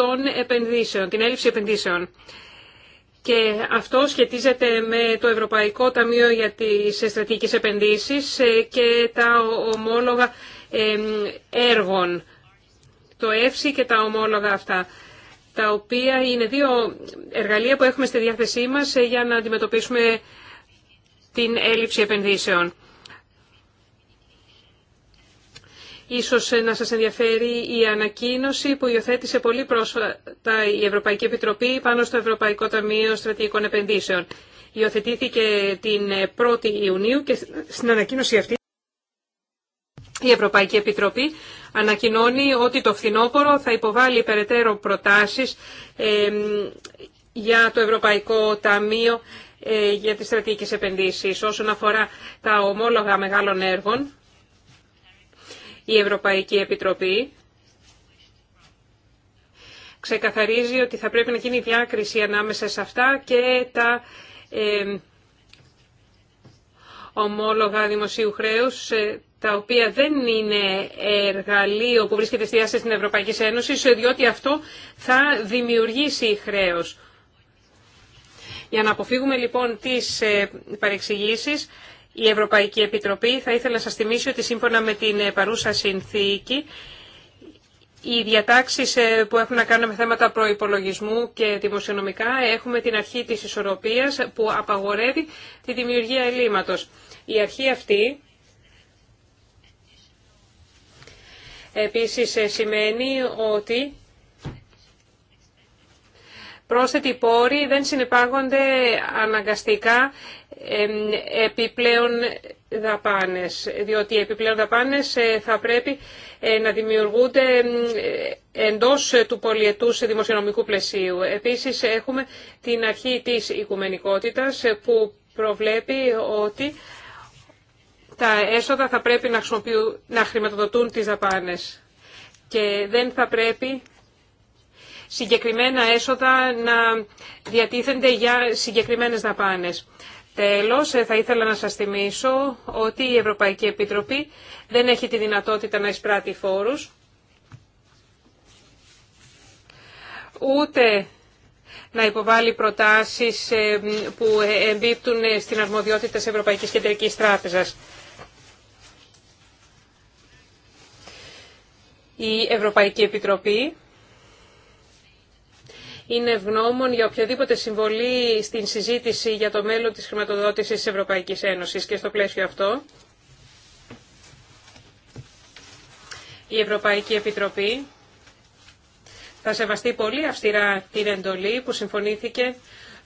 των επενδύσεων, την έλλειψη επενδύσεων. Και αυτό σχετίζεται με το Ευρωπαϊκό Ταμείο για τις Στρατηγικές Επενδύσεις ε, και τα ομόλογα έργων, το ΕΦΣΙ και τα ομόλογα αυτά, τα οποία είναι δύο εργαλεία που έχουμε στη διάθεσή μας ε, για να αντιμετωπίσουμε την έλλειψη επενδύσεων. Ίσως ε, να σας ενδιαφέρει η ανακοίνωση που υιοθέτησε πολύ πρόσφατα η Ευρωπαϊκή Επιτροπή πάνω στο Ευρωπαϊκό Ταμείο Στρατηγικών Επενδύσεων. Υιοθετήθηκε την 1η ε, Ιουνίου και στην ανακοίνωση αυτή η Ευρωπαϊκή Επιτροπή ανακοινώνει ότι το φθινόπωρο θα υποβάλει περαιτέρω προτάσεις ε, για το Ευρωπαϊκό Ταμείο για τις στρατηγικές επενδύσεις όσον αφορά τα ομόλογα μεγάλων έργων η Ευρωπαϊκή Επιτροπή ξεκαθαρίζει ότι θα πρέπει να γίνει διάκριση ανάμεσα σε αυτά και τα ομόλογα δημοσίου χρέους, ε, τα οποία δεν είναι εργαλείο που βρίσκεται στη διάσταση της Ευρωπαϊκής διότι αυτό θα δημιουργήσει χρέος. Για να αποφύγουμε λοιπόν τις ε, παρεξηγήσεις, η Ευρωπαϊκή Επιτροπή. Θα ήθελα να σας θυμίσω ότι σύμφωνα με την ε, παρούσα συνθήκη οι διατάξεις ε, που έχουν να κάνουν με θέματα προϋπολογισμού και δημοσιονομικά έχουμε την αρχή της ισορροπίας που απαγορεύει τη δημιουργία ελλείμματος. Η αρχή αυτή επίσης ε, σημαίνει ότι πρόσθετοι πόροι δεν συνεπάγονται αναγκαστικά επιπλέον δαπάνες, διότι οι επιπλέον δαπάνες ε, θα πρέπει ε, να δημιουργούνται εντός του πολιετούς δημοσιονομικού πλαισίου. Επίσης έχουμε την αρχή της οικουμενικότητας ε, που προβλέπει ότι τα έσοδα θα πρέπει να, να χρηματοδοτούν τις δαπάνες και δεν θα πρέπει συγκεκριμένα έσοδα να διατίθενται για συγκεκριμένες δαπάνες. Τέλος, ε, θα ήθελα να σας θυμίσω ότι η Ευρωπαϊκή Επιτροπή δεν έχει τη δυνατότητα να εισπράττει φόρους, ούτε να υποβάλει προτάσεις ε, που εμπίπτουν στην αρμοδιότητα της Ευρωπαϊκής Κεντρικής Τράπεζας. Η Ευρωπαϊκή Επιτροπή είναι ευγνώμων για οποιαδήποτε συμβολή στην συζήτηση για το μέλλον της χρηματοδότησης της Ευρωπαϊκής Ένωσης και στο πλαίσιο αυτό. Η Ευρωπαϊκή Επιτροπή θα σεβαστεί πολύ αυστηρά την εντολή που συμφωνήθηκε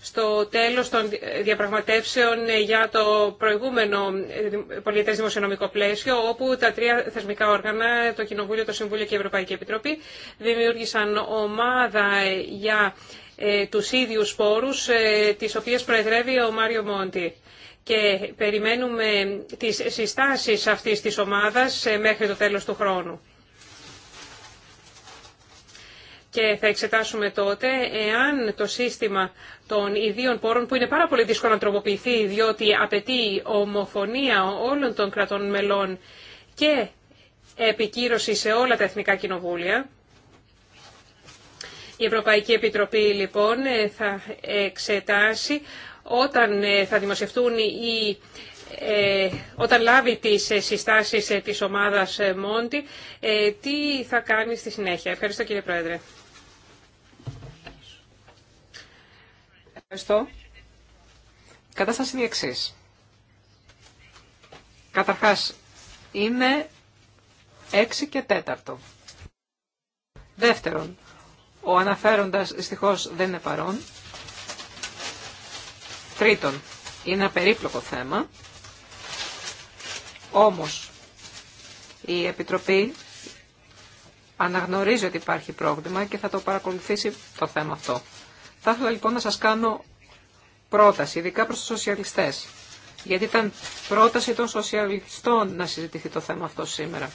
στο τέλος των διαπραγματεύσεων για το προηγούμενο πολιτές δημοσιονομικό πλαίσιο, όπου τα τρία θεσμικά όργανα, το Κοινοβούλιο, το Συμβούλιο και η Ευρωπαϊκή Επιτροπή, δημιούργησαν ομάδα για ε, τους ίδιους πόρους, ε, τις οποίες προεδρεύει ο Μάριο Μόντι. Και περιμένουμε τις συστάσεις αυτής της ομάδας ε, μέχρι το τέλος του χρόνου και θα εξετάσουμε τότε εάν το σύστημα των ιδίων πόρων, που είναι πάρα πολύ δύσκολο να τροποποιηθεί, διότι απαιτεί ομοφωνία όλων των κρατών μελών και επικύρωση σε όλα τα εθνικά κοινοβούλια. Η Ευρωπαϊκή Επιτροπή, λοιπόν, θα εξετάσει όταν θα δημοσιευτούν οι ε, όταν λάβει τις συστάσεις της ομάδας Μόντι, ε, τι θα κάνει στη συνέχεια. Ευχαριστώ κύριε Πρόεδρε. Ευχαριστώ. Η κατάσταση είναι η εξή. Καταρχά είναι 6 και 4. Δεύτερον, ο αναφέροντας δυστυχώ δεν είναι παρόν. Τρίτον, είναι ένα περίπλοκο θέμα. Όμως, η Επιτροπή αναγνωρίζει ότι υπάρχει πρόβλημα και θα το παρακολουθήσει το θέμα αυτό. Θα ήθελα λοιπόν να σας κάνω πρόταση, ειδικά προς τους σοσιαλιστές. Γιατί ήταν πρόταση των σοσιαλιστών να συζητηθεί το θέμα αυτό σήμερα.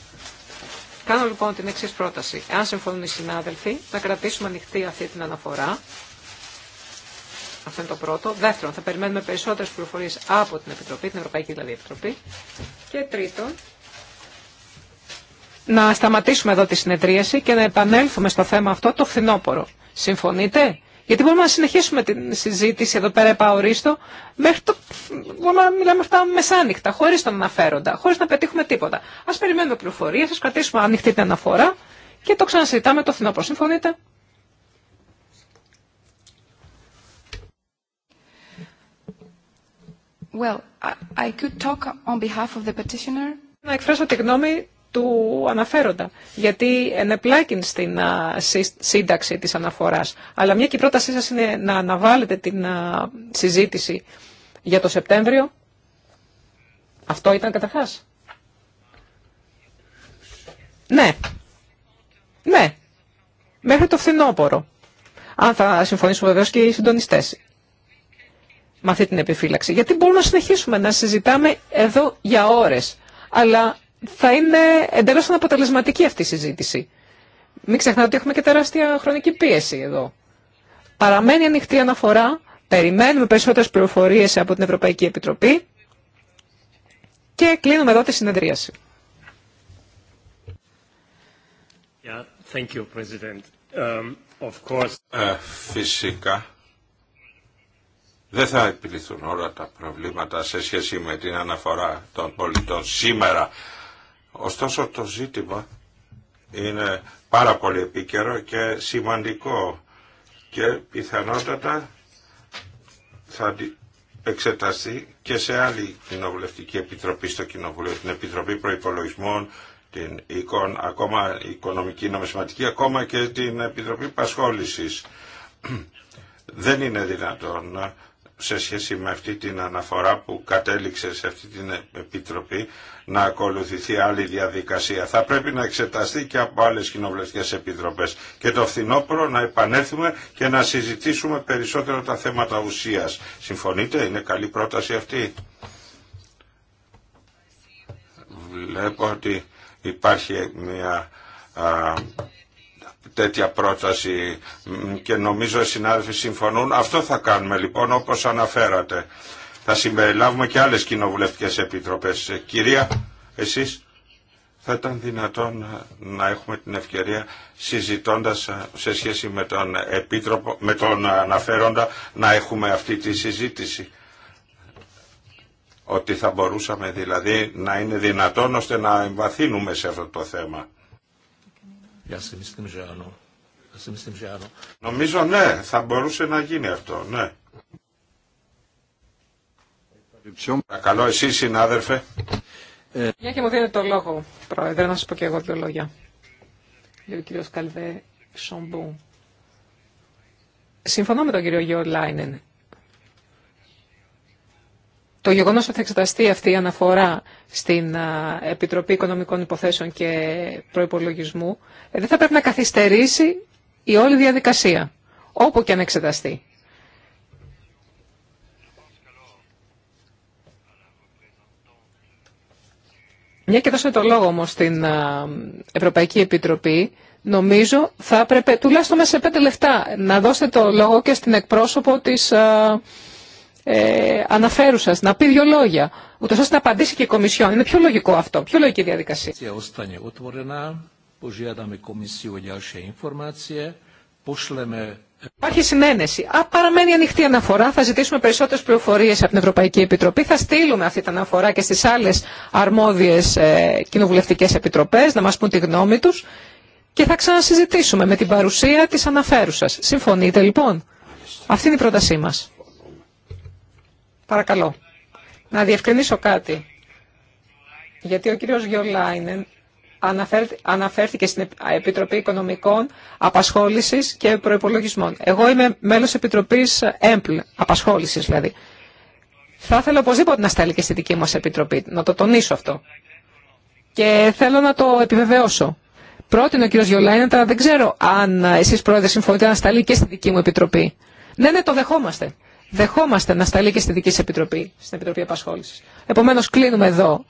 Κάνω λοιπόν την εξή πρόταση. Αν συμφωνούν οι συνάδελφοι, να κρατήσουμε ανοιχτή αυτή την αναφορά. Αυτό είναι το πρώτο. Δεύτερον, θα περιμένουμε περισσότερε πληροφορίε από την Επιτροπή, την Ευρωπαϊκή δηλαδή Επιτροπή. Και τρίτον, να σταματήσουμε εδώ τη συνεδρίαση και να επανέλθουμε στο θέμα αυτό το φθινόπωρο. Συμφωνείτε? Γιατί μπορούμε να συνεχίσουμε την συζήτηση εδώ πέρα επαορίστο, μέχρι το... μπορούμε να μιλάμε αυτά μεσάνυχτα, χωρί τον αναφέροντα, χωρί να πετύχουμε τίποτα. Α περιμένουμε πληροφορίε, α κρατήσουμε ανοιχτή την αναφορά και το ξανασυζητάμε το φθινόπωρο. Συμφωνείτε. Well, I could talk on behalf of the petitioner. Να εκφράσω τη γνώμη του αναφέροντα. Γιατί ενεπλάκην στην σύνταξη της αναφοράς. Αλλά μια και η πρότασή σας είναι να αναβάλλετε την συζήτηση για το Σεπτέμβριο. Αυτό ήταν καταρχάς. Ναι. Ναι. Μέχρι το φθινόπωρο. Αν θα συμφωνήσουν βεβαίω και οι συντονιστέ με αυτή την επιφύλαξη. Γιατί μπορούμε να συνεχίσουμε να συζητάμε εδώ για ώρες. Αλλά θα είναι εντελώς αναποτελεσματική αυτή η συζήτηση. Μην ξεχνάτε ότι έχουμε και τεράστια χρονική πίεση εδώ. Παραμένει ανοιχτή αναφορά, περιμένουμε περισσότερες πληροφορίες από την Ευρωπαϊκή Επιτροπή και κλείνουμε εδώ τη συνεδρίαση. Yeah, thank you, President. Um, of course... Ε, φυσικά. Δεν θα επιληθούν όλα τα προβλήματα σε σχέση με την αναφορά των πολιτών σήμερα. Ωστόσο το ζήτημα είναι πάρα πολύ επίκαιρο και σημαντικό και πιθανότατα θα εξεταστεί και σε άλλη κοινοβουλευτική επιτροπή στο Κοινοβούλιο, την Επιτροπή Προϋπολογισμών, την εικόνα ακόμα οικονομική νομισματική, ακόμα και την Επιτροπή Πασχόλησης. [clears throat] Δεν είναι δυνατόν να σε σχέση με αυτή την αναφορά που κατέληξε σε αυτή την Επιτροπή να ακολουθηθεί άλλη διαδικασία. Θα πρέπει να εξεταστεί και από άλλες κοινοβουλευτικές επιτροπές και το φθινόπωρο να επανέλθουμε και να συζητήσουμε περισσότερο τα θέματα ουσίας. Συμφωνείτε, είναι καλή πρόταση αυτή. Βλέπω ότι υπάρχει μια τέτοια πρόταση και νομίζω οι συνάδελφοι συμφωνούν. Αυτό θα κάνουμε λοιπόν όπως αναφέρατε. Θα συμπεριλάβουμε και άλλες κοινοβουλευτικές επιτροπές. Ε, κυρία, εσείς θα ήταν δυνατόν να έχουμε την ευκαιρία συζητώντας ε, σε σχέση με τον, επίτροπο, με τον αναφέροντα να έχουμε αυτή τη συζήτηση ότι θα μπορούσαμε δηλαδή να είναι δυνατόν ώστε να εμβαθύνουμε σε αυτό το θέμα. Για να με Νομίζω ναι, θα μπορούσε να γίνει αυτό, ναι. Παρακαλώ εσύ συνάδελφε. Ε, Μια και μου δίνετε το λόγο, Πρόεδρε, να σου πω και εγώ δύο λόγια. Λέει ο κύριος Καλβέ Σομπού. Συμφωνώ με τον κύριο Γιώργο Λάινεν. Το γεγονός ότι θα εξεταστεί αυτή η αναφορά στην Επιτροπή Οικονομικών Υποθέσεων και Προϋπολογισμού ε, δεν θα πρέπει να καθυστερήσει η όλη διαδικασία, όπου και αν εξεταστεί. Μια και δώσαμε το λόγο όμω στην Ευρωπαϊκή Επιτροπή, νομίζω θα έπρεπε τουλάχιστον μέσα σε πέντε λεφτά να δώσετε το λόγο και στην εκπρόσωπο της ε, αναφέρουσα, να πει δύο λόγια, ούτω ώστε να απαντήσει και η Κομισιόν. Είναι πιο λογικό αυτό, πιο λογική διαδικασία. Υπάρχει συνένεση. Α, παραμένει ανοιχτή αναφορά. Θα ζητήσουμε περισσότερε πληροφορίε από την Ευρωπαϊκή Επιτροπή. Θα στείλουμε αυτή την αναφορά και στι άλλε αρμόδιε ε, κοινοβουλευτικέ επιτροπέ να μα πούν τη γνώμη του και θα ξανασυζητήσουμε με την παρουσία τη αναφέρουσα. Συμφωνείτε λοιπόν. Αυτή είναι η πρότασή μα. Παρακαλώ. Να διευκρινίσω κάτι. Γιατί ο κύριος Γιολάινεν αναφέρθηκε στην Επιτροπή Οικονομικών Απασχόλησης και Προϋπολογισμών. Εγώ είμαι μέλος Επιτροπής ΕΜΠΛ, Απασχόλησης δηλαδή. Θα ήθελα οπωσδήποτε να στέλνει και στη δική μας Επιτροπή, να το τονίσω αυτό. Και θέλω να το επιβεβαιώσω. Πρότεινε ο κύριος Γιολάινεν, αλλά δεν ξέρω αν εσείς πρόεδρε συμφωνείτε να στέλνει και στη δική μου Επιτροπή. Ναι, ναι, το δεχόμαστε δεχόμαστε να σταλεί και στη δική σας Επιτροπή, στην Επιτροπή Απασχόληση. Επομένω, κλείνουμε εδώ,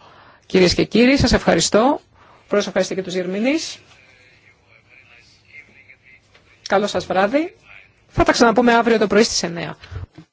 κυρίες και κύριοι. Σας ευχαριστώ. Πρώτα ευχαριστώ και τους Γερμηνείς. Καλό σας βράδυ. Θα τα ξαναπούμε αύριο το πρωί στι 9.